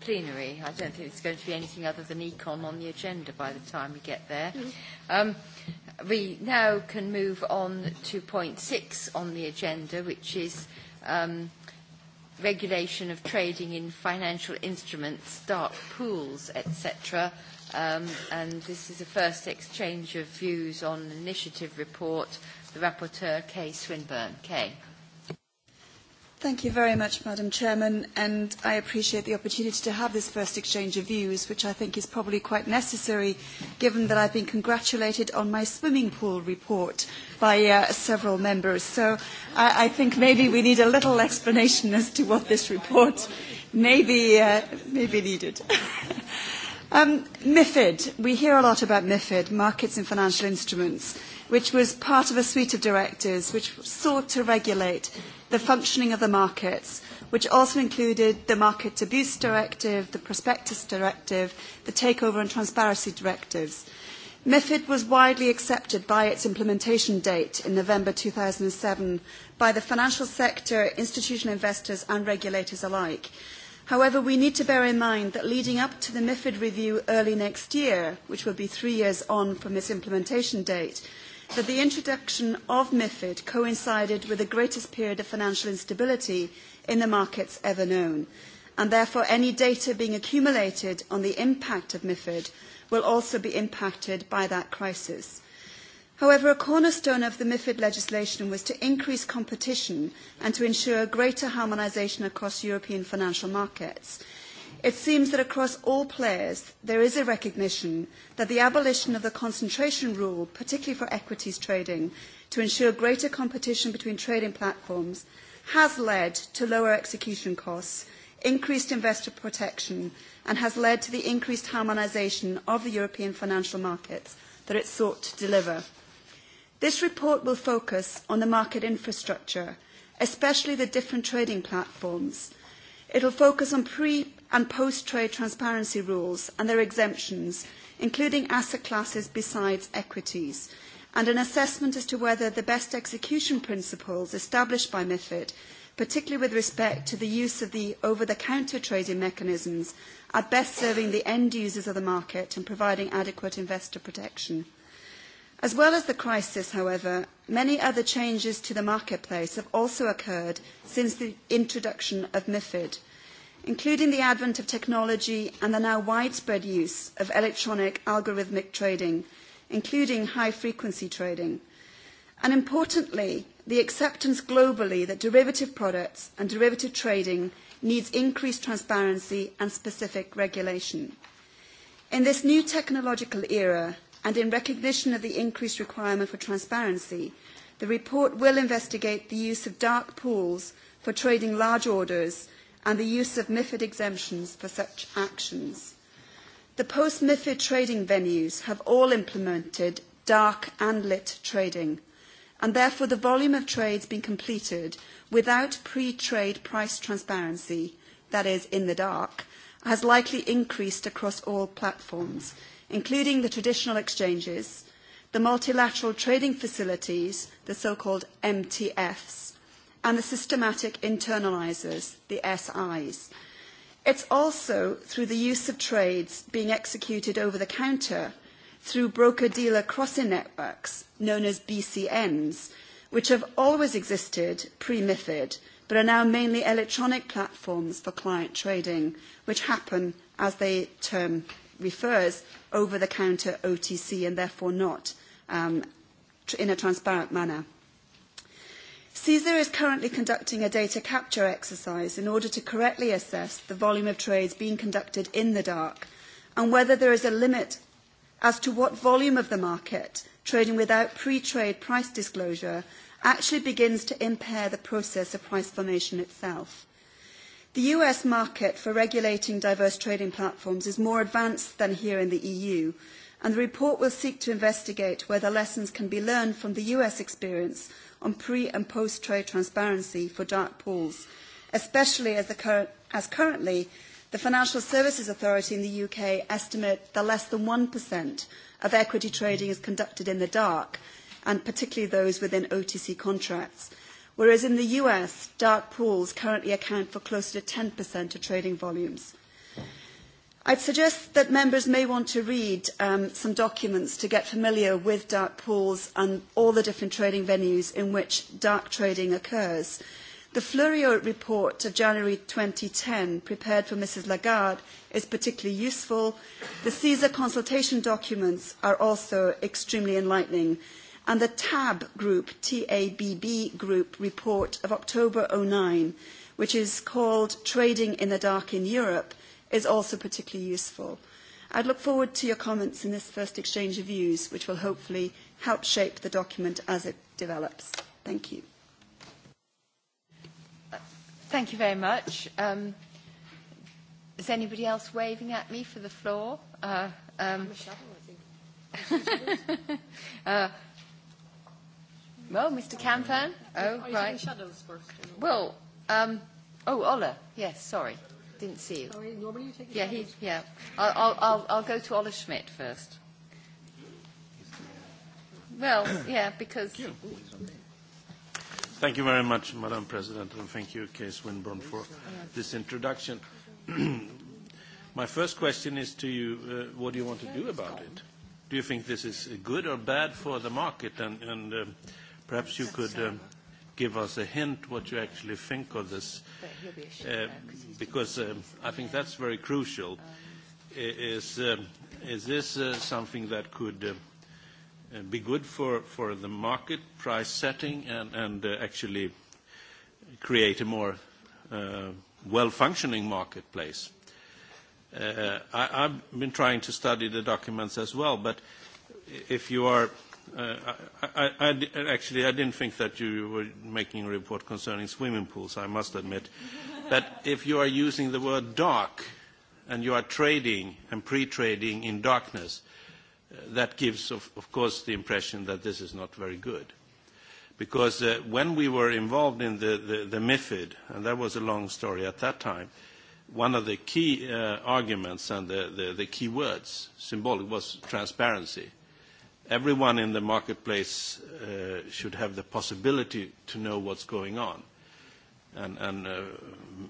plenary. I don't think it's going to be anything other than econ on the agenda by the time we get there. Mm-hmm. Um, we now can move on to point six on the agenda, which is um, regulation of trading in financial instruments, dark pools, etc., Um, and this is the first exchange of views on an initiative report. The rapporteur, Kay Swinburne. Kay. Thank you very much, Madam Chairman, and I appreciate the opportunity to have this first exchange of views, which I think is probably quite necessary, given that I've been congratulated on my swimming pool report by uh, several members. So I, I think maybe we need a little explanation as to what this report may be, uh, may be needed. *laughs* Um, MIFID. We hear a lot about MIFID, Markets in Financial Instruments, which was part of a suite of directives which sought to regulate the functioning of the markets, which also included the Market Abuse Directive, the Prospectus Directive, the Takeover and Transparency Directives. MIFID was widely accepted by its implementation date in November 2007 by the financial sector, institutional investors and regulators alike. However, we need to bear in mind that leading up to the MIFID review early next year, which will be three years on from its implementation date, that the introduction of MIFID coincided with the greatest period of financial instability in the markets ever known, and therefore any data being accumulated on the impact of MIFID will also be impacted by that crisis. However, a cornerstone of the MIFID legislation was to increase competition and to ensure greater harmonisation across European financial markets. It seems that across all players there is a recognition that the abolition of the concentration rule, particularly for equities trading, to ensure greater competition between trading platforms has led to lower execution costs, increased investor protection and has led to the increased harmonisation of the European financial markets that it sought to deliver. This report will focus on the market infrastructure, especially the different trading platforms. It will focus on pre- and post-trade transparency rules and their exemptions, including asset classes besides equities, and an assessment as to whether the best execution principles established by MIFID, particularly with respect to the use of the over-the-counter trading mechanisms, are best serving the end users of the market and providing adequate investor protection. As well as the crisis, however, many other changes to the marketplace have also occurred since the introduction of MIFID, including the advent of technology and the now widespread use of electronic algorithmic trading, including high-frequency trading, and importantly, the acceptance globally that derivative products and derivative trading needs increased transparency and specific regulation. In this new technological era, and in recognition of the increased requirement for transparency, the report will investigate the use of dark pools for trading large orders and the use of MIFID exemptions for such actions. The post-MIFID trading venues have all implemented dark and lit trading, and therefore the volume of trades being completed without pre-trade price transparency, that is, in the dark, has likely increased across all platforms, including the traditional exchanges, the multilateral trading facilities, the so-called MTFs, and the systematic internalisers, the SIs. It's also through the use of trades being executed over the counter through broker-dealer crossing networks, known as BCNs, which have always existed pre-MIFID, but are now mainly electronic platforms for client trading, which happen, as they term refers over-the-counter OTC and therefore not um, tr- in a transparent manner. CSER is currently conducting a data capture exercise in order to correctly assess the volume of trades being conducted in the dark and whether there is a limit as to what volume of the market trading without pre-trade price disclosure actually begins to impair the process of price formation itself. The US market for regulating diverse trading platforms is more advanced than here in the EU, and the report will seek to investigate whether lessons can be learned from the US experience on pre and post trade transparency for dark pools, especially as, the cur- as currently the Financial Services Authority in the UK estimate that less than 1% of equity trading is conducted in the dark, and particularly those within OTC contracts whereas in the US, dark pools currently account for closer to 10% of trading volumes. I'd suggest that members may want to read um, some documents to get familiar with dark pools and all the different trading venues in which dark trading occurs. The Fleuriot report of January 2010, prepared for Mrs Lagarde, is particularly useful. The CSER consultation documents are also extremely enlightening and the TAB Group, TABB Group report of October 09, which is called Trading in the Dark in Europe, is also particularly useful. I'd look forward to your comments in this first exchange of views, which will hopefully help shape the document as it develops. Thank you. Thank you very much. Um, is anybody else waving at me for the floor? Uh, um, *laughs* *laughs* uh, Well, Mr. Campan? Oh, oh right. shadows first. You know. Well, um, oh, Ola. Yes, sorry. Didn't see you. Sorry, normally you take Yeah, he, yeah. I'll, I'll, I'll, I'll go to Ola Schmidt first. Well, yeah, because... Thank you very much, Madam President, and thank you, Case Winburn, for this introduction. *clears throat* My first question is to you, uh, what do you want to do about it? Do you think this is good or bad for the market? And, and uh, Perhaps you could um, give us a hint what you actually think of this, uh, because um, I think that's very crucial. Uh, is, um, is this uh, something that could um, uh, be good for, for the market price setting and, and uh, actually create a more uh, well-functioning marketplace? Uh, I, I've been trying to study the documents as well, but if you are – Uh, I, I, I, actually, I didn't think that you were making a report concerning swimming pools, I must admit. but if you are using the word dark and you are trading and pre-trading in darkness, uh, that gives, of, of course, the impression that this is not very good. Because uh, when we were involved in the, the, the MIFID, and that was a long story at that time, one of the key uh, arguments and the, the, the key words, symbolic, was transparency. Uh, everyone in the marketplace uh, should have the possibility to know what's going on. And, and uh,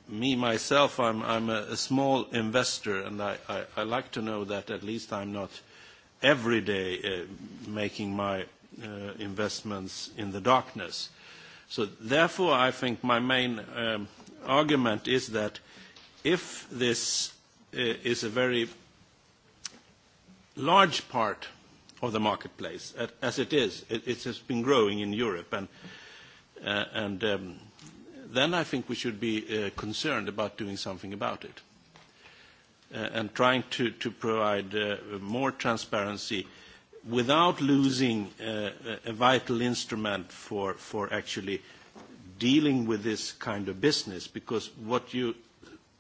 me, myself, I'm, I'm a, a small investor, and I, I, I like to know that at least I'm not every day uh, making my uh, investments in the darkness. So therefore, I think my main um, argument is that if this uh, is a very large part of the marketplace as it is. It, it has been growing in Europe. And, uh, and um, then I think we should be uh, concerned about doing something about it uh, and trying to, to provide uh, more transparency without losing uh, a vital instrument for, for actually dealing with this kind of business. Because what you,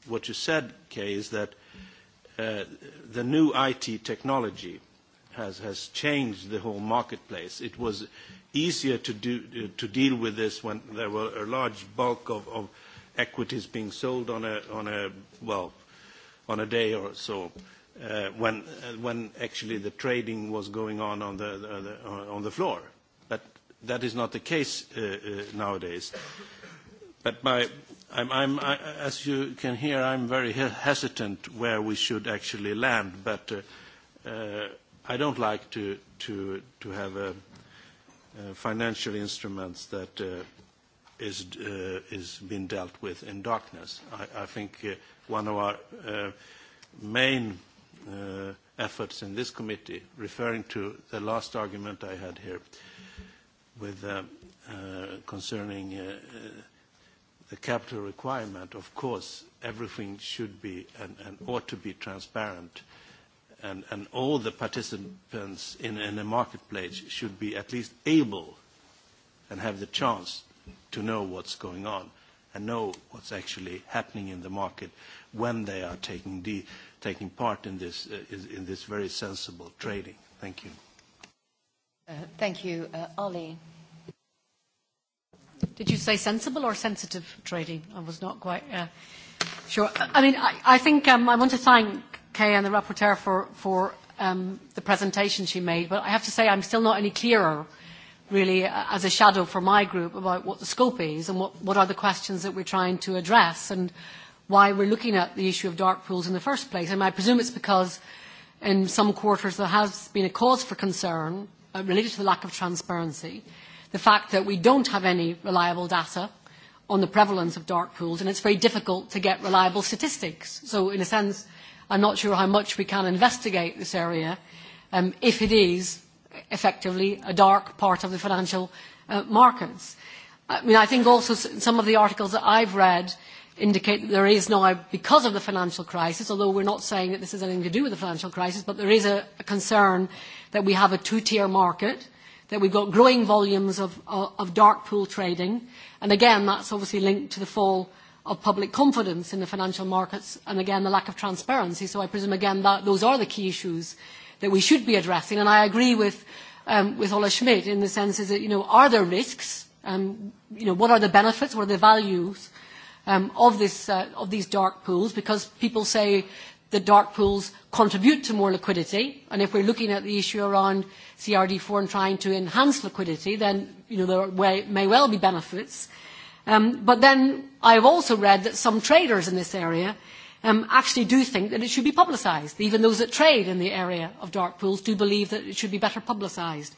what you said, Kay, is that uh, the new IT technology has, has changed the whole marketplace. It was easier to, do, to deal with this when there were a large bulk of, of equities being sold on a, on a, well, on a day or so, uh, when, uh, when actually the trading was going on on the, the, the, uh, on the floor. But that is not the case uh, uh, nowadays. But my, I'm, I'm, I, as you can hear, I'm very hesitant where we should actually land, but uh, uh, I don't like to, to, to have a, uh, a uh, financial instruments that uh, is, uh, is being dealt with in darkness. I, I think uh, one of our uh, main uh, efforts in this committee, referring to the last argument I had here with, uh, uh, concerning uh, uh the capital requirement, of course, everything should be and, and ought to be transparent. Uh, and, and all the participants in, in the marketplace should be at least able and have the chance to know what's going on and know what's actually happening in the market when they are taking, de- taking part in this, uh, in, in this very sensible trading. Thank you. Uh, thank you. Uh, Ollie. Did you say sensible or sensitive trading? I was not quite. Uh Sure. I mean, I, I think um, I want to thank Kay and the rapporteur for, for um, the presentation she made, but I have to say I'm still not any clearer, really, as a shadow for my group about what the scope is and what, what are the questions that we're trying to address and why we're looking at the issue of dark pools in the first place. And I presume it's because in some quarters there has been a cause for concern uh, related to the lack of transparency, the fact that we don't have any reliable data on the prevalence of dark pools, and it's very difficult to get reliable statistics. So, in a sense, I'm not sure how much we can investigate this area um, if it is effectively a dark part of the financial uh, markets. I mean, I think also some of the articles that I've read indicate that there is now, because of the financial crisis, although we're not saying that this has anything to do with the financial crisis, but there is a, a concern that we have a two-tier market that we've got growing volumes of, of, of dark pool trading. And again, that's obviously linked to the fall of public confidence in the financial markets and again the lack of transparency. So I presume again that those are the key issues that we should be addressing. And I agree with, um, with Ola Schmidt in the sense is that, you know, are there risks? Um, you know, what are the benefits? What are the values? Um, of, this, uh, of these dark pools because people say the dark pools contribute to more liquidity. And if we're looking at the issue around CRD4 and trying to enhance liquidity, then you know, there way, may well be benefits. Um, but then I've also read that some traders in this area um, actually do think that it should be publicised. Even those that trade in the area of dark pools do believe that it should be better publicised.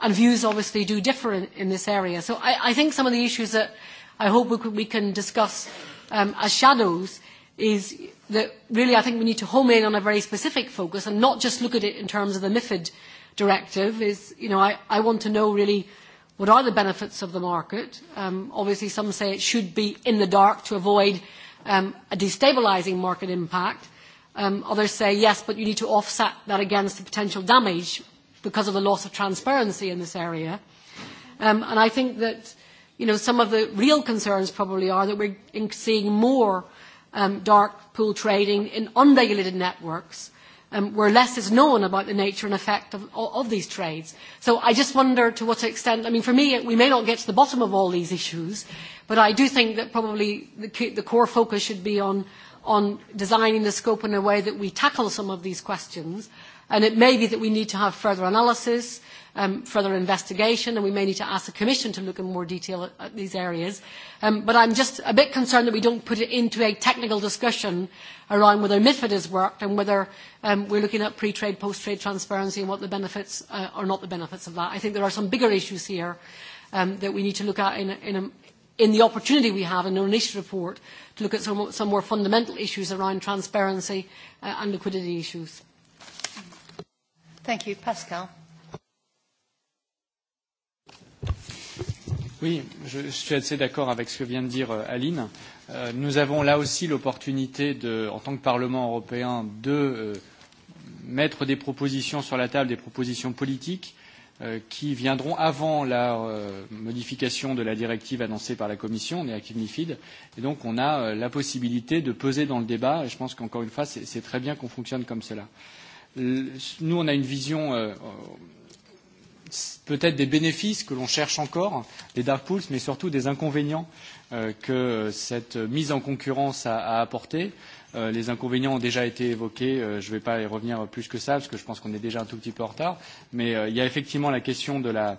And views obviously do differ in, in this area. So I, I think some of the issues that I hope we, we can discuss um, as shadows is that really I think we need to home in on a very specific focus and not just look at it in terms of the MIFID directive is, you know, I, I want to know really what are the benefits of the market. Um, obviously some say it should be in the dark to avoid um, a destabilizing market impact. Um, others say yes, but you need to offset that against the potential damage because of the loss of transparency in this area. Um, and I think that, you know, some of the real concerns probably are that we're seeing more uh, um, dark pool trading in unregulated networks um, where less is known about the nature and effect of, of these trades. So I just wonder to what extent, I mean, for me, we may not get to the bottom of all these issues, but I do think that probably the, the core focus should be on, on designing the scope in a way that we tackle some of these questions. And it may be that we need to have further analysis um, further investigation, and we may need to ask the Commission to look in more detail at, at these areas. Um, but I'm just a bit concerned that we don't put it into a technical discussion around whether MIFID has worked and whether um, we're looking at pre-trade, post-trade transparency and what the benefits uh, are not the benefits of that. I think there are some bigger issues here um, that we need to look at in, a, in, a, in the opportunity we have in our initiative report to look at some, some more fundamental issues around transparency uh, and liquidity issues. Thank you. Pascal? Oui, je, je suis assez d'accord avec ce que vient de dire euh, Aline. Euh, nous avons là aussi l'opportunité, en tant que Parlement européen, de euh, mettre des propositions sur la table, des propositions politiques euh, qui viendront avant la euh, modification de la directive annoncée par la Commission, Directive MIFID. Et donc, on a euh, la possibilité de peser dans le débat. Et je pense qu'encore une fois, c'est très bien qu'on fonctionne comme cela. L nous, on a une vision. Euh, peut-être des bénéfices que l'on cherche encore, des dark pools, mais surtout des inconvénients euh, que cette mise en concurrence a, a apporté. Euh, les inconvénients ont déjà été évoqués, euh, je ne vais pas y revenir plus que ça, parce que je pense qu'on est déjà un tout petit peu en retard, mais euh, il y a effectivement la question de la, euh,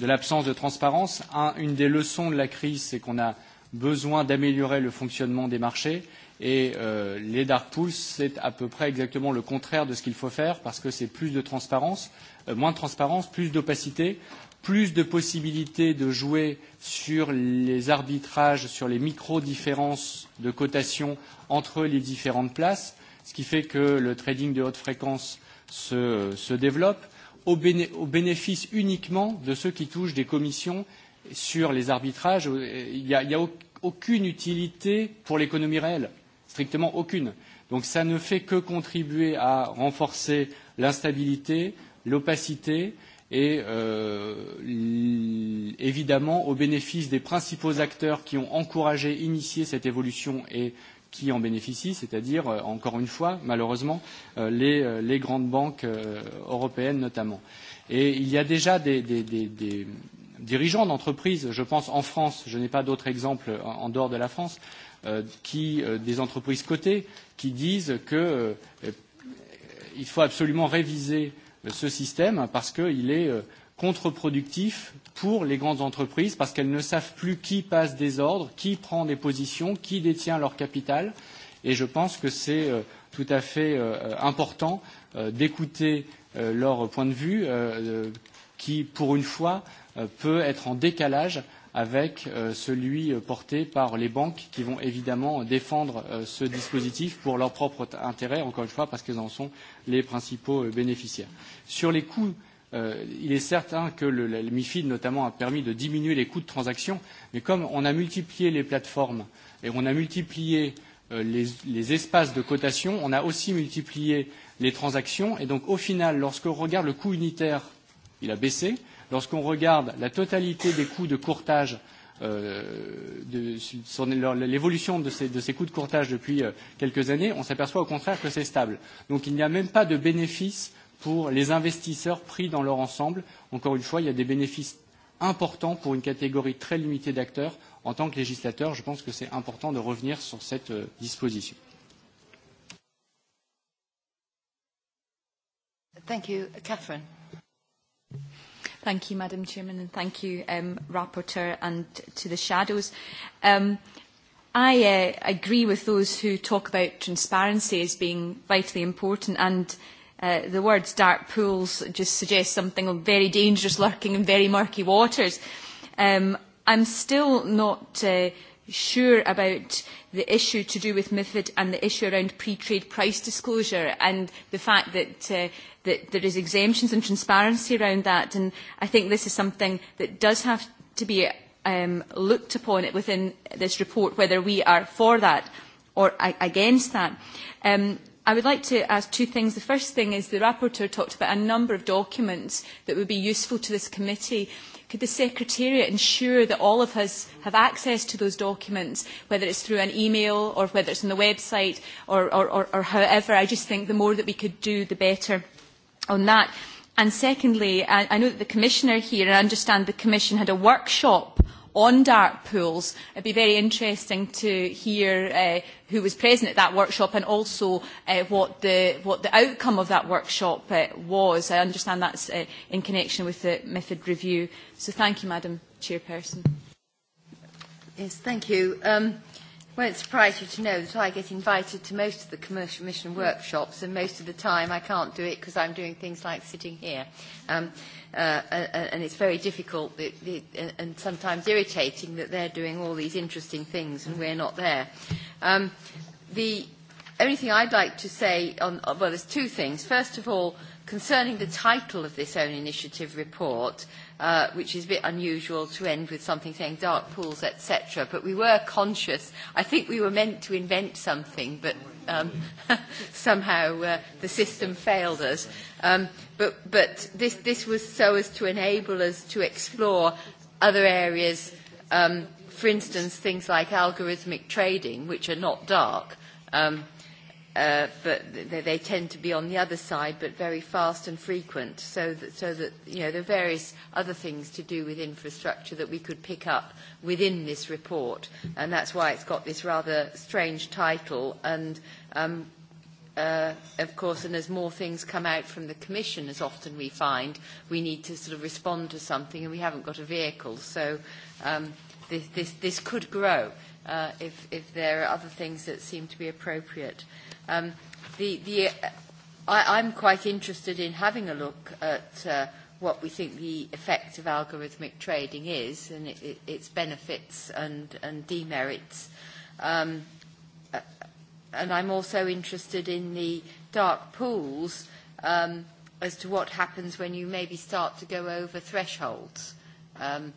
de l'absence de transparence. Un, une des leçons de la crise, c'est qu'on a besoin d'améliorer le fonctionnement des marchés Et euh, les dark pools, c'est à peu près exactement le contraire de ce qu'il faut faire parce que c'est plus de transparence, euh, moins de transparence, plus d'opacité, plus de possibilités de jouer sur les arbitrages, sur les micro-différences de cotation entre les différentes places, ce qui fait que le trading de haute fréquence se, se développe au, béné au bénéfice uniquement de ceux qui touchent des commissions sur les arbitrages. Il n'y a, il y a aucune utilité pour l'économie réelle strictement aucune. Donc ça ne fait que contribuer à renforcer l'instabilité, l'opacité et euh, évidemment au bénéfice des principaux acteurs qui ont encouragé, initié cette évolution et qui en bénéficient, c'est-à-dire, euh, encore une fois, malheureusement, euh, les, euh, les grandes banques euh, européennes notamment. Et il y a déjà des, des, des, des dirigeants d'entreprises, je pense en France, je n'ai pas d'autres exemples en, en dehors de la France, euh, Euh, qui, euh, des entreprises cotées qui disent qu'il euh, faut absolument réviser ce système parce qu'il est contre-productif pour les grandes entreprises parce qu'elles ne savent plus qui passe des ordres, qui prend des positions, qui détient leur capital. Et je pense que c'est tout à fait important d'écouter leur point de vue qui, pour une fois, peut être en décalage avec euh, celui euh, porté par les banques qui vont évidemment défendre euh, ce dispositif pour leur propre intérêt, encore une fois, parce qu'elles en sont les principaux euh, bénéficiaires. Sur les coûts Euh, il est certain que le, le MIFID notamment a permis de diminuer les coûts de transaction, mais comme on a multiplié les plateformes et on a multiplié euh, les, les espaces de cotation, on a aussi multiplié les transactions et donc au final, lorsqu'on regarde le coût unitaire, il a baissé, euh, Lorsqu'on regarde la totalité des coûts de courtage euh, de, sur l'évolution de ces, de ces coûts de courtage depuis euh, quelques années, on s'aperçoit au contraire que c'est stable. Donc il n'y a même pas de bénéfice pour les investisseurs pris dans leur ensemble. Encore une fois, il y a des bénéfices importants pour une catégorie très limitée d'acteurs. En tant que législateur, je pense que c'est important de revenir sur cette euh, disposition. Thank you. Catherine. Thank you, Madam Chairman, and thank you, um, Rapporteur, and to the shadows. Um, I uh, agree with those who talk about transparency as being vitally important, and uh, the words dark pools just suggest something very dangerous lurking in very murky waters. Um, I'm still not uh, sure about the issue to do with MIFID and the issue around pre-trade price disclosure and the fact that uh, that there is exemptions and transparency around that. And I think this is something that does have to be um, looked upon it within this report, whether we are for that or against that. Um, I would like to ask two things. The first thing is the rapporteur talked about a number of documents that would be useful to this committee. Could the Secretariat ensure that all of us have access to those documents, whether it's through an email or whether it's on the website or, or, or, or however? I just think the more that we could do, the better on that? And secondly, I, I know that the Commissioner here, and I understand the Commission had a workshop on dark pools. It'd be very interesting to hear uh, who was present at that workshop and also uh, what, the, what the outcome of that workshop uh, was. I understand that's uh, in connection with the MIFID review. So thank you, Madam Chairperson. Yes, thank you. Um, won't surprise you to know that I get invited to most of the commercial mission workshops, and most of the time I can't do it because I'm doing things like sitting here. Um, uh, uh and it's very difficult it, it, uh, and sometimes irritating that they're doing all these interesting things and we're not there. Um, the only thing I'd like to say, on, uh, well, there's two things. First of all, concerning the title of this own initiative report, uh, uh, which is a bit unusual to end with something saying dark pools, etc. But we were conscious. I think we were meant to invent something, but um, *laughs* somehow uh, the system failed us. Um, but but this, this was so as to enable us to explore other areas, um, for instance, things like algorithmic trading, which are not dark. Um, uh, but they, they tend to be on the other side, but very fast and frequent. So that, so that you know, there are various other things to do with infrastructure that we could pick up within this report, and that's why it's got this rather strange title. And um, uh, of course, and as more things come out from the Commission, as often we find, we need to sort of respond to something, and we haven't got a vehicle. So um, this, this, this could grow. Uh, if, if there are other things that seem to be appropriate. Uh, Um, the, the, uh, I, I'm quite interested in having a look at uh, what we think the effect of algorithmic trading is and it, it, its benefits and, and demerits. Um, uh, and I'm also interested in the dark pools um, as to what happens when you maybe start to go over thresholds. Um,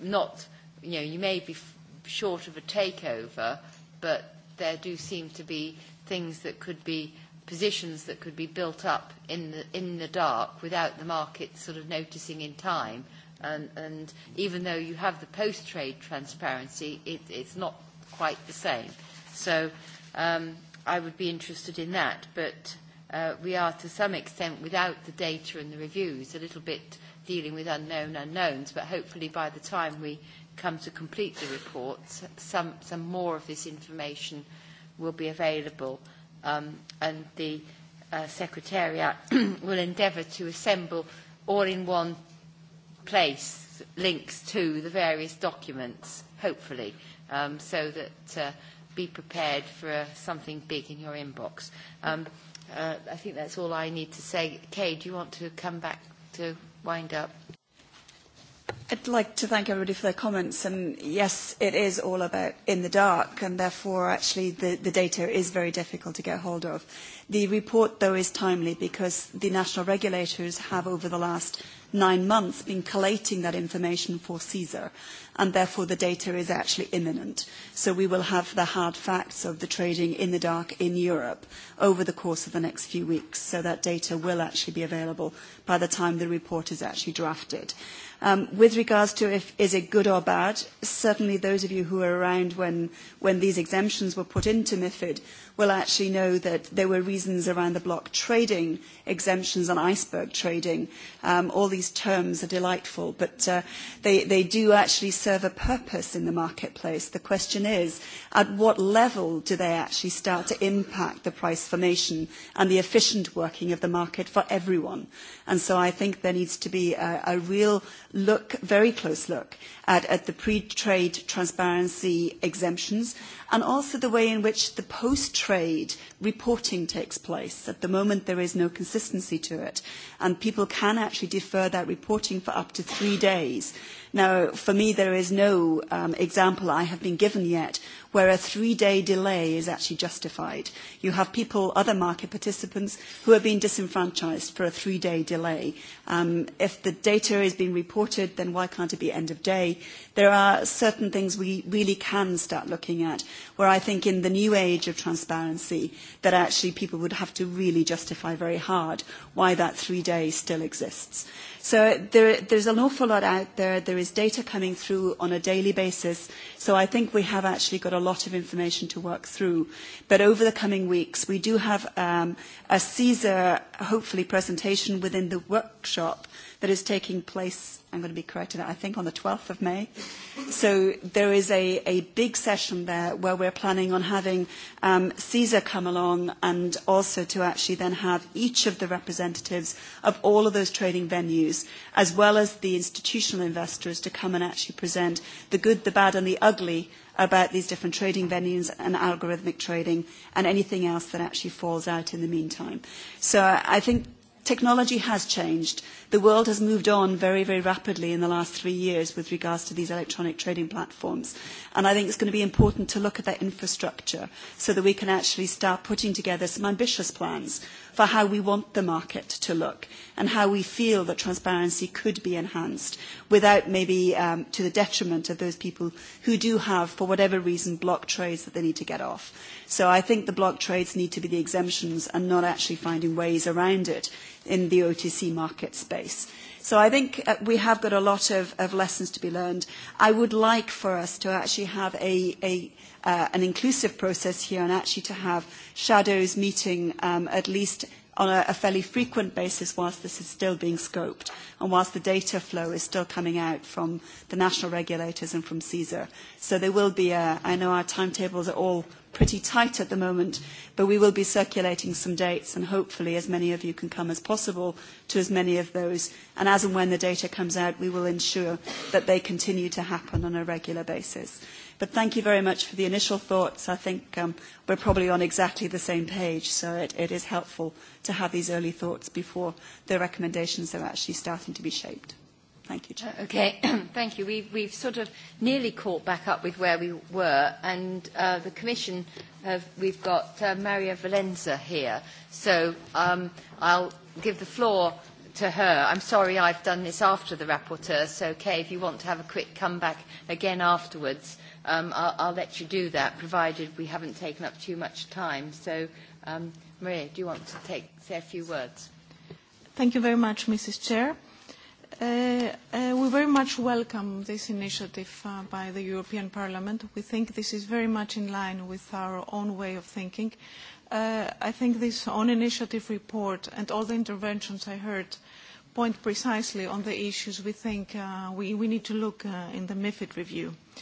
not, you know, you may be f- short of a takeover, but there do seem to be things that could be positions that could be built up in the, in the dark without the market sort of noticing in time. And, and even though you have the post-trade transparency, it, it's not quite the same. So um, I would be interested in that. But uh, we are, to some extent, without the data and the reviews, a little bit dealing with unknown unknowns. But hopefully by the time we come to complete the report, some, some more of this information – will be available um, and the uh, Secretariat *clears throat* will endeavour to assemble all in one place links to the various documents, hopefully, um, so that uh, be prepared for uh, something big in your inbox. Um, uh, I think that's all I need to say. Kay, do you want to come back to wind up? I'd like to thank everybody for their comments. And yes, it is all about in the dark, and therefore, actually, the, the data is very difficult to get hold of. The report, though, is timely because the national regulators have, over the last nine months, been collating that information for CSER and therefore the data is actually imminent. So we will have the hard facts of the trading in the dark in Europe over the course of the next few weeks. So that data will actually be available by the time the report is actually drafted. Um, with regards to if is it good or bad, certainly those of you who were around when, when these exemptions were put into MIFID will actually know that there were reasons around the block trading exemptions and iceberg trading. Um, all these terms are delightful, but uh, they, they do actually serve a purpose in the marketplace. The question is, at what level do they actually start to impact the price formation and the efficient working of the market for everyone? And so I think there needs to be a, a real look, very close look, at, at the pre-trade transparency exemptions and also the way in which the post-trade reporting takes place. At the moment, there is no consistency to it, and people can actually defer that reporting for up to three days. Now, for me, there is no um, example I have been given yet where a three-day delay is actually justified. You have people, other market participants, who are being disenfranchised for a three-day delay. Um, if the data is being reported, then why can't it be end of day? There are certain things we really can start looking at, where I think in the new age of transparency, that actually people would have to really justify very hard why that three days still exists. So there, there's an awful lot out there. There is data coming through on a daily basis. So I think we have actually got a lot of information to work through. But over the coming weeks, we do have um, a CSER, hopefully, presentation within the workshop that is taking place I'm going to be corrected, I think, on the 12th of May. So there is a, a big session there where we're planning on having um, CSER come along and also to actually then have each of the representatives of all of those trading venues, as well as the institutional investors, to come and actually present the good, the bad, and the ugly about these different trading venues and algorithmic trading and anything else that actually falls out in the meantime. So I think technology has changed the world has moved on very, very rapidly in the last three years with regards to these electronic trading platforms. And I think it's going to be important to look at that infrastructure so that we can actually start putting together some ambitious plans for how we want the market to look and how we feel that transparency could be enhanced without maybe um, to the detriment of those people who do have, for whatever reason, block trades that they need to get off. So I think the block trades need to be the exemptions and not actually finding ways around it in the OTC market space place. So I think uh, we have got a lot of, of lessons to be learned. I would like for us to actually have a, a, uh, an inclusive process here and actually to have shadows meeting um, at least on a, a fairly frequent basis whilst this is still being scoped and whilst the data flow is still coming out from the national regulators and from CSER. So there will be a, I know our timetables are all pretty tight at the moment, but we will be circulating some dates and hopefully as many of you can come as possible to as many of those. And as and when the data comes out, we will ensure that they continue to happen on a regular basis. But thank you very much for the initial thoughts. I think um, we're probably on exactly the same page, so it, it is helpful to have these early thoughts before the recommendations are actually starting to be shaped. Thank you. Chair. Uh, okay, *clears throat* thank you. We've, we've sort of nearly caught back up with where we were, and uh, the Commission have, we've got uh, Maria Valenza here, so um, I'll give the floor to her. I'm sorry I've done this after the rapporteur, so Kay, if you want to have a quick comeback again afterwards, um, I'll, I'll let you do that, provided we haven't taken up too much time. So, um, Maria, do you want to take, say a few words? Thank you very much, Mrs. Chair. Uh, uh, we very much welcome this initiative uh, by the European Parliament. We think this is very much in line with our own way of thinking. Uh, I think this own initiative report and all the interventions I heard point precisely on the issues we think uh, we, we need to look uh, in the MIFID review. Uh,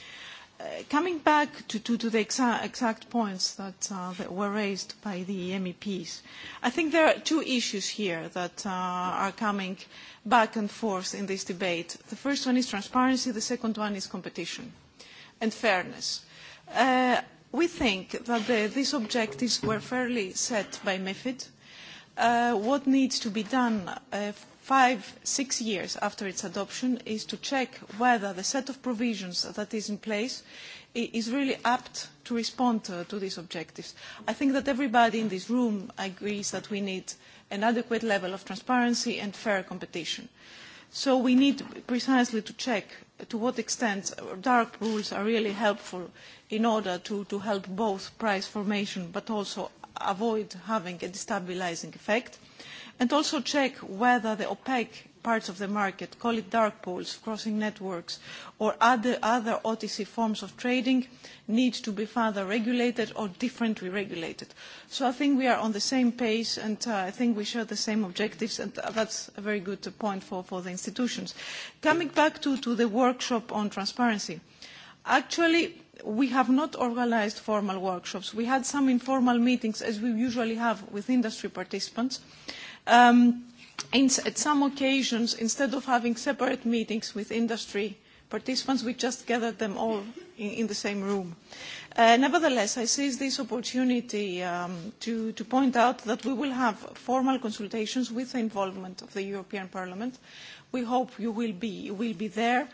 Uh, coming back to, to, to the exa exact points that, uh, that were raised by the MEPs, I think there are two issues here that uh, are coming back and forth in this debate. The first one is transparency, the second one is competition and fairness. Uh, we think that the, these objectives were fairly set by MIFID. Uh, what needs to be done uh, five, six years after its adoption is to check whether the set of provisions that is in place is really apt to respond to, to these objectives. I think that everybody in this room agrees that we need an adequate level of transparency and fair competition. So we need precisely to check to what extent dark rules are really helpful in order to, to help both price formation but also avoid having a destabilizing effect and also check whether the opaque parts of the market, call it dark pools, crossing networks, or other, other OTC forms of trading, need to be further regulated or differently regulated. So I think we are on the same page, and uh, I think we share the same objectives, and uh, that's a very good point for, for the institutions. Coming back to, to the workshop on transparency, actually, we have not organized formal workshops. We had some informal meetings, as we usually have with industry participants. Uh, Um, in, at some occasions, instead of having separate meetings with industry participants, we just gathered them all in, in the same room. Uh, nevertheless, I seize this opportunity um, to, to point out that we will have formal consultations with the involvement of the European Parliament. We hope you will be, you will be there.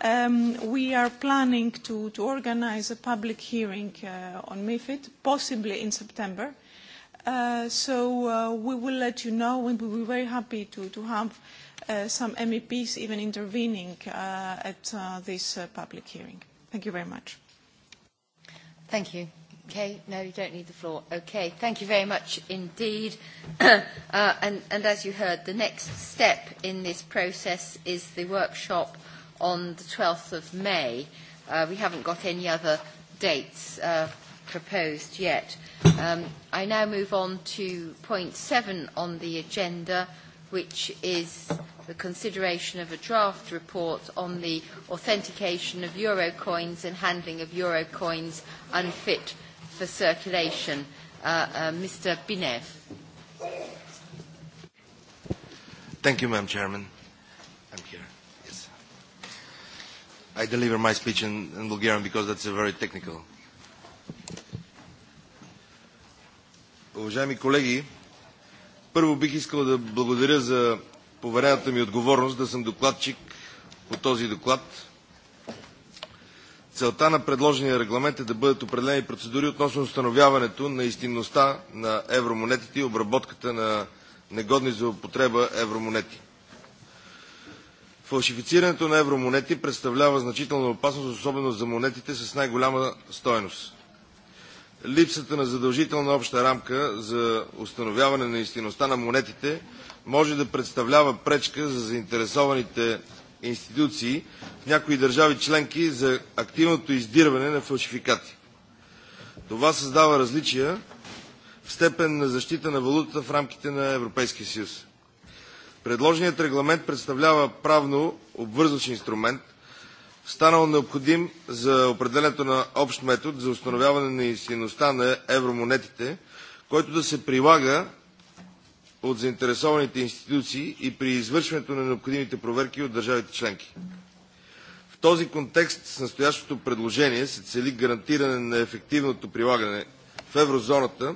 Um, we are planning to, to organize a public hearing uh, on MIFID, possibly in September, Uh, so uh, we will let you know, and we will be very happy to, to have uh, some MEPs even intervening uh, at uh, this uh, public hearing. Thank you very much. Thank you. Okay, no, you don't need the floor. Okay, thank you very much indeed. *coughs* uh, and, and as you heard, the next step in this process is the workshop on the 12th of May. Uh, we haven't got any other dates. Uh, proposed yet. Um, I now move on to point seven on the agenda, which is the consideration of a draft report on the authentication of Eurocoins and handling of Eurocoins unfit for circulation. Uh, uh, Mr. Binev. Thank you, Madam Chairman. I'm here. Yes. I deliver my speech in, in Bulgarian because that's a very technical уважаеми колеги! Първо бих искал да благодаря за поверената ми отговорност да съм докладчик по този доклад. Целта на предложения регламент е да бъдат определени процедури относно установяването на истинността на евромонетите и обработката на негодни за употреба евромонети. Фалшифицирането на евромонети представлява значителна опасност, особено за монетите с най-голяма стойност липсата на задължителна обща рамка за установяване на истинността на монетите може да представлява пречка за заинтересованите институции в някои държави членки за активното издирване на фалшификати. Това създава различия в степен на защита на валутата в рамките на Европейския съюз. Предложеният регламент представлява правно обвързващ инструмент, станал необходим за определенето на общ метод за установяване на истинността на евромонетите, който да се прилага от заинтересованите институции и при извършването на необходимите проверки от държавите членки. В този контекст с настоящото предложение се цели гарантиране на ефективното прилагане в еврозоната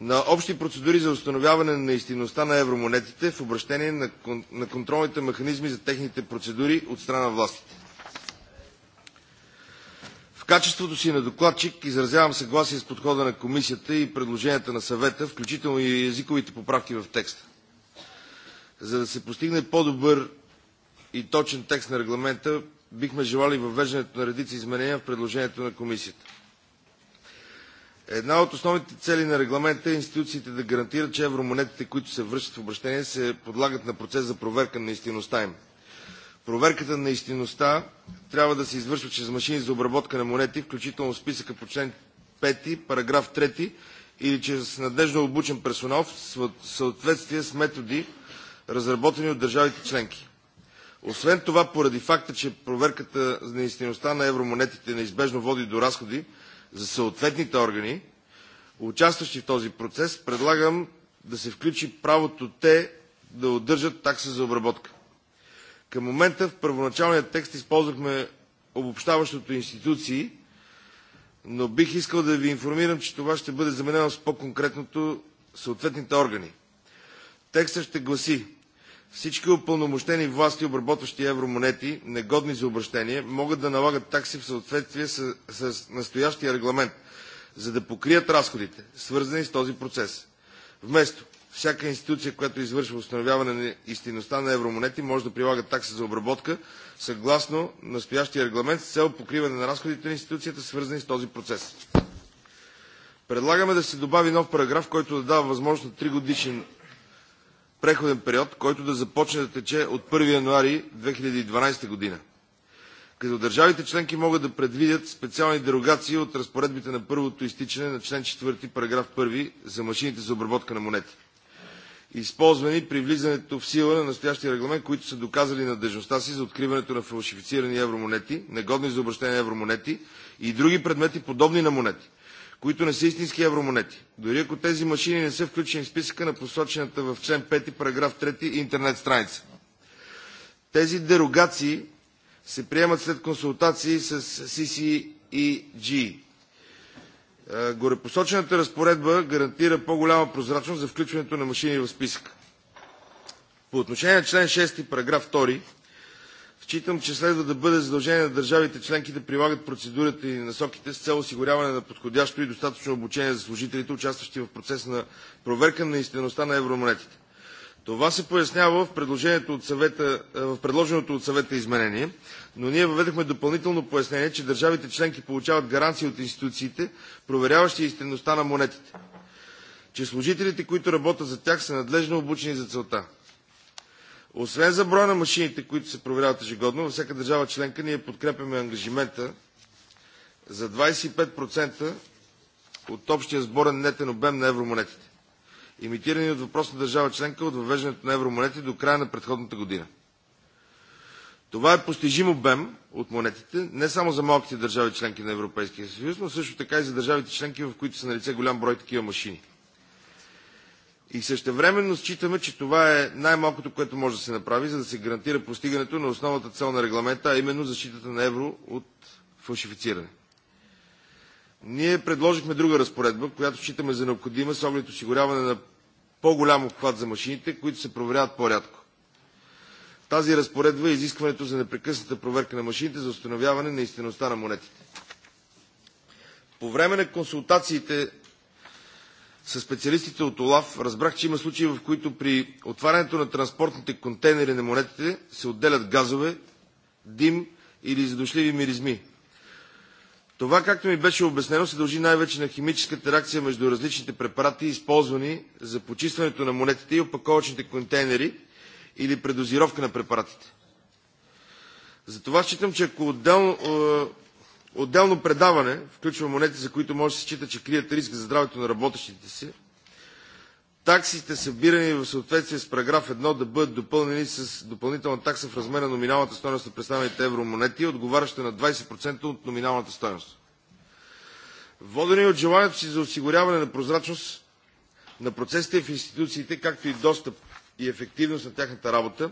на общи процедури за установяване на истинността на евромонетите в обращение на, кон, на контролните механизми за техните процедури от страна на властите. В качеството си на докладчик изразявам съгласие с подхода на комисията и предложенията на съвета, включително и езиковите поправки в текста. За да се постигне по-добър и точен текст на регламента, бихме желали въвеждането на редица изменения в предложението на комисията – Една от основните цели на регламента е институциите да гарантират, че евромонетите, които се връщат в обращение, се подлагат на процес за проверка на истинността им. Проверката на истинността трябва да се извършва чрез машини за обработка на монети, включително списъка по член 5, параграф 3 или чрез надежно обучен персонал в съответствие с методи, разработени от държавите членки. Освен това, поради факта, че проверката на истинността на евромонетите неизбежно води до разходи, за съответните органи, участващи в този процес, предлагам да се включи правото те да удържат такса за обработка. Към момента в първоначалния текст използвахме обобщаващото институции, но бих искал да ви информирам, че това ще бъде заменено с по-конкретното съответните органи. Текстът ще гласи Всички упълномощени власти, обработващи евромонети, негодни за обращение, могат да налагат такси в съответствие с, с настоящия регламент, за да покрият разходите, свързани с този процес. Вместо всяка институция, която извършва установяване на истинността на евромонети, може да прилага такса за обработка, съгласно настоящия регламент, с цел покриване на разходите на институцията, свързани с този процес. Предлагаме да се добави нов параграф, който да дава възможност на 3 годишен преходен период, който да започне да тече от 1 януари 2012 година. Като държавите членки могат да предвидят специални дерогации от разпоредбите на първото изтичане на член 4, параграф 1 за машините за обработка на монети, използвани при влизането в сила на настоящия регламент, които са доказали надежността си за откриването на фалшифицирани евромонети, негодни за обращение евромонети и други предмети подобни на монети, които не са истински евромонети, дори ако тези машини не са включени в списъка на посочената в член 5, параграф 3 интернет страница. Тези дерогации се приемат след консултации с CCEG. Горепосочената разпоредба гарантира по-голяма прозрачност за включването на машини в списъка. По отношение на член 6, параграф 2, Считам, че следва да бъде задължение на държавите членки да прилагат процедурата и насоките с цел осигуряване на подходящо и достатъчно обучение за служителите, участващи в процеса на проверка на истинността на евромонетите. Това се пояснява в, предложението от съвета, в предложеното от съвета изменение, но ние въведахме допълнително пояснение, че държавите членки получават гаранции от институциите, проверяващи истинността на монетите, че служителите, които работят за тях, са надлежно обучени за целта. Освен за броя на машините, които се проверяват ежегодно, във всяка държава членка ние подкрепяме ангажимента за 25% от общия сборен нетен обем на евромонетите, имитирани от въпросна държава членка от въвеждането на евромонети до края на предходната година. Това е постижим обем от монетите, не само за малките държави членки на Европейския съюз, но също така и за държавите членки, в които са налице голям брой такива машини. И същевременно считаме, че това е най-малкото, което може да се направи, за да се гарантира постигането на основната цел на регламента, а именно защитата на евро от фалшифициране. Ние предложихме друга разпоредба, която считаме за необходима с оглед осигуряване на по-голям обхват за машините, които се проверяват по-рядко. Тази разпоредба е изискването за непрекъсната проверка на машините за установяване на истинността на монетите. По време на консултациите с специалистите от ОЛАФ разбрах, че има случаи, в които при отварянето на транспортните контейнери на монетите се отделят газове, дим или задушливи миризми. Това, както ми беше обяснено, се дължи най-вече на химическата реакция между различните препарати, използвани за почистването на монетите и опаковъчните контейнери или предозировка на препаратите. Затова считам, че ако отделно Отделно предаване включва монети, за които може да се счита, че крият риск за здравето на работещите си. Таксите, събирани в съответствие с параграф 1, да бъдат допълнени с допълнителна такса в размера на номиналната стоеност на представените евромонети, отговаряща на 20% от номиналната стоеност. Водени от желанието си за осигуряване на прозрачност на процесите в институциите, както и достъп и ефективност на тяхната работа,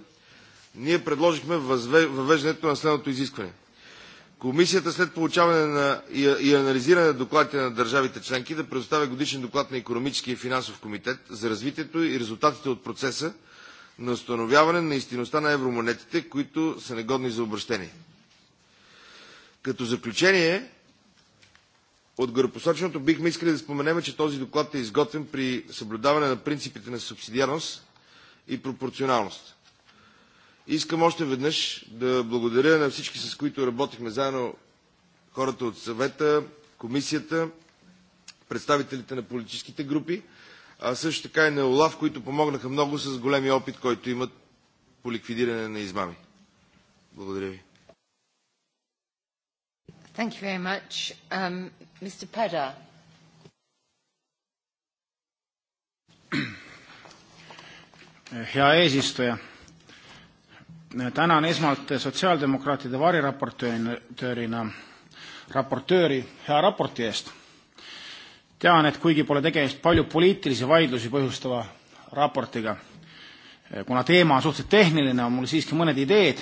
ние предложихме въвеждането на следното изискване – Комисията след получаване на и, и анализиране на докладите на държавите членки да предоставя годишен доклад на Економическия и финансов комитет за развитието и резултатите от процеса на установяване на истинността на евромонетите, които са негодни за обращение. Като заключение, от горепосоченото бихме искали да споменем, че този доклад е изготвен при съблюдаване на принципите на субсидиарност и пропорционалност. Искам още веднъж да благодаря на всички, с които работихме заедно, хората от съвета, комисията, представителите на политическите групи, а също така и на ОЛАВ, които помогнаха много с големия опит, който имат по ликвидиране на измами. Благодаря ви. Thank you very much. Um, Mr. Peda. Hea eesistuja tänan esmalt sotsiaaldemokraatide variraportöörina raportööri hea raporti eest. tean, et kuigi pole tegemist palju poliitilisi vaidlusi põhjustava raportiga, kuna teema on suhteliselt tehniline, on mul siiski mõned ideed,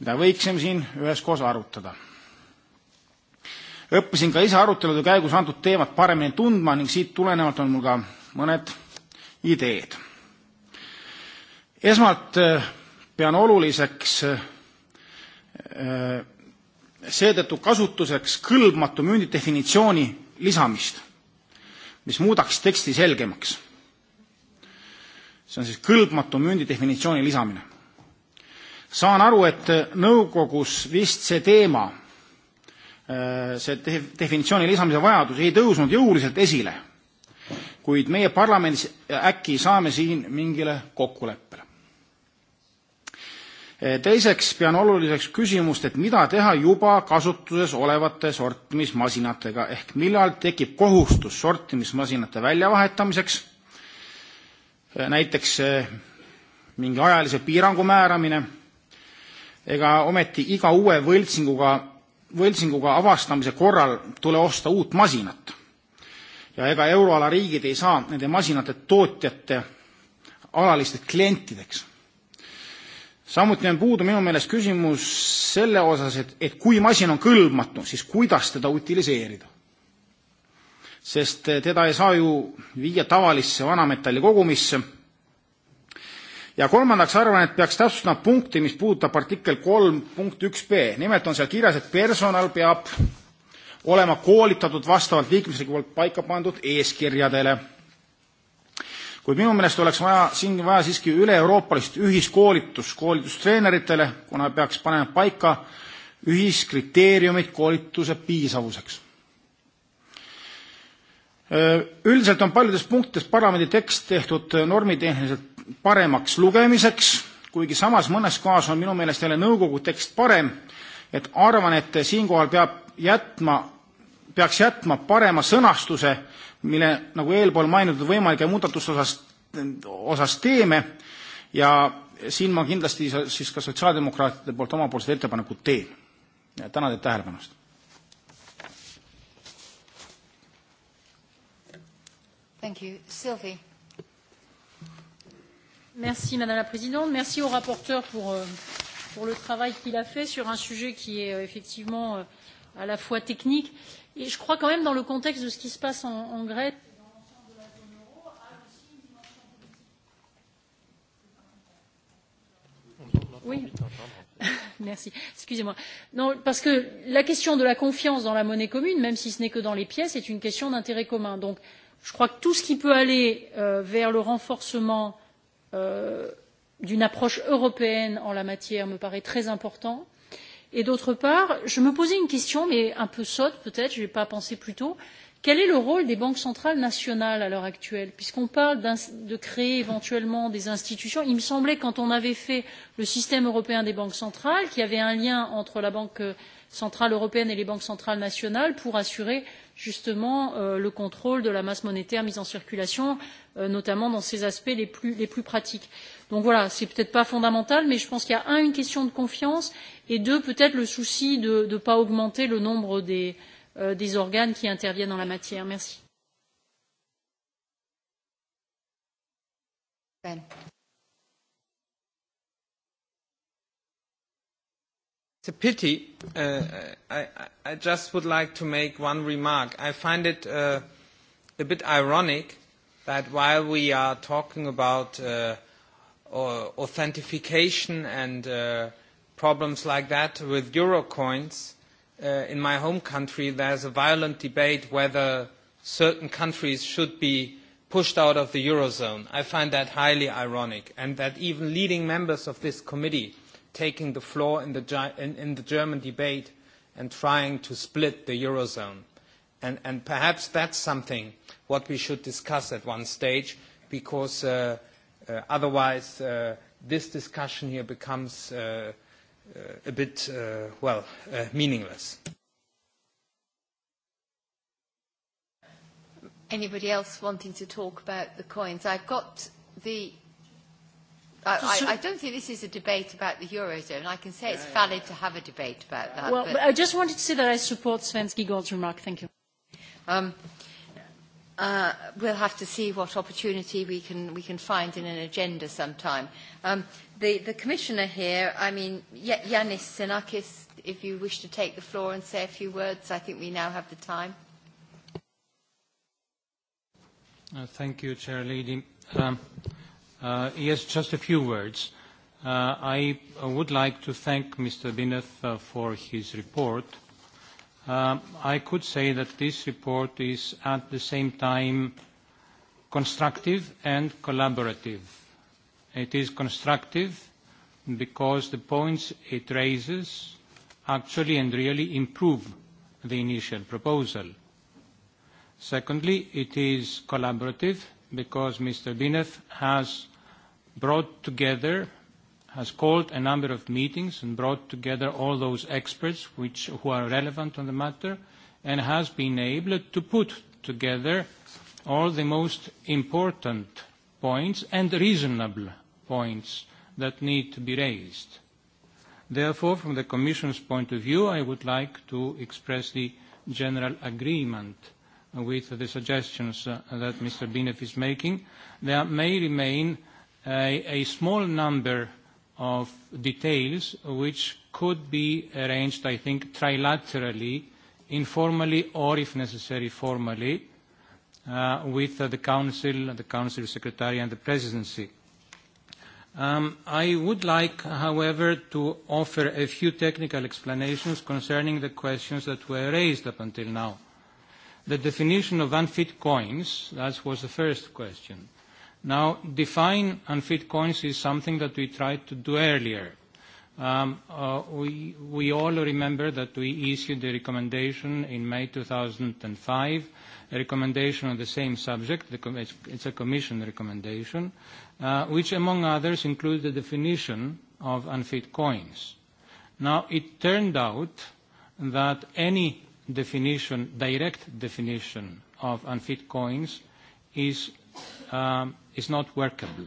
mida võiksime siin üheskoos arutada. õppisin ka ise arutelude käigus antud teemat paremini tundma ning siit tulenevalt on mul ka mõned ideed. esmalt pean oluliseks äh, seetõttu kasutuseks kõlbmatu müündi definitsiooni lisamist, mis muudaks teksti selgemaks. see on siis kõlbmatu müündi definitsiooni lisamine. saan aru, et nõukogus vist see teema, äh, see definitsiooni lisamise vajadus ei tõusnud jõuliselt esile, kuid meie parlamendis äkki saame siin mingile kokkuleppele. Eh, teiseks pean oluliseks küsimust, et mida teha juba kasutuses olevate sortimismasinatega ehk millal tekib kohustus sortimismasinate väljavahetamiseks, eh, näiteks eh, mingi ajalise piirangu määramine, ega ometi iga uue võltsinguga, võltsinguga avastamise korral tule osta uut masinat. ja ega euroala riigid ei saa nende masinate tootjate alalisteks klientideks samuti on puudu minu meelest küsimus selle osas, et, et kui masin on kõlbmatu, siis kuidas teda utiliseerida. sest eh, teda ei saa ju viia tavalisse vanametalli kogumisse. ja kolmandaks arvan, et peaks täpsustama punkti, mis puudutab artikkel kolm punkt üks B. nimelt on seal kirjas, et personal peab olema koolitatud vastavalt liikmesriigi poolt paika pandud eeskirjadele kuid minu meelest oleks vaja, siin vaja siiski üle-euroopalist ühiskoolitust koolitustreeneritele, kuna peaks panema paika ühiskriteeriumid koolituse piisavuseks. Üldiselt on paljudes punktides parlamendi tekst tehtud normitehniliselt paremaks lugemiseks, kuigi samas mõnes kohas on minu meelest jälle nõukogu tekst parem, et arvan, et siinkohal peab jätma, peaks jätma parema sõnastuse äh, mille nagu eelpool mainitud võimalike muudatuste osas, osas teeme ja siin ma kindlasti siis ka sotsiaaldemokraatide poolt omapoolsed ettepanekud teen. tänan teid tähelepanu eest! Thank you. Sylvie. Merci Madame la Présidente. Merci au rapporteur pour, euh, pour le travail qu'il a fait sur un sujet qui est euh, effectivement euh, à la fois technique. Euh, Et je crois quand même, dans le contexte de ce qui se passe en, en Grèce, Oui. *laughs* Merci. Excusez-moi. Non, parce que la question de la confiance dans la monnaie commune, même si ce n'est que dans les pièces, est une question d'intérêt commun. Donc, je crois que tout ce qui peut aller euh, vers le renforcement euh, d'une approche européenne en la matière me paraît très important. Euh, Et d'autre part, je me posais une question, mais un peu sotte peut-être, je n'ai pas pensé plus tôt. Quel est le rôle des banques centrales nationales à l'heure actuelle Puisqu'on parle de créer éventuellement des institutions, il me semblait quand on avait fait le système européen des banques centrales qu'il y avait un lien entre la Banque centrale européenne et les banques centrales nationales pour assurer euh, justement euh, le contrôle de la masse monétaire mise en circulation, euh, notamment dans ses aspects les plus, les plus pratiques. Donc voilà, c'est peut-être pas fondamental, mais je pense qu'il y a un, une question de confiance, et deux, peut-être le souci de ne pas augmenter le nombre des, euh, des organes qui interviennent dans la matière. Merci. Ben. It's a pity. Uh, I, I just would like to make one remark. I find it uh, a bit ironic that while we are talking about uh, authentication and uh, problems like that with Eurocoins, uh, in my home country there's a violent debate whether certain countries should be pushed out of the Eurozone. I find that highly ironic and that even leading members of this committee uh, taking the floor in the, in, in the German debate and trying to split the Eurozone. And, and perhaps that's something what we should discuss at one stage, because uh, uh, otherwise uh, this discussion here becomes uh, uh, a bit, uh, well, uh, meaningless. Anybody else wanting to talk about the coins? I've got the Uh, I, I, I don't think this is a debate about the Eurozone. I can say it's valid to have a debate about that. Well, but I just wanted to say that I support Sven Giegold's remark. Thank you. Um, uh, we'll have to see what opportunity we can, we can find in an agenda sometime. Um, the, the commissioner here, I mean, y- Yanis Sinakis, if you wish to take the floor and say a few words, I think we now have the time. Uh, thank you, Chair Lady. Um, uh, Uh, yes, just a few words. Uh, I uh, would like to thank Mr. Binev uh, for his report. Uh, I could say that this report is at the same time constructive and collaborative. It is constructive because the points it raises actually and really improve the initial proposal. Secondly, it is collaborative because Mr. Binev has brought together, has called a number of meetings and brought together all those experts which, who are relevant on the matter and has been able to put together all the most important points and reasonable points that need to be raised. Therefore, from the Commission's point of view, I would like to express the general agreement with the suggestions uh, that Mr. Binev is making. There may remain a, a small number of details which could be arranged, I think, trilaterally, informally or, if necessary, formally, uh, with uh, the Council, the Council Secretary and the Presidency. Um, I would like, however, to offer a few technical explanations concerning the questions that were raised up until now. The definition of unfit coins, that was the first question. Now, define unfit coins is something that we tried to do earlier. Um, uh, we, we all remember that we issued a recommendation in May 2005, a recommendation on the same subject. The it's a commission recommendation, uh, which among others includes the definition of unfit coins. Now, it turned out that any definition, direct definition of unfit coins is um, is not workable.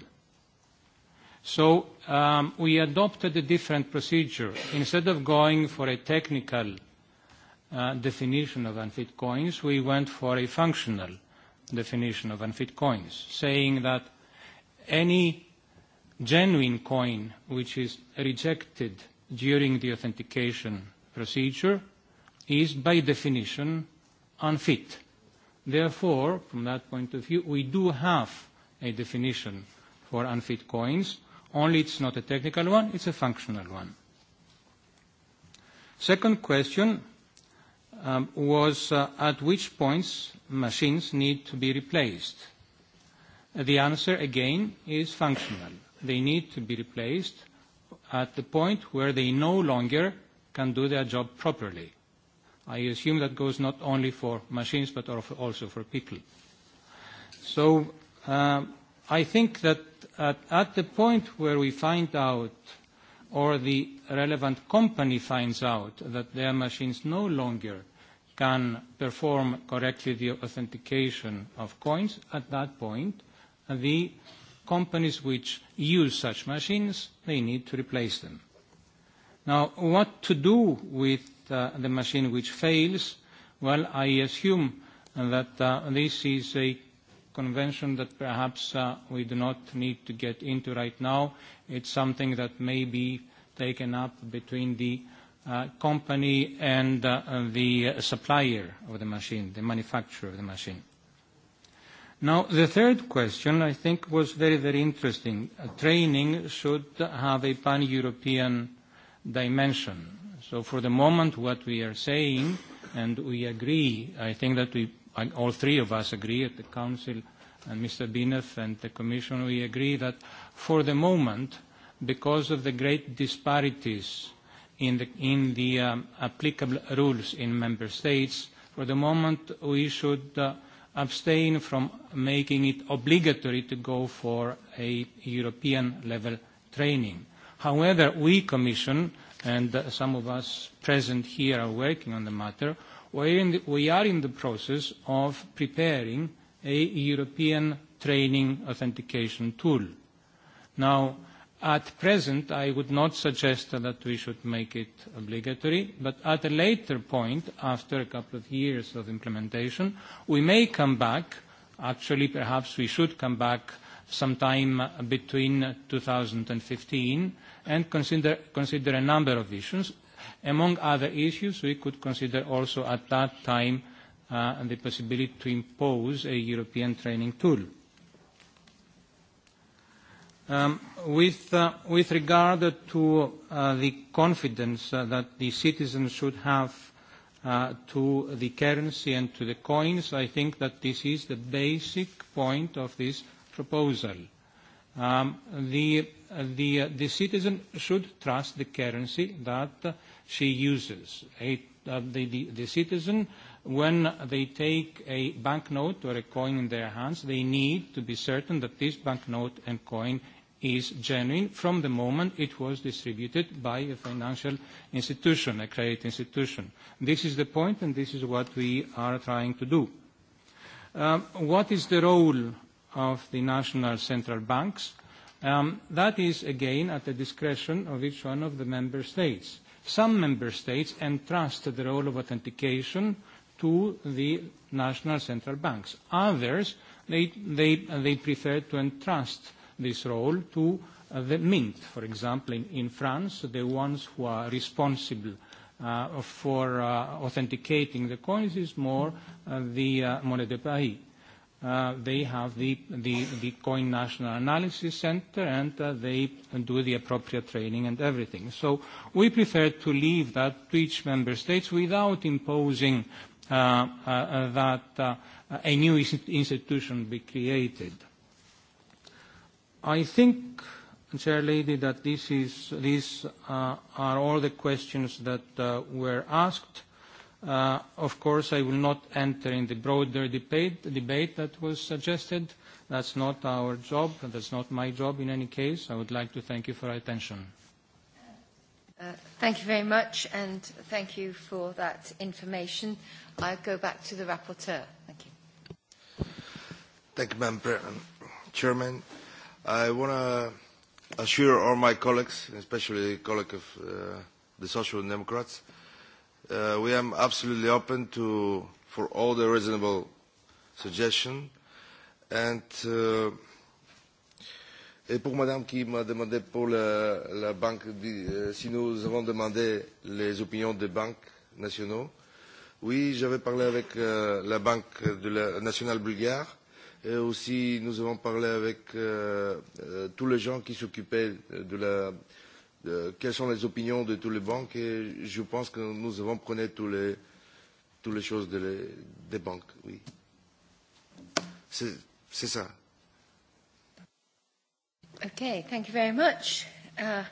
So um, we adopted a different procedure. Instead of going for a technical uh, definition of unfit coins, we went for a functional definition of unfit coins, saying that any genuine coin which is rejected during the authentication procedure is by definition unfit. Therefore, from that point of view, we do have a definition for unfit coins, only it's not a technical one, it's a functional one. Second question um, was uh, at which points machines need to be replaced. The answer, again, is functional. They need to be replaced at the point where they no longer can do their job properly. I assume that goes not only for machines but also for people. So um, I think that at, at the point where we find out or the relevant company finds out that their machines no longer can perform correctly the authentication of coins, at that point, the companies which use such machines, they need to replace them. Now, what to do with uh, the machine which fails, well, I assume that uh, this is a convention that perhaps uh, we do not need to get into right now. It's something that may be taken up between the uh, company and uh, the supplier of the machine, the manufacturer of the machine. Now, the third question, I think, was very, very interesting. Training should have a pan-European dimension. So for the moment, what we are saying, and we agree, I think that we, all three of us agree at the Council and Mr. Binev and the Commission, we agree that for the moment, because of the great disparities in the, in the um, applicable rules in member states, for the moment we should uh, abstain from making it obligatory to go for a European level training. However, we Commission and uh, some of us present here are working on the matter, we're in the, we are in the process of preparing a European training authentication tool. Now, at present, I would not suggest that we should make it obligatory, but at a later point, after a couple of years of implementation, we may come back. Actually, perhaps we should come back sometime between 2015 and consider, consider a number of issues. Among other issues, we could consider also at that time uh, the possibility to impose a European training tool. Um, with, uh, with regard to uh, the confidence uh, that the citizens should have uh, to the currency and to the coins, I think that this is the basic point of this proposal. Um, the the, uh, the citizen should trust the currency that she uses. It, uh, the, the, the citizen, when they take a banknote or a coin in their hands, they need to be certain that this banknote and coin is genuine from the moment it was distributed by a financial institution, a credit institution. This is the point, and this is what we are trying to do. Uh, what is the role of the national central banks? Um, that is, again, at the discretion of each one of the member states. Some member states entrust the role of authentication to the national central banks. Others, they, they, they prefer to entrust this role to uh, the Mint. For example, in, in France, the ones who are responsible uh, for uh, authenticating the coins is more uh, the uh, Monnaie de Paris. Uh, they have the, the, the coin national analysis center and uh, they do the appropriate training and everything. So we prefer to leave that to each member states without imposing uh, uh, uh that uh, uh, a new institution be created. I think, Chair Lady, that this is, these uh, are all the questions that uh, were asked. Uh, of course, I will not enter in the broader debate, debate that was suggested. That's not our job. That's not my job in any case. I would like to thank you for your attention. Uh, thank you very much, and thank you for that information. I go back to the rapporteur. Thank you. Thank you, Madam um, Chairman. I want to assure all my colleagues, especially the colleague of uh, the Social Democrats, uh, uh, we are absolutely open to for all the reasonable suggestions. And uh, et pour Madame qui m'a demandé pour la, la banque, euh, si nous avons demandé les opinions des banques nationaux, oui, j'avais parlé avec euh, la banque de la, nationale bulgare et aussi nous avons parlé avec euh, euh, tous les gens qui s'occupaient de la euh, euh, quelles sont les opinions de toutes les banques et je pense que nous avons prôné toutes les, toutes les choses de les, des banques. Oui. C'est ça. Okay, thank you very much. Uh,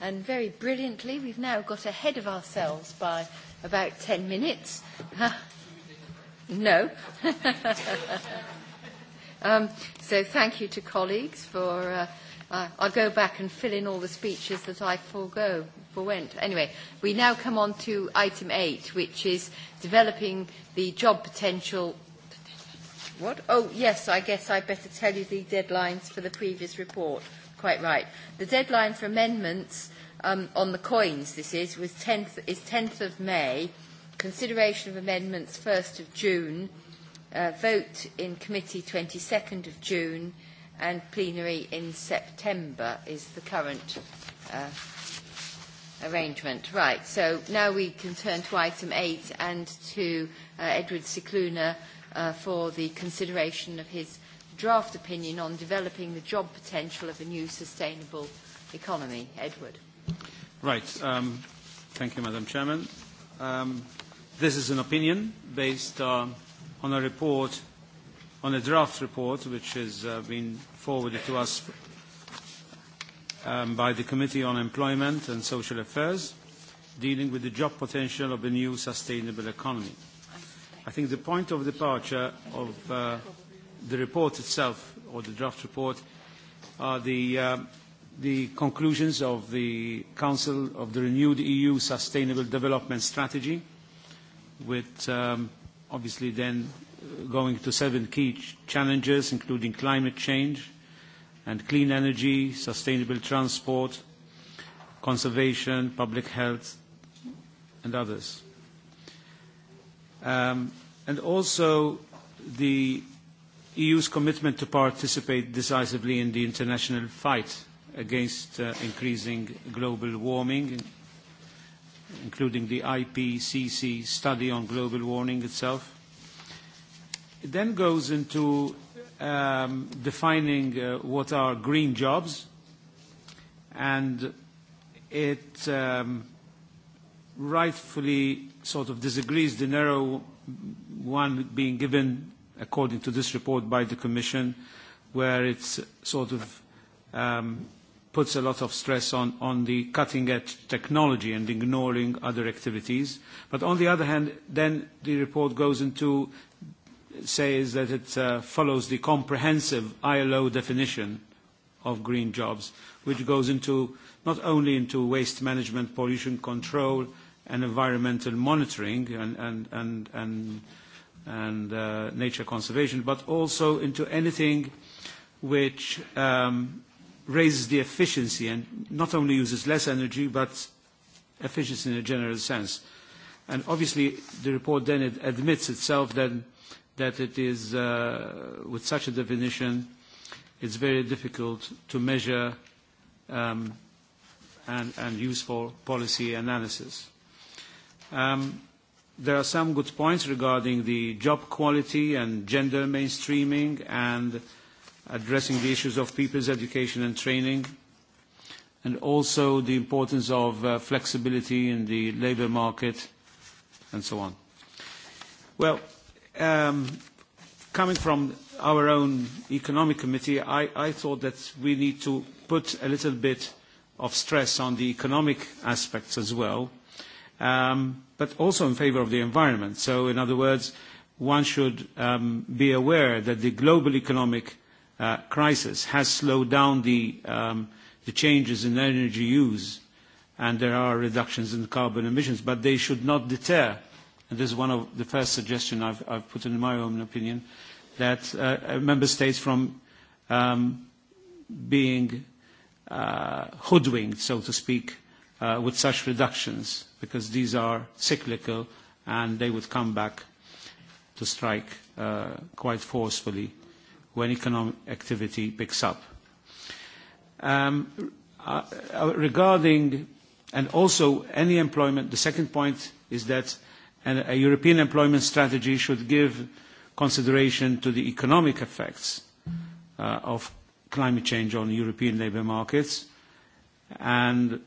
and very brilliantly, we've now got ahead of ourselves by about 10 minutes. Uh, *laughs* no. *laughs* um, so thank you to colleagues for uh, Uh, I'll go back and fill in all the speeches that I forego, forwent. Anyway, we now come on to item eight, which is developing the job potential. What? Oh, yes, I guess I better tell you the deadlines for the previous report. Quite right. The deadline for amendments um, on the coins, this is, was 10th, is 10th of May, consideration of amendments 1st of June, uh, vote in committee 22nd of June, uh, and plenary in September is the current uh, arrangement. Right, so now we can turn to item 8 and to uh, Edward Cicluna uh, for the consideration of his draft opinion on developing the job potential of a new sustainable economy. Edward. Right. Um, thank you, Madam Chairman. Um, this is an opinion based uh, on a report on a draft report which has uh, been forwarded to us um, by the Committee on Employment and Social Affairs, dealing with the job potential of the new sustainable economy. I think the point of departure of uh, the report itself, or the draft report, are the, uh, the conclusions of the Council of the renewed EU Sustainable Development Strategy, with um, obviously then going to seven key ch challenges, including climate change and clean energy, sustainable transport, conservation, public health, and others. Um, and also the EU's commitment to participate decisively in the international fight against uh, increasing global warming, including the IPCC study on global warming itself, It then goes into um, defining uh, what are green jobs, and it um, rightfully sort of disagrees the narrow one being given, according to this report, by the Commission, where it sort of um, puts a lot of stress on, on the cutting-edge technology and ignoring other activities. But on the other hand, then the report goes into says that it uh, follows the comprehensive ILO definition of green jobs, which goes into not only into waste management, pollution control, and environmental monitoring and, and, and, and, and uh, nature conservation, but also into anything which um, raises the efficiency and not only uses less energy, but efficiency in a general sense. And obviously, the report then admits itself then that it is, uh, with such a definition, it's very difficult to measure um, and, and use for policy analysis. Um, there are some good points regarding the job quality and gender mainstreaming and addressing the issues of people's education and training, and also the importance of uh, flexibility in the labour market, and so on. Well, um, coming from our own economic committee, I, I thought that we need to put a little bit of stress on the economic aspects as well, um, but also in favor of the environment. So in other words, one should um, be aware that the global economic uh, crisis has slowed down the, um, the changes in energy use, and there are reductions in carbon emissions, but they should not deter and this is one of the first suggestions I've, I've put in my own opinion, that uh, uh, member states from um, being uh, hoodwinked, so to speak, uh, with such reductions, because these are cyclical and they would come back to strike uh, quite forcefully when economic activity picks up. Um, uh, uh regarding, and also any employment, the second point is that And a European employment strategy should give consideration to the economic effects uh, of climate change on European labour markets and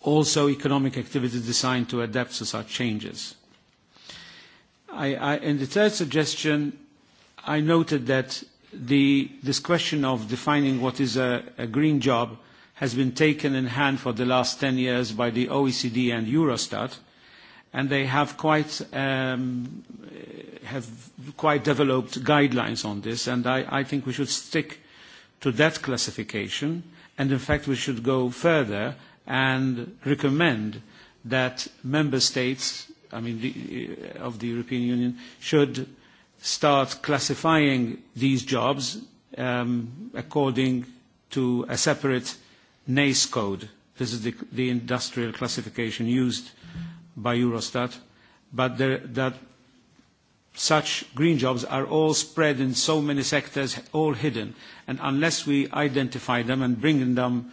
also economic activities designed to adapt to such changes. I, I, in the third suggestion, I noted that the, this question of defining what is a, a green job has been taken in hand for the last 10 years by the OECD and Eurostat, and they have quite um, have quite developed guidelines on this, and I, I think we should stick to that classification, and in fact we should go further and recommend that member states, I mean the, uh, of the European Union, should start classifying these jobs um, according to a separate NACE code. This is the, the industrial classification used. Mm-hmm by Eurostat, but there, that such green jobs are all spread in so many sectors, all hidden. And unless we identify them and bring them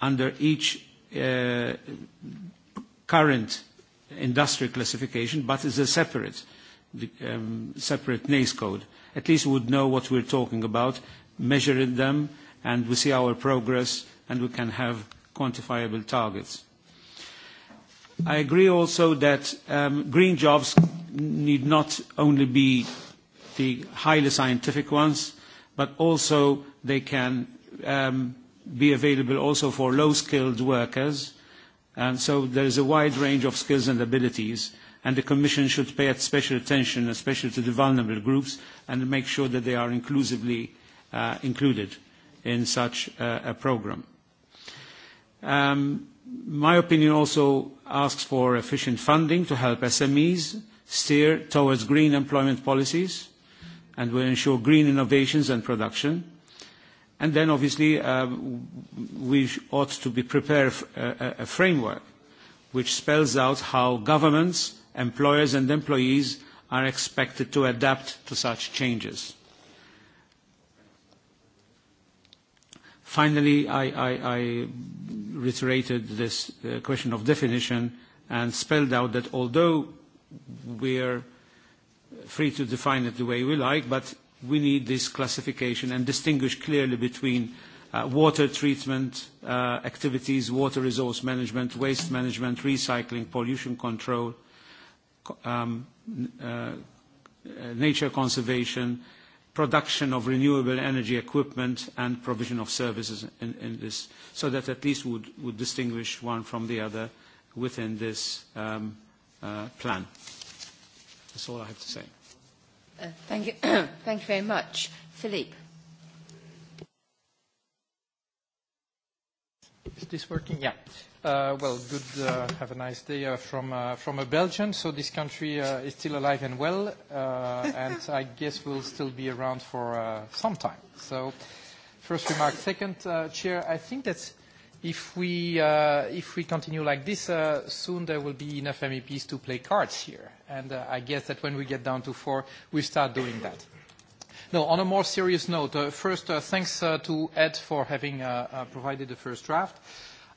under each uh, current industrial classification, but as a separate, um, separate NACE code, at least we would know what we're talking about, measure them, and we see our progress, and we can have quantifiable targets. I agree also that um, green jobs need not only be the highly scientific ones, but also they can um, be available also for low-skilled workers. And so there is a wide range of skills and abilities, and the Commission should pay special attention, especially to the vulnerable groups, and make sure that they are inclusively uh, included in such uh, a program. Um, my opinion also asks for efficient funding to help SMEs steer towards green employment policies and will ensure green innovations and production. And then obviously um, we ought to be prepared a, uh, uh, a framework which spells out how governments, employers and employees are expected to adapt to such changes. Finally, I, I, I reiterated this uh, question of definition and spelled out that although we're free to define it the way we like, but we need this classification and distinguish clearly between uh, water treatment uh, activities, water resource management, waste management, recycling, pollution control, um, uh, nature conservation, uh, production of renewable energy equipment and provision of services in, in this, so that at least would, would distinguish one from the other within this um, uh, plan. That's all I have to say. Uh, thank you. *coughs* thank you very much. Philippe. Is this working? Yeah. Uh, well, good, uh, have a nice day uh, from, uh, from a Belgian. So this country uh, is still alive and well, uh, and *laughs* I guess will still be around for uh, some time. So first remark. Second, uh, Chair, I think that if we, uh, if we continue like this, uh, soon there will be enough MEPs to play cards here. And uh, I guess that when we get down to four, we start doing that. No, on a more serious note, uh, first, uh, thanks uh, to Ed for having uh, uh, provided the first draft. Uh,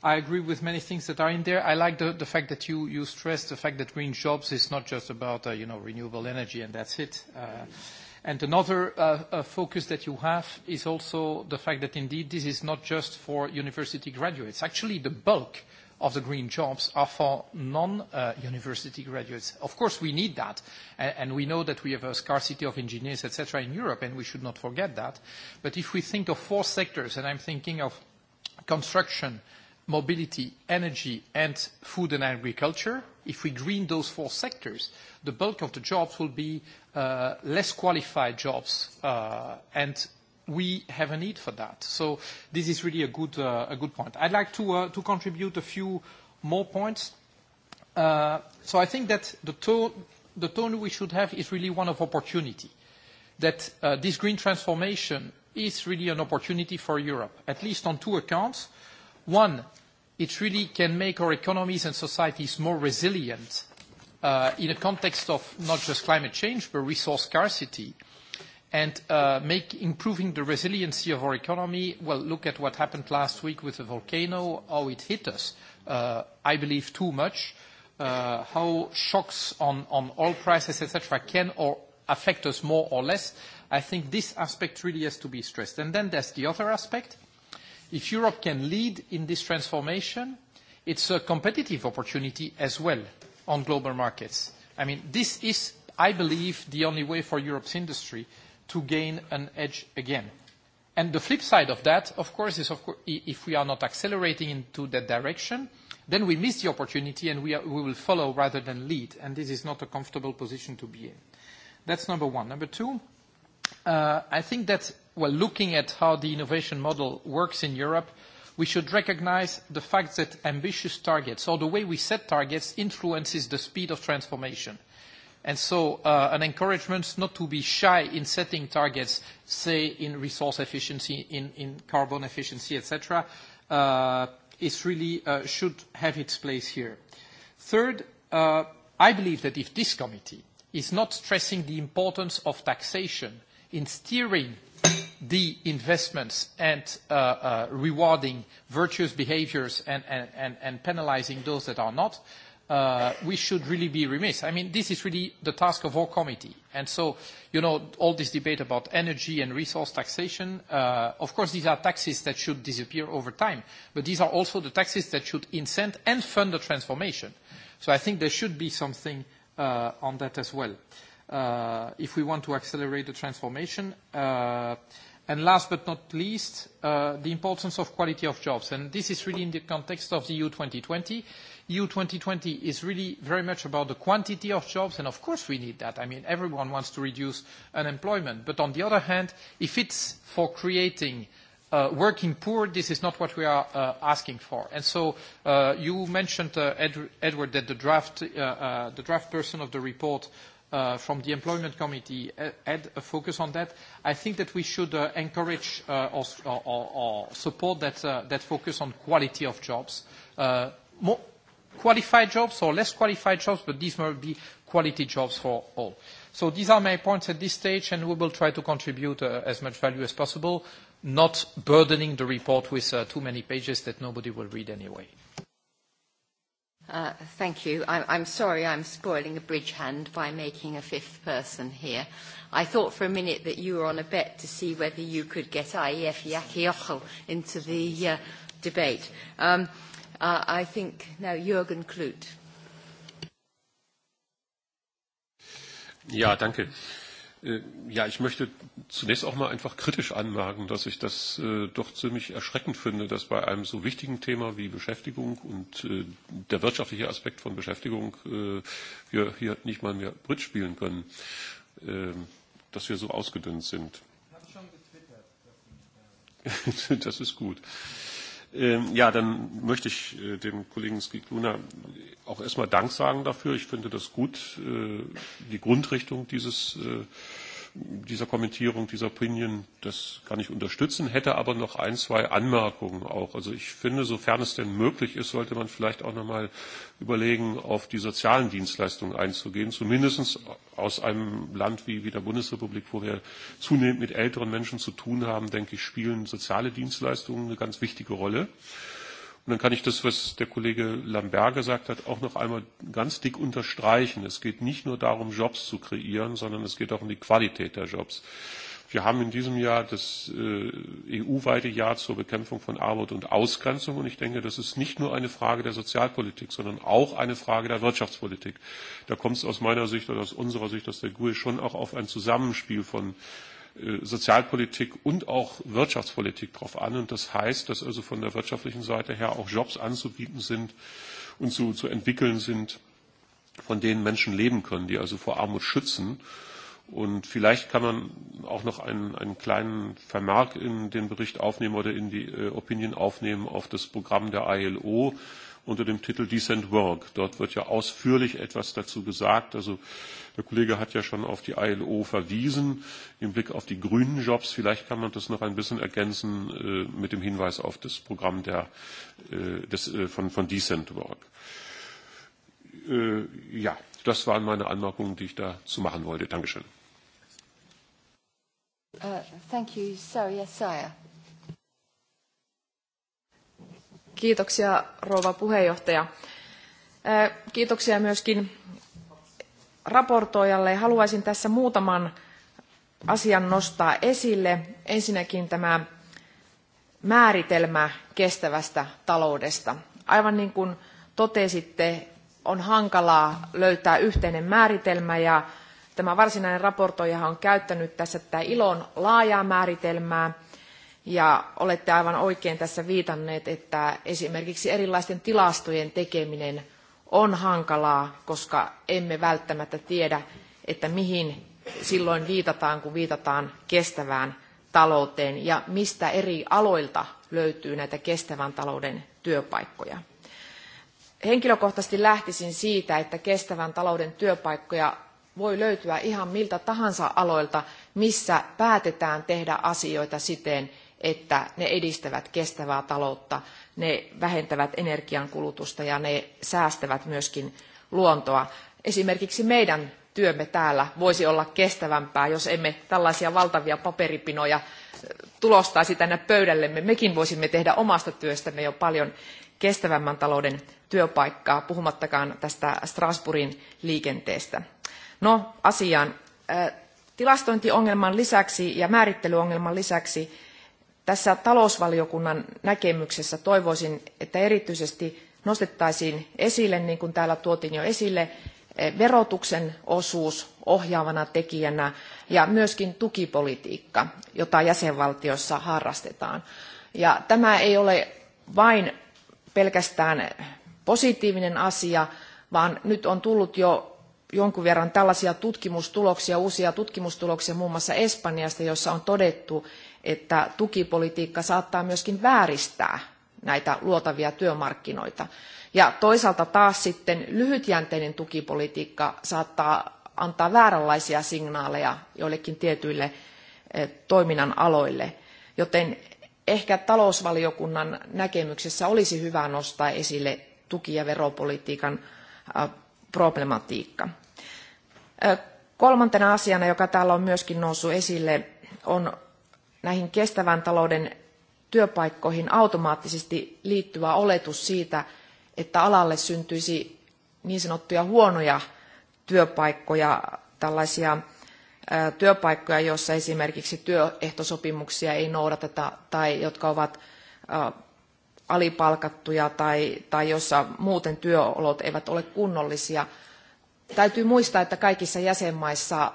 I agree with many things that are in there. I like the, the fact that you, you stress the fact that green jobs is not just about, uh, you know, renewable energy and that's it. Uh, and another uh, uh, focus that you have is also the fact that indeed this is not just for university graduates. Actually, the bulk of the green jobs are for non-university uh, graduates. Of course, we need that, and, and we know that we have a scarcity of engineers, et cetera, in Europe, and we should not forget that. But if we think of four sectors, and I'm thinking of construction, uh, mobility, energy, and food and agriculture, if we green those four sectors, the bulk of the jobs will be uh, less qualified jobs, uh, and we have a need for that. So this is really a good, uh, a good point. I'd like to, uh, to contribute a few more points. Uh, so I think that the tone, the tone we should have is really one of opportunity, that uh, this green transformation is really an opportunity for Europe, at least on two accounts. One, it really can make our economies and societies more resilient uh, in a context of not just climate change, but resource scarcity. And uh, make improving the resiliency of our economy, well, look at what happened last week with the volcano, how it hit us. Uh, I believe too much. Uh, how shocks on, on oil prices, et cetera, can or affect us more or less. I think this aspect really has to be stressed. And then there's the other aspect, If Europe can lead in this transformation, it's a competitive opportunity as well on global markets. I mean, this is, I believe, the only way for Europe's industry to gain an edge again. And the flip side of that, of course, is of co if we are not accelerating into that direction, then we miss the opportunity and we, are, we will follow rather than lead. And this is not a comfortable position to be in. That's number one. Number two, uh, I think that, well, looking at how the innovation model works in Europe, we should recognize the fact that ambitious targets, or the way we set targets, influences the speed of transformation. And so uh, an encouragement not to be shy in setting targets, say in resource efficiency, in, in carbon efficiency, etc., uh, is really uh, should have its place here. Third, uh, I believe that if this committee is not stressing the importance of taxation uh, in steering the investments and uh, uh, rewarding virtuous behaviors and, and, and, and penalizing those that are not, uh, we should really be remiss. I mean, this is really the task of our committee. And so, you know, all this debate about energy and resource taxation, uh, of course, these are taxes that should disappear over time, but these are also the taxes that should incent and fund the transformation. So I think there should be something uh, on that as well. Uh, uh, if we want to accelerate the transformation. Uh, and last but not least, uh, the importance of quality of jobs. And this is really in the context of the EU 2020. EU 2020 is really very much about the quantity of jobs, and of course we need that. I mean, everyone wants to reduce unemployment. But on the other hand, if it's for creating uh, working poor, this is not what we are uh, asking for. And so uh, you mentioned, uh, Ed Edward, that the draft, uh, uh, the draft person of the report uh, from the Employment Committee had uh, a focus on that. I think that we should uh, encourage uh, or, or, or support that, uh, that focus on quality of jobs. Uh, more qualified jobs or less qualified jobs, but these must be quality jobs for all. So these are my points at this stage, and we will try to contribute uh, as much value as possible, not burdening the report with uh, too many pages that nobody will read anyway. Uh, thank you. I'm, I'm sorry I'm spoiling a bridge hand by making a fifth person here. I thought for a minute that you were on a bet to see whether you could get IEF Yakiochel into the uh, debate. Um, uh, I think now Jürgen Klut. Ja, danke. Äh, ja, ich möchte zunächst auch mal einfach kritisch anmerken, dass ich das äh, doch ziemlich erschreckend finde, dass bei einem so wichtigen Thema wie Beschäftigung und äh, der wirtschaftliche Aspekt von Beschäftigung äh, wir hier nicht mal mehr Brit spielen können, äh, dass wir so ausgedünnt sind. Ich habe schon getwittert. Äh, *laughs* das ist gut. Äh, Ähm, ja, dann möchte ich äh, dem Kollegen Skikluna auch erstmal Dank sagen dafür. Ich finde das gut, äh, die Grundrichtung dieses äh, dieser Kommentierung, dieser Opinion, das kann ich unterstützen, hätte aber noch ein, zwei Anmerkungen auch. Also ich finde, sofern es denn möglich ist, sollte man vielleicht auch nochmal überlegen, auf die sozialen Dienstleistungen einzugehen, zumindest aus einem Land wie, wie der Bundesrepublik, wo wir zunehmend mit älteren Menschen zu tun haben, denke ich, spielen soziale Dienstleistungen eine ganz wichtige Rolle. Äh, Und dann kann ich das, was der Kollege Lambert gesagt hat, auch noch einmal ganz dick unterstreichen. Es geht nicht nur darum, Jobs zu kreieren, sondern es geht auch um die Qualität der Jobs. Wir haben in diesem Jahr das äh, EU-weite Jahr zur Bekämpfung von Armut und Ausgrenzung. Und ich denke, das ist nicht nur eine Frage der Sozialpolitik, sondern auch eine Frage der Wirtschaftspolitik. Da kommt es aus meiner Sicht oder aus unserer Sicht, aus der GUE, schon auch auf ein Zusammenspiel von Äh, Sozialpolitik und auch Wirtschaftspolitik drauf an. Und das heißt, dass also von der wirtschaftlichen Seite her auch Jobs anzubieten sind und zu, zu entwickeln sind, von denen Menschen leben können, die also vor Armut schützen. Und vielleicht kann man auch noch einen, einen kleinen Vermerk in den Bericht aufnehmen oder in die äh, Opinion aufnehmen auf das Programm der ILO, äh, unter dem Titel Decent Work. Dort wird ja ausführlich etwas dazu gesagt. Also der Kollege hat ja schon auf die ILO verwiesen. Im Blick auf die grünen Jobs, vielleicht kann man das noch ein bisschen ergänzen äh, mit dem Hinweis auf das Programm der, äh, des, äh, von, von Decent Work. Äh, ja, das waren meine Anmerkungen, die ich dazu machen wollte. Dankeschön. Uh, thank you, Saria Saya. Kiitoksia rouva puheenjohtaja. Kiitoksia myöskin raportoijalle. Haluaisin tässä muutaman asian nostaa esille. Ensinnäkin tämä määritelmä kestävästä taloudesta. Aivan niin kuin totesitte, on hankalaa löytää yhteinen määritelmä ja tämä varsinainen raportoijahan on käyttänyt tässä tätä ilon laajaa määritelmää – Ja olette aivan oikein tässä viitanneet, että esimerkiksi erilaisten tilastojen tekeminen on hankalaa, koska emme välttämättä tiedä, että mihin silloin viitataan, kun viitataan kestävään talouteen ja mistä eri aloilta löytyy näitä kestävän talouden työpaikkoja. Henkilökohtaisesti lähtisin siitä, että kestävän talouden työpaikkoja voi löytyä ihan miltä tahansa aloilta, missä päätetään tehdä asioita siten, että ne edistävät kestävää taloutta, ne vähentävät energiankulutusta ja ne säästävät myöskin luontoa. Esimerkiksi meidän työmme täällä voisi olla kestävämpää, jos emme tällaisia valtavia paperipinoja tulostaisi tänne pöydällemme. Mekin voisimme tehdä omasta työstämme jo paljon kestävämmän talouden työpaikkaa, puhumattakaan tästä Strasbourgin liikenteestä. No asiaan. Tilastointiongelman lisäksi ja määrittelyongelman lisäksi Tässä talousvaliokunnan näkemyksessä toivoisin, että erityisesti nostettaisiin esille, niin kuin täällä tuotiin jo esille, eh, verotuksen osuus ohjaavana tekijänä ja myöskin tukipolitiikka, jota jäsenvaltioissa harrastetaan. Ja tämä ei ole vain pelkästään positiivinen asia, vaan nyt on tullut jo jonkun verran tällaisia tutkimustuloksia, uusia tutkimustuloksia muun muassa Espanjasta, jossa on todettu, että tukipolitiikka saattaa myöskin vääristää näitä luotavia työmarkkinoita. Ja toisaalta taas sitten lyhytjänteinen tukipolitiikka saattaa antaa vääränlaisia signaaleja joillekin tietyille eh, toiminnan aloille. Joten ehkä talousvaliokunnan näkemyksessä olisi hyvä nostaa esille tuki- ja veropolitiikan eh, problematiikka. Eh, kolmantena asiana, joka täällä on myöskin noussut esille, on näihin kestävän talouden työpaikkoihin automaattisesti liittyvä oletus siitä, että alalle syntyisi niin sanottuja huonoja työpaikkoja, tällaisia työpaikkoja, joissa esimerkiksi työehtosopimuksia ei noudateta tai jotka ovat alipalkattuja tai, tai jossa muuten työolot eivät ole kunnollisia. Täytyy muistaa, että kaikissa jäsenmaissa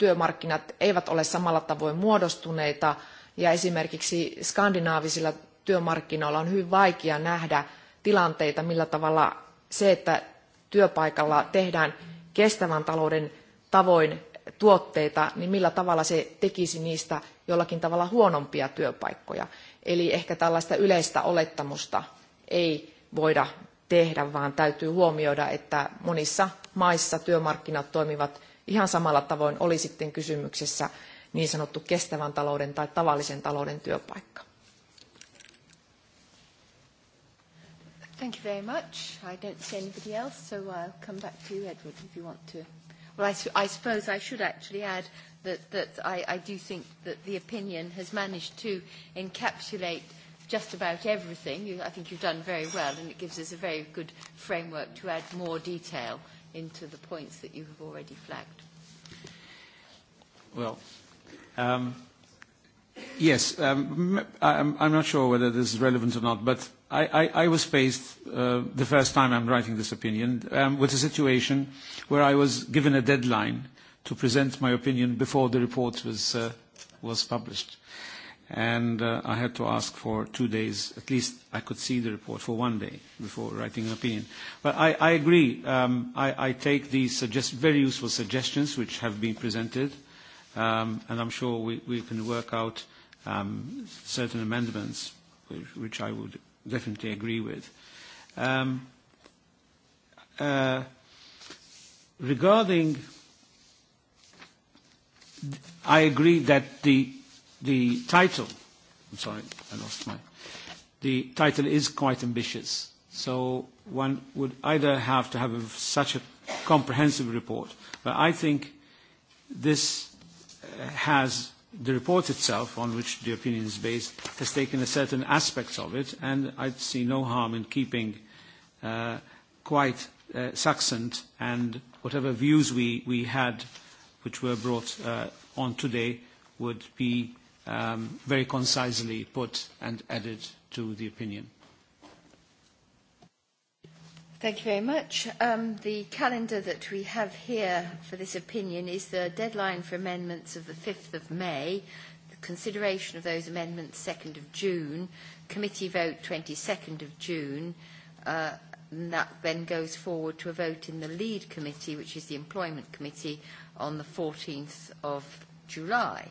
työmarkkinat eivät ole samalla tavoin muodostuneita ja esimerkiksi skandinaavisilla työmarkkinoilla on hyvin vaikea nähdä tilanteita, millä tavalla se, että työpaikalla tehdään kestävän talouden tavoin tuotteita, niin millä tavalla se tekisi niistä jollakin tavalla huonompia työpaikkoja. Eli ehkä tällaista yleistä olettamusta ei voida tehdä, vaan täytyy huomioida, että monissa maissa työmarkkinat toimivat ihan samalla tavoin oli sitten kysymyksessä niin sanottu kestävän talouden tai tavallisen talouden työpaikka. Thank you very much. I don't see anybody else, so I'll come back to you, Edward, if you want to. Well, I, su I suppose I should actually add that, that I, I do think that the opinion has managed to encapsulate just about everything. You, I think you've done very well, and it gives us a very good framework to add more detail into the points that you have already flagged? Well, um, yes. Um, I'm, I'm not sure whether this is relevant or not, but I, I, I was faced, uh, the first time I'm writing this opinion, um, with a situation where I was given a deadline to present my opinion before the report was, uh, was published and uh, I had to ask for two days, at least I could see the report for one day before writing an opinion. But I, I agree. Um, I, I take these suggest very useful suggestions which have been presented, um, and I'm sure we, we can work out um, certain amendments, which, which I would definitely agree with. Um, uh, regarding, I agree that the The title, I'm sorry, I lost my, the title is quite ambitious. So one would either have to have a, such a comprehensive report, but I think this uh, has the report itself, on which the opinion is based, has taken a certain aspects of it, and I see no harm in keeping uh, quite uh, succinct and whatever views we, we had, which were brought uh, on today, would be um, very concisely put and added to the opinion. Thank you very much. Um, the calendar that we have here for this opinion is the deadline for amendments of the 5th of May, the consideration of those amendments 2nd of June, committee vote 22nd of June, uh, and that then goes forward to a vote in the lead committee, which is the Employment Committee, on the 14th of July.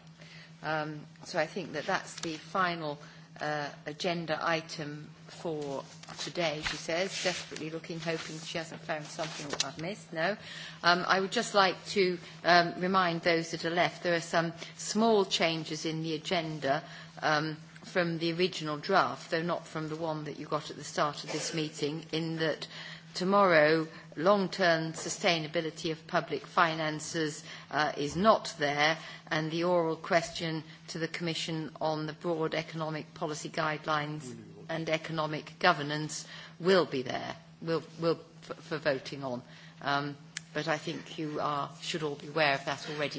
Um, so I think that that's the final uh, agenda item for today, she says, desperately looking, hoping she hasn't found something that I've missed. No. Um, I would just like to um, remind those that are left there are some small changes in the agenda um, from the original draft, though not from the one that you got at the start of this meeting, in that tomorrow long-term sustainability of public finances uh, is not there, and the oral question to the Commission on the broad economic policy guidelines and economic governance will be there, will, will for, for voting on. Um, but I think you are, should all be aware of that already